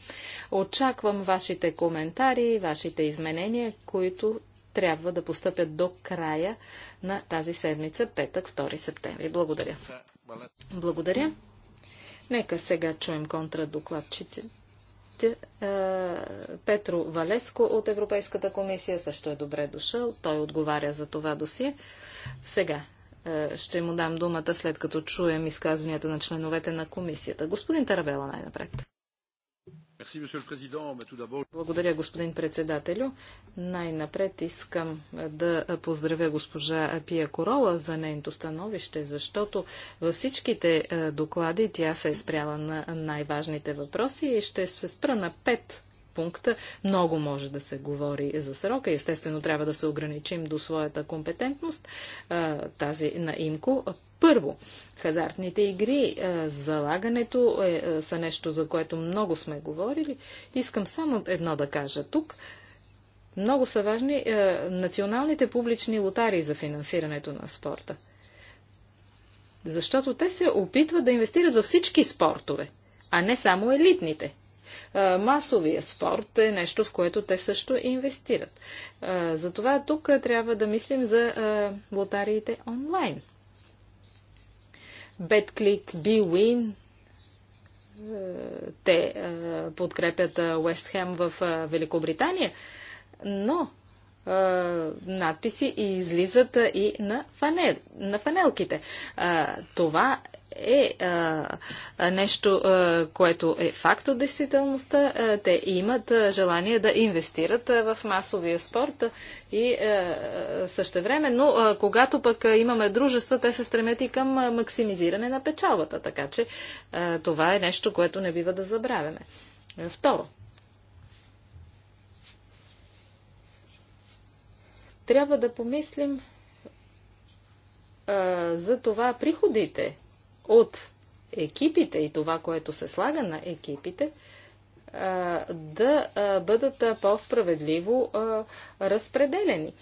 Очаквам вашите коментари, вашите изменения, които трябва да постъпят до края на тази седмица, петък, 2 септември. Благодаря. Благодаря. Нека сега чуем контрадокладчици. Е, Петро Валеско от Европейската комисия също е добре дошъл. Той отговаря за това досие. Сега е, ще му дам думата, след като чуем изказванията на членовете на комисията. Господин Тарабела най-напред. Благодаря, господин председателю. Най-напред искам да поздравя госпожа Пия Корола за нейното становище, защото във всичките доклади тя се е спряла на най-важните въпроси и ще се спра на пет пункта. Много може да се говори за срока. Естествено, трябва да се ограничим до своята компетентност, тази на Инко. Първо, хазартните игри, залагането е, са нещо, за което много сме говорили. Искам само едно да кажа тук. Много са важни е, националните публични лотари за финансирането на спорта. Защото те се опитват да инвестират във всички спортове, а не само елитните. Масовия спорт е нещо, в което те също инвестират. Затова тук трябва да мислим за лотариите онлайн. BetClick, BWin, те подкрепят Уест Хем в Великобритания, но надписи и излизат и на, фанел, на фанелките. Това е а, нещо, а, което е факт от действителността. А, те имат а, желание да инвестират а, в масовия спорт а, и а, също време, но а, когато пък а, имаме дружества, те се стремят и към а, максимизиране на печалбата, така че а, това е нещо, което не бива да забравяме. Второ. Трябва да помислим за това приходите от екипите и това, което се слага на екипите, да бъдат по-справедливо разпределени.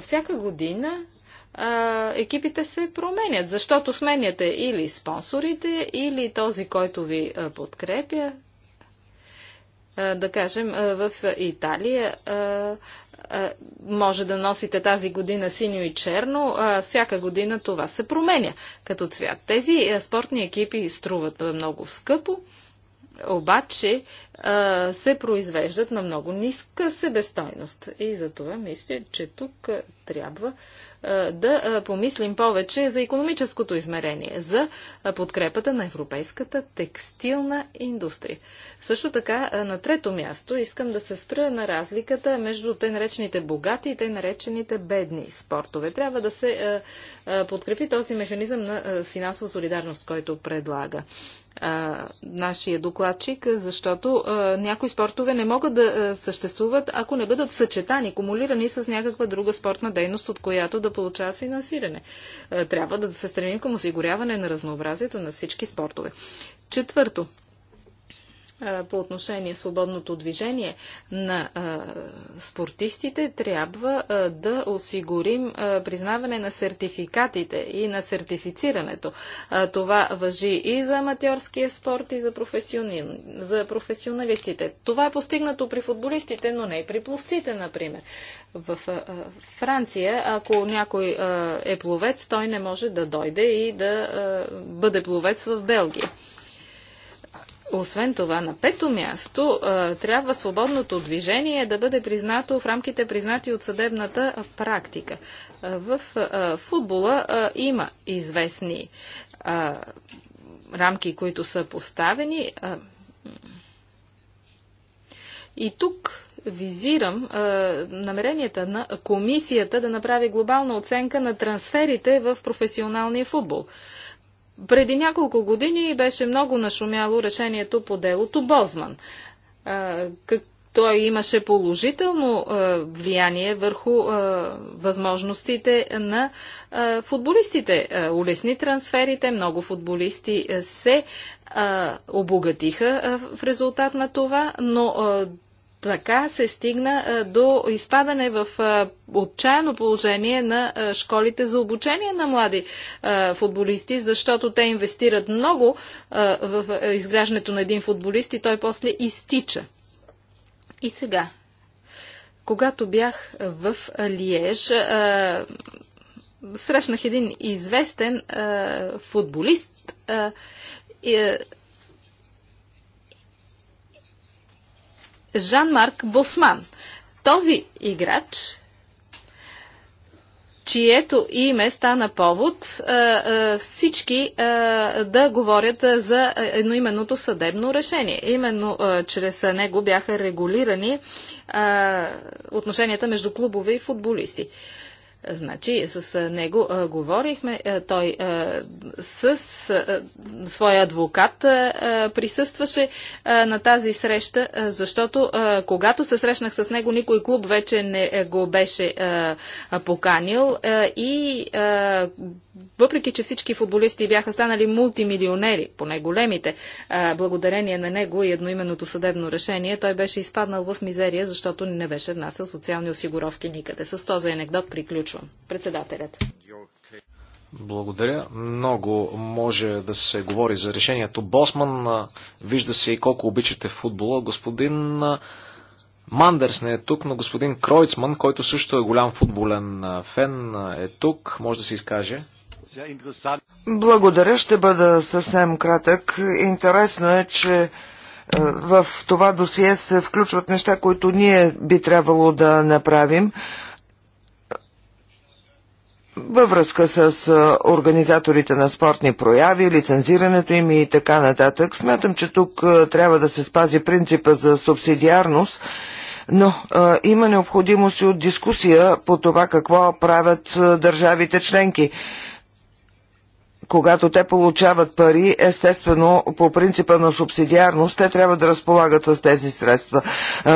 Всяка година екипите се променят, защото сменяте или спонсорите, или този, който ви подкрепя. Да кажем, в Италия е, може да носите тази година синьо и черно, е, всяка година това се променя като цвят. Тези е, спортни екипи струват много скъпо, обаче се произвеждат на много ниска себестойност. И за това мисля, че тук трябва е, да е, помислим повече за економическото измерение, за е, подкрепата на европейската текстилна индустрия. Също така, на трето място искам да се спра на разликата между те наречените богати и те наречените бедни спортове. Трябва да се подкрепи този механизъм на финансова солидарност, който предлага а, нашия докладчик, защото а, някои спортове не могат да а, съществуват, ако не бъдат съчетани, кумулирани с някаква друга спортна дейност, от която да получават финансиране. А, трябва да се стремим към осигуряване на разнообразието на всички спортове. Четвърто, по отношение свободното движение на спортистите, трябва да осигурим признаване на сертификатите и на сертифицирането. Това въжи и за аматьорския спорт, и за, професионали... за професионалистите. Това е постигнато при футболистите, но не и при пловците, например. В Франция, ако някой е пловец, той не може да дойде и да бъде пловец в Белгия. Освен това, на пето място трябва свободното движение да бъде признато в рамките признати от съдебната практика. В футбола има известни рамки, които са поставени. И тук визирам е, намеренията на комисията да направи глобална оценка на трансферите в професионалния футбол. Преди няколко години беше много нашумяло решението по делото Бозман. Той имаше положително влияние върху възможностите на футболистите. Улесни трансферите, много футболисти се обогатиха в резултат на това, но така се стигна до изпадане в отчаяно положение на школите за обучение на млади футболисти, защото те инвестират много в изграждането на един футболист и той после изтича. И сега, когато бях в Лиеж, срещнах един известен футболист Жан-Марк Босман. Този играч чието име стана повод всички да говорят за едноименното съдебно решение. Именно чрез него бяха регулирани отношенията между клубове и футболисти. Значи с него а, говорихме. А, той а, с а, своя адвокат а, присъстваше а, на тази среща, а, защото а, когато се срещнах с него, никой клуб вече не го беше а, поканил. А, и а, въпреки, че всички футболисти бяха станали мултимилионери, поне големите, а, благодарение на него и едноименното съдебно решение, той беше изпаднал в мизерия, защото не беше внасял социални осигуровки никъде. С този анекдот приключвам. Приключвам. Председателят. Благодаря. Много може да се говори за решението. Босман, вижда се и колко обичате футбола. Господин Мандерс не е тук, но господин Кройцман, който също е голям футболен фен, е тук. Може да се изкаже. Благодаря, ще бъда съвсем кратък. Интересно е, че е, в това досие се включват неща, които ние би трябвало да направим във връзка с организаторите на спортни прояви, лицензирането им и така нататък. Смятам, че тук трябва да се спази принципа за субсидиарност, но а, има необходимост и от дискусия по това какво правят държавите членки. Когато те получават пари, естествено, по принципа на субсидиарност, те трябва да разполагат с тези средства.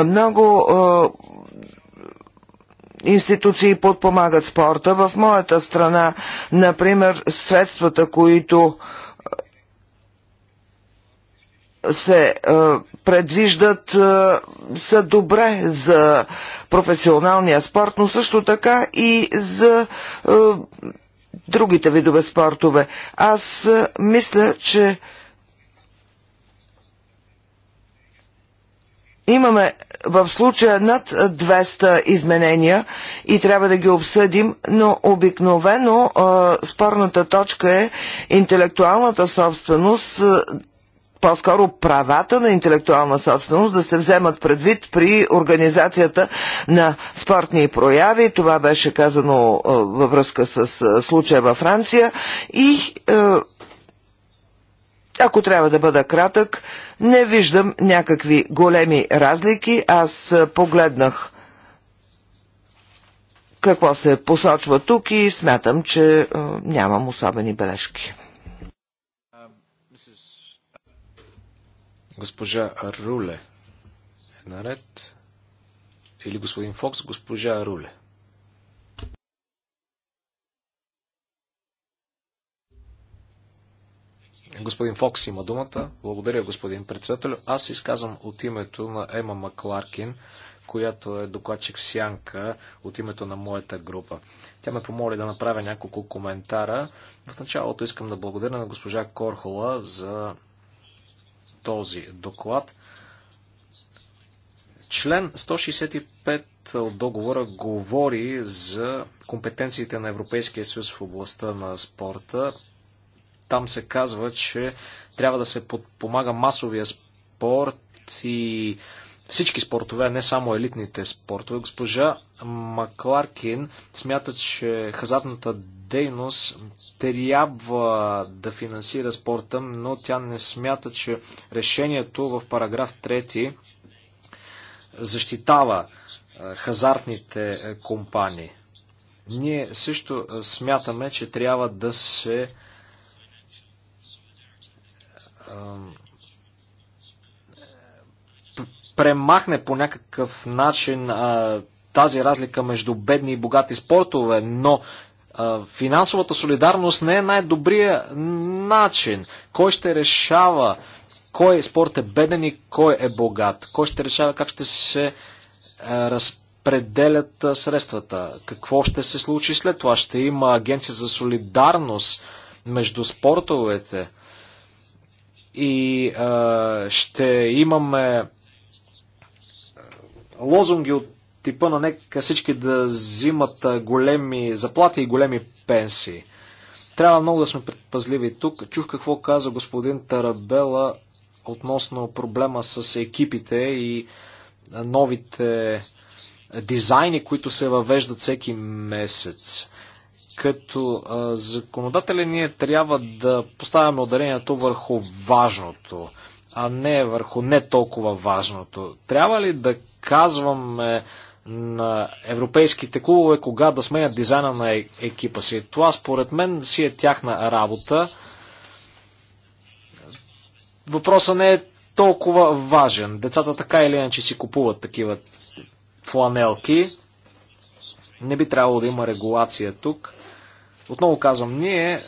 много институции подпомагат спорта. В моята страна, например, средствата, които е, се е, предвиждат е, са добре за професионалния спорт, но също така и за другите видове спортове. Аз мисля, че Имаме в случая над 200 изменения и трябва да ги обсъдим, но обикновено спорната точка е интелектуалната собственост, по-скоро правата на интелектуална собственост да се вземат предвид при организацията на спортни прояви. Това беше казано във връзка с случая във Франция и ако трябва да бъда кратък, не виждам някакви големи разлики. Аз погледнах какво се посочва тук и смятам, че нямам особени бележки. Госпожа Руле е наред. Или господин Фокс, госпожа Руле. Господин Фокс има думата. Благодаря, господин председател. Аз изказвам от името на Ема Макларкин, която е докладчик в Сянка от името на моята група. Тя ме помоли да направя няколко коментара. В началото искам да благодаря на госпожа Корхола за този доклад. Член 165 от договора говори за компетенциите на Европейския съюз в областта на спорта там се казва, че трябва да се подпомага масовия спорт и всички спортове, не само елитните спортове. Госпожа Макларкин смята, че хазартната дейност трябва да финансира спорта, но тя не смята, че решението в параграф 3 защитава е, хазартните е, компании. Ние също е, смятаме, че трябва да се премахне по някакъв начин а, тази разлика между бедни и богати спортове, но а, финансовата солидарност не е най-добрия начин. Кой ще решава кой спорт е беден и кой е богат? Кой ще решава как ще се а, разпределят а, средствата? Какво ще се случи след това? Ще има агенция за солидарност между спортовете? и а, ще имаме лозунги от типа на нека всички да взимат големи заплати и големи пенсии. Трябва много да сме предпазливи тук. Чух какво каза господин Тарабела относно проблема с екипите и новите дизайни, които се въвеждат всеки месец. Като а, законодатели ние трябва да поставяме ударението върху важното, а не върху не толкова важното. Трябва ли да казваме на европейските клубове кога да сменят дизайна на е екипа си? Това според мен си е тяхна работа. Въпросът не е толкова важен. Децата така или иначе си купуват такива фланелки. Не би трябвало да има регулация тук. Отново казвам, ние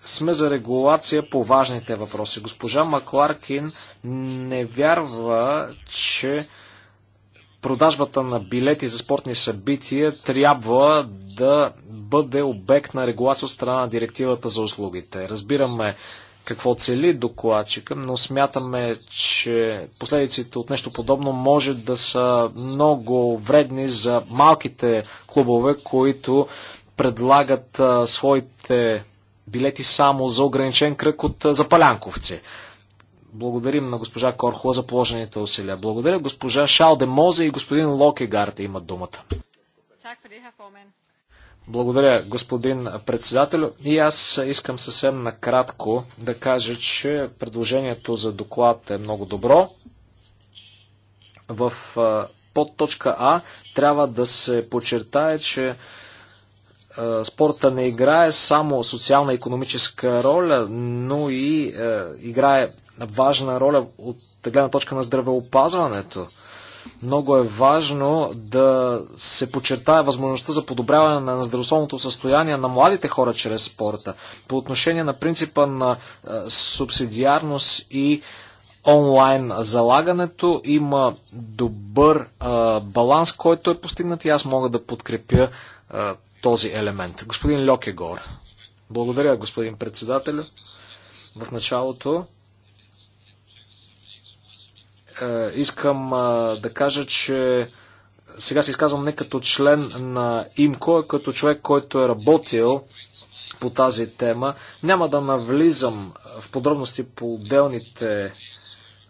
сме за регулация по важните въпроси. Госпожа Макларкин не вярва, че продажбата на билети за спортни събития трябва да бъде обект на регулация от страна на директивата за услугите. Разбираме какво цели докладчика, но смятаме, че последиците от нещо подобно може да са много вредни за малките клубове, които предлагат а, своите билети само за ограничен кръг от а, запалянковци. Благодарим на госпожа Корхова за положените усилия. Благодаря госпожа Шалде Мозе и господин Локегард имат думата. Благодаря, господин председател. И аз искам съвсем накратко да кажа, че предложението за доклад е много добро. В подточка А трябва да се подчертае, че спорта не играе само социална и економическа роля, но и е, играе важна роля от гледна точка на здравеопазването. Много е важно да се подчертае възможността за подобряване на здравословното състояние на младите хора чрез спорта. По отношение на принципа на е, субсидиарност и онлайн залагането има добър а, баланс, който е постигнат и аз мога да подкрепя този елемент. Господин Льокегор. Благодаря, господин председател. В началото е, искам е, да кажа, че сега се изказвам не като член на ИМКО, а като човек, който е работил по тази тема. Няма да навлизам в подробности по отделните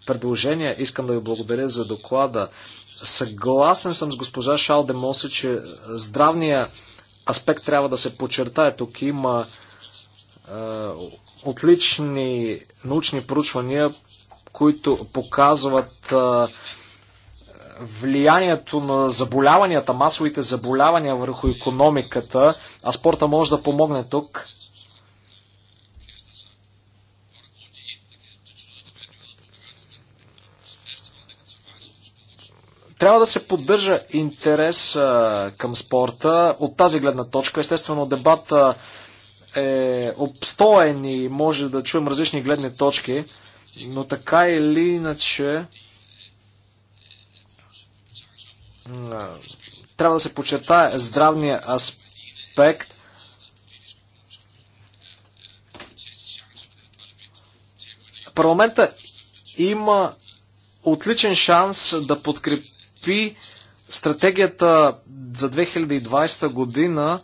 предложения. Искам да ви благодаря за доклада. Съгласен съм с госпожа Шалде Мосе, че здравния аспект трябва да се подчертае. Тук има е, отлични научни проучвания, които показват е, влиянието на заболяванията, масовите заболявания върху економиката, а спорта може да помогне тук. Трябва да се поддържа интерес а, към спорта от тази гледна точка. Естествено, дебата е обстоен и може да чуем различни гледни точки, но така или иначе трябва да се почетае здравния аспект. Парламента има отличен шанс да подкрепи подкрепи стратегията за 2020 година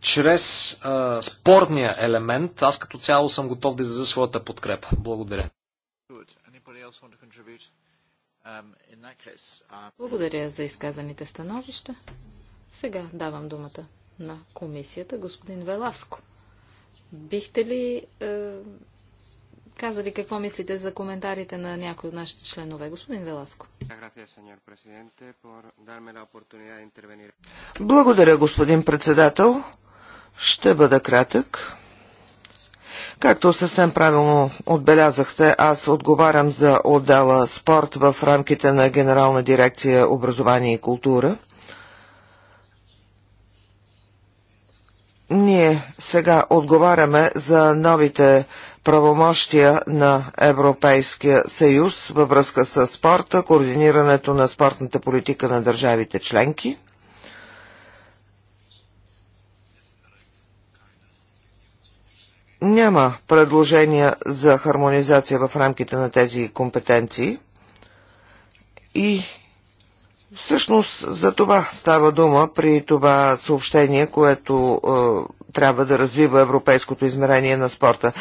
чрез а, спорния елемент. Аз като цяло съм готов да изразя своята подкрепа. Благодаря. Um, uh, Благодаря за изказаните становища. Сега давам думата на комисията господин Веласко. Бихте ли е, казали какво мислите за коментарите на някои от нашите членове. Господин Веласко. Благодаря, господин председател. Ще бъда кратък. Както съвсем правилно отбелязахте, аз отговарям за отдела спорт в рамките на Генерална дирекция образование и култура. Ние сега отговаряме за новите правомощия на Европейския съюз във връзка с спорта, координирането на спортната политика на държавите членки. Няма предложения за хармонизация в рамките на тези компетенции и Всъщност за това става дума при това съобщение, което е, трябва да развива европейското измерение на спорта.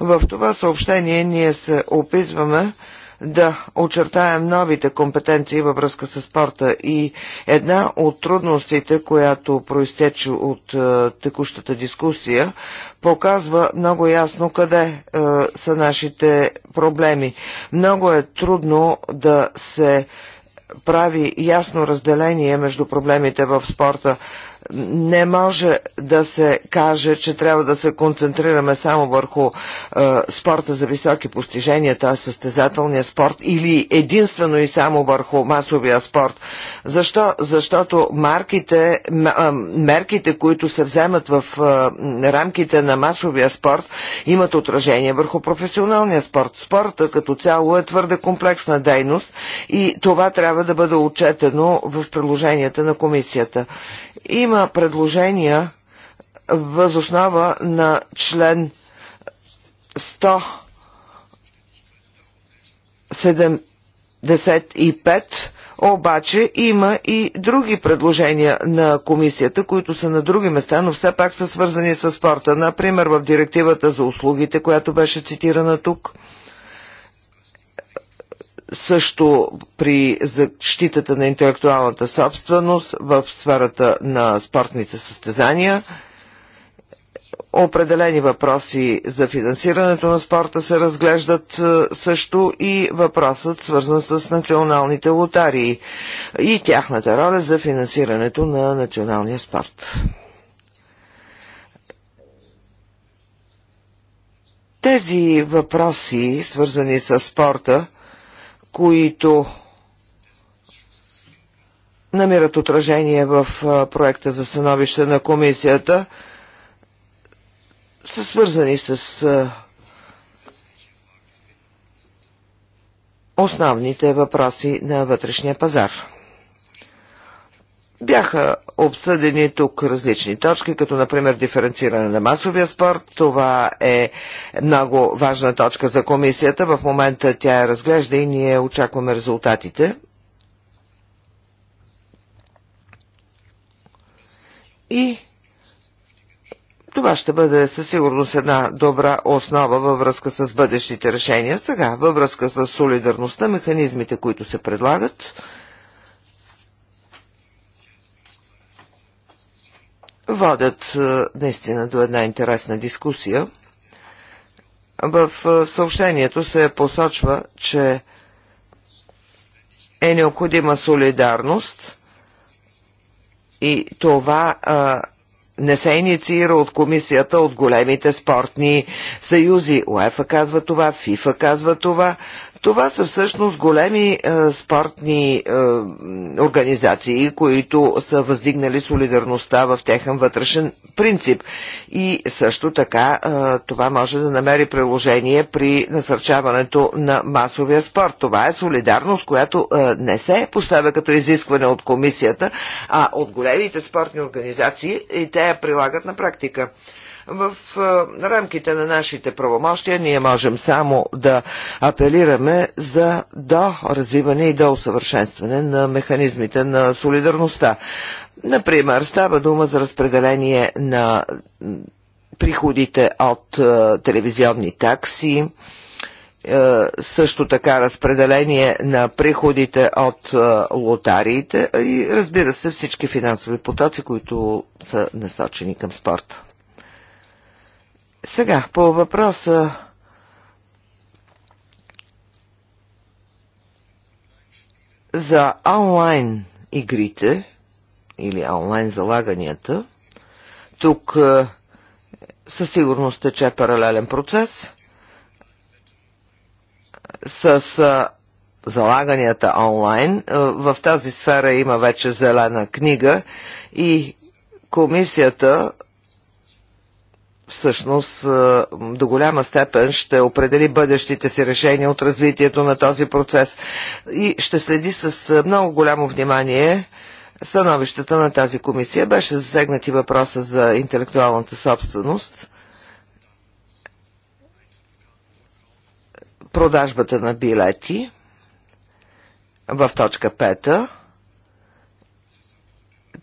В това съобщение ние се опитваме да очертаем новите компетенции във връзка с спорта и една от трудностите, която проистече от е, текущата дискусия, показва много ясно къде е, са нашите проблеми. Много е трудно да се е, прави ясно разделение между проблемите в спорта не може да се каже, че трябва да се концентрираме само върху е, спорта за високи постижения, т.е. състезателния спорт, или единствено и само върху масовия спорт. Защо? Защото марките, е, мерките, които се вземат в е, рамките на масовия спорт, имат отражение върху професионалния спорт. Спорта като цяло е твърде комплексна дейност и това трябва да бъде отчетено в приложенията на комисията. Има предложения възоснова на член 175 обаче има и други предложения на комисията, които са на други места, но все пак са свързани с спорта. Например, в директивата за услугите, която беше цитирана тук – също при защитата на интелектуалната собственост в сферата на спортните състезания. Определени въпроси за финансирането на спорта се разглеждат е, също и въпросът свързан с националните лотарии и тяхната роля за финансирането на националния спорт. Тези въпроси, свързани с спорта, които намират отражение в проекта за становище на комисията, са свързани с основните въпроси на вътрешния пазар. Бяха обсъдени тук различни точки, като например диференциране на масовия спорт. Това е много важна точка за комисията. В момента тя я разглежда и ние очакваме резултатите. И това ще бъде със сигурност една добра основа във връзка с бъдещите решения. Сега, във връзка с солидарността, механизмите, които се предлагат – водят е, наистина до една интересна дискусия. В е, съобщението се посочва, че е необходима солидарност и това а, е, не се инициира от комисията, от големите спортни съюзи. УЕФА казва това, ФИФА казва това. Това са всъщност големи е, спортни е, организации, които са въздигнали солидарността в техен вътрешен принцип. И също така е, това може да намери приложение при насърчаването на масовия спорт. Това е солидарност, която е, не се поставя като изискване от комисията, а от големите спортни организации и те я прилагат на практика. В рамките на нашите правомощия ние можем само да апелираме за доразвиване и до усъвършенстване на механизмите на солидарността. Например, става дума за разпределение на приходите от телевизионни такси, също така разпределение на приходите от лотариите и разбира се всички финансови потоци, които са насочени към спорта. Сега, по въпроса за онлайн игрите или онлайн залаганията, тук е, със сигурност тече паралелен процес с е, залаганията онлайн. Е, в тази сфера има вече зелена книга и комисията всъщност до голяма степен ще определи бъдещите си решения от развитието на този процес и ще следи с много голямо внимание становищата на тази комисия. Беше засегнати въпроса за интелектуалната собственост, продажбата на билети в точка 5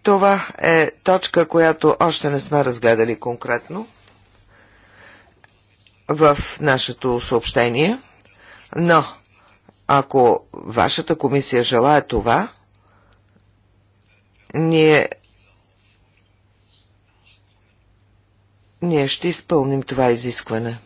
това е точка, която още не сме разгледали конкретно в нашето съобщение, но ако вашата комисия желая това, ние ние ще изпълним това изискване.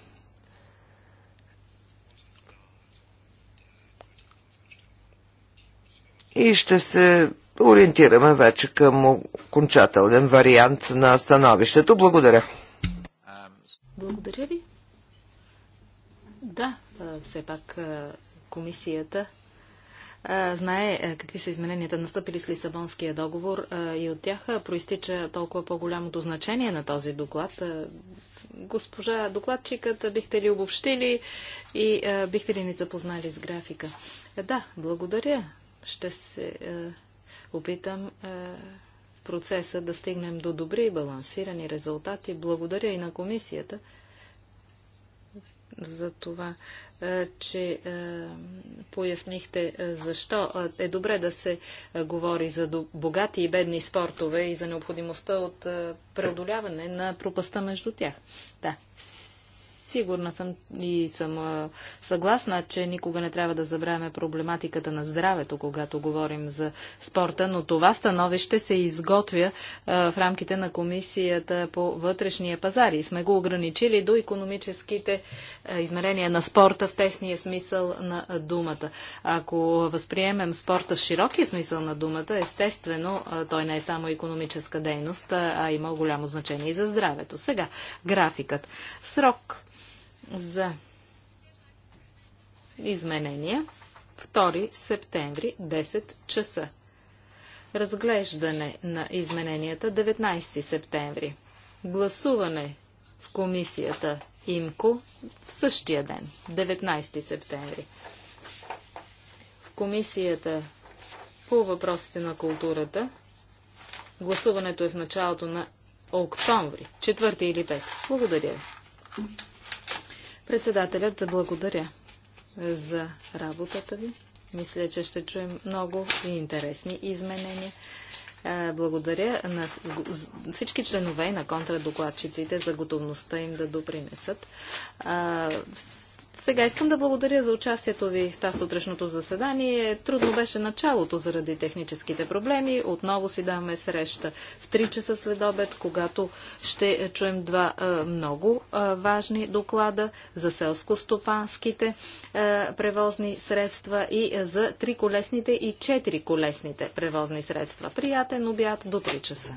И ще се ориентираме вече към окончателен вариант на становището. Благодаря. Благодаря ви. Да, все пак комисията знае какви са измененията настъпили с Лисабонския договор и от тях проистича толкова по-голямото значение на този доклад. Госпожа докладчикът, бихте ли обобщили и бихте ли ни запознали с графика? Да, благодаря. Ще се опитам в процеса да стигнем до добри и балансирани резултати. Благодаря и на комисията за това, че пояснихте защо е добре да се говори за богати и бедни спортове и за необходимостта от преодоляване на пропаста между тях. Да, Сигурна съм и съм съгласна, че никога не трябва да забравяме проблематиката на здравето, когато говорим за спорта, но това становище се изготвя в рамките на Комисията по вътрешния пазар и сме го ограничили до економическите измерения на спорта в тесния смисъл на думата. Ако възприемем спорта в широкия смисъл на думата, естествено, той не е само економическа дейност, а има голямо значение и за здравето. Сега, графикът. Срок за изменения 2 септември 10 часа. Разглеждане на измененията 19 септември. Гласуване в комисията ИМКО в същия ден, 19 септември. В комисията по въпросите на културата гласуването е в началото на октомври, 4 или 5. Благодаря ви. Председателят, благодаря за работата ви. Мисля, че ще чуем много и интересни изменения. Благодаря на всички членове и на контрадокладчиците за готовността им да допринесат. Сега искам да благодаря за участието ви в тази сутрешното заседание. Трудно беше началото заради техническите проблеми. Отново си даваме среща в 3 часа след обед, когато ще чуем два много важни доклада за селско-стопанските превозни средства и за триколесните и четириколесните превозни средства. Приятен обяд до 3 часа.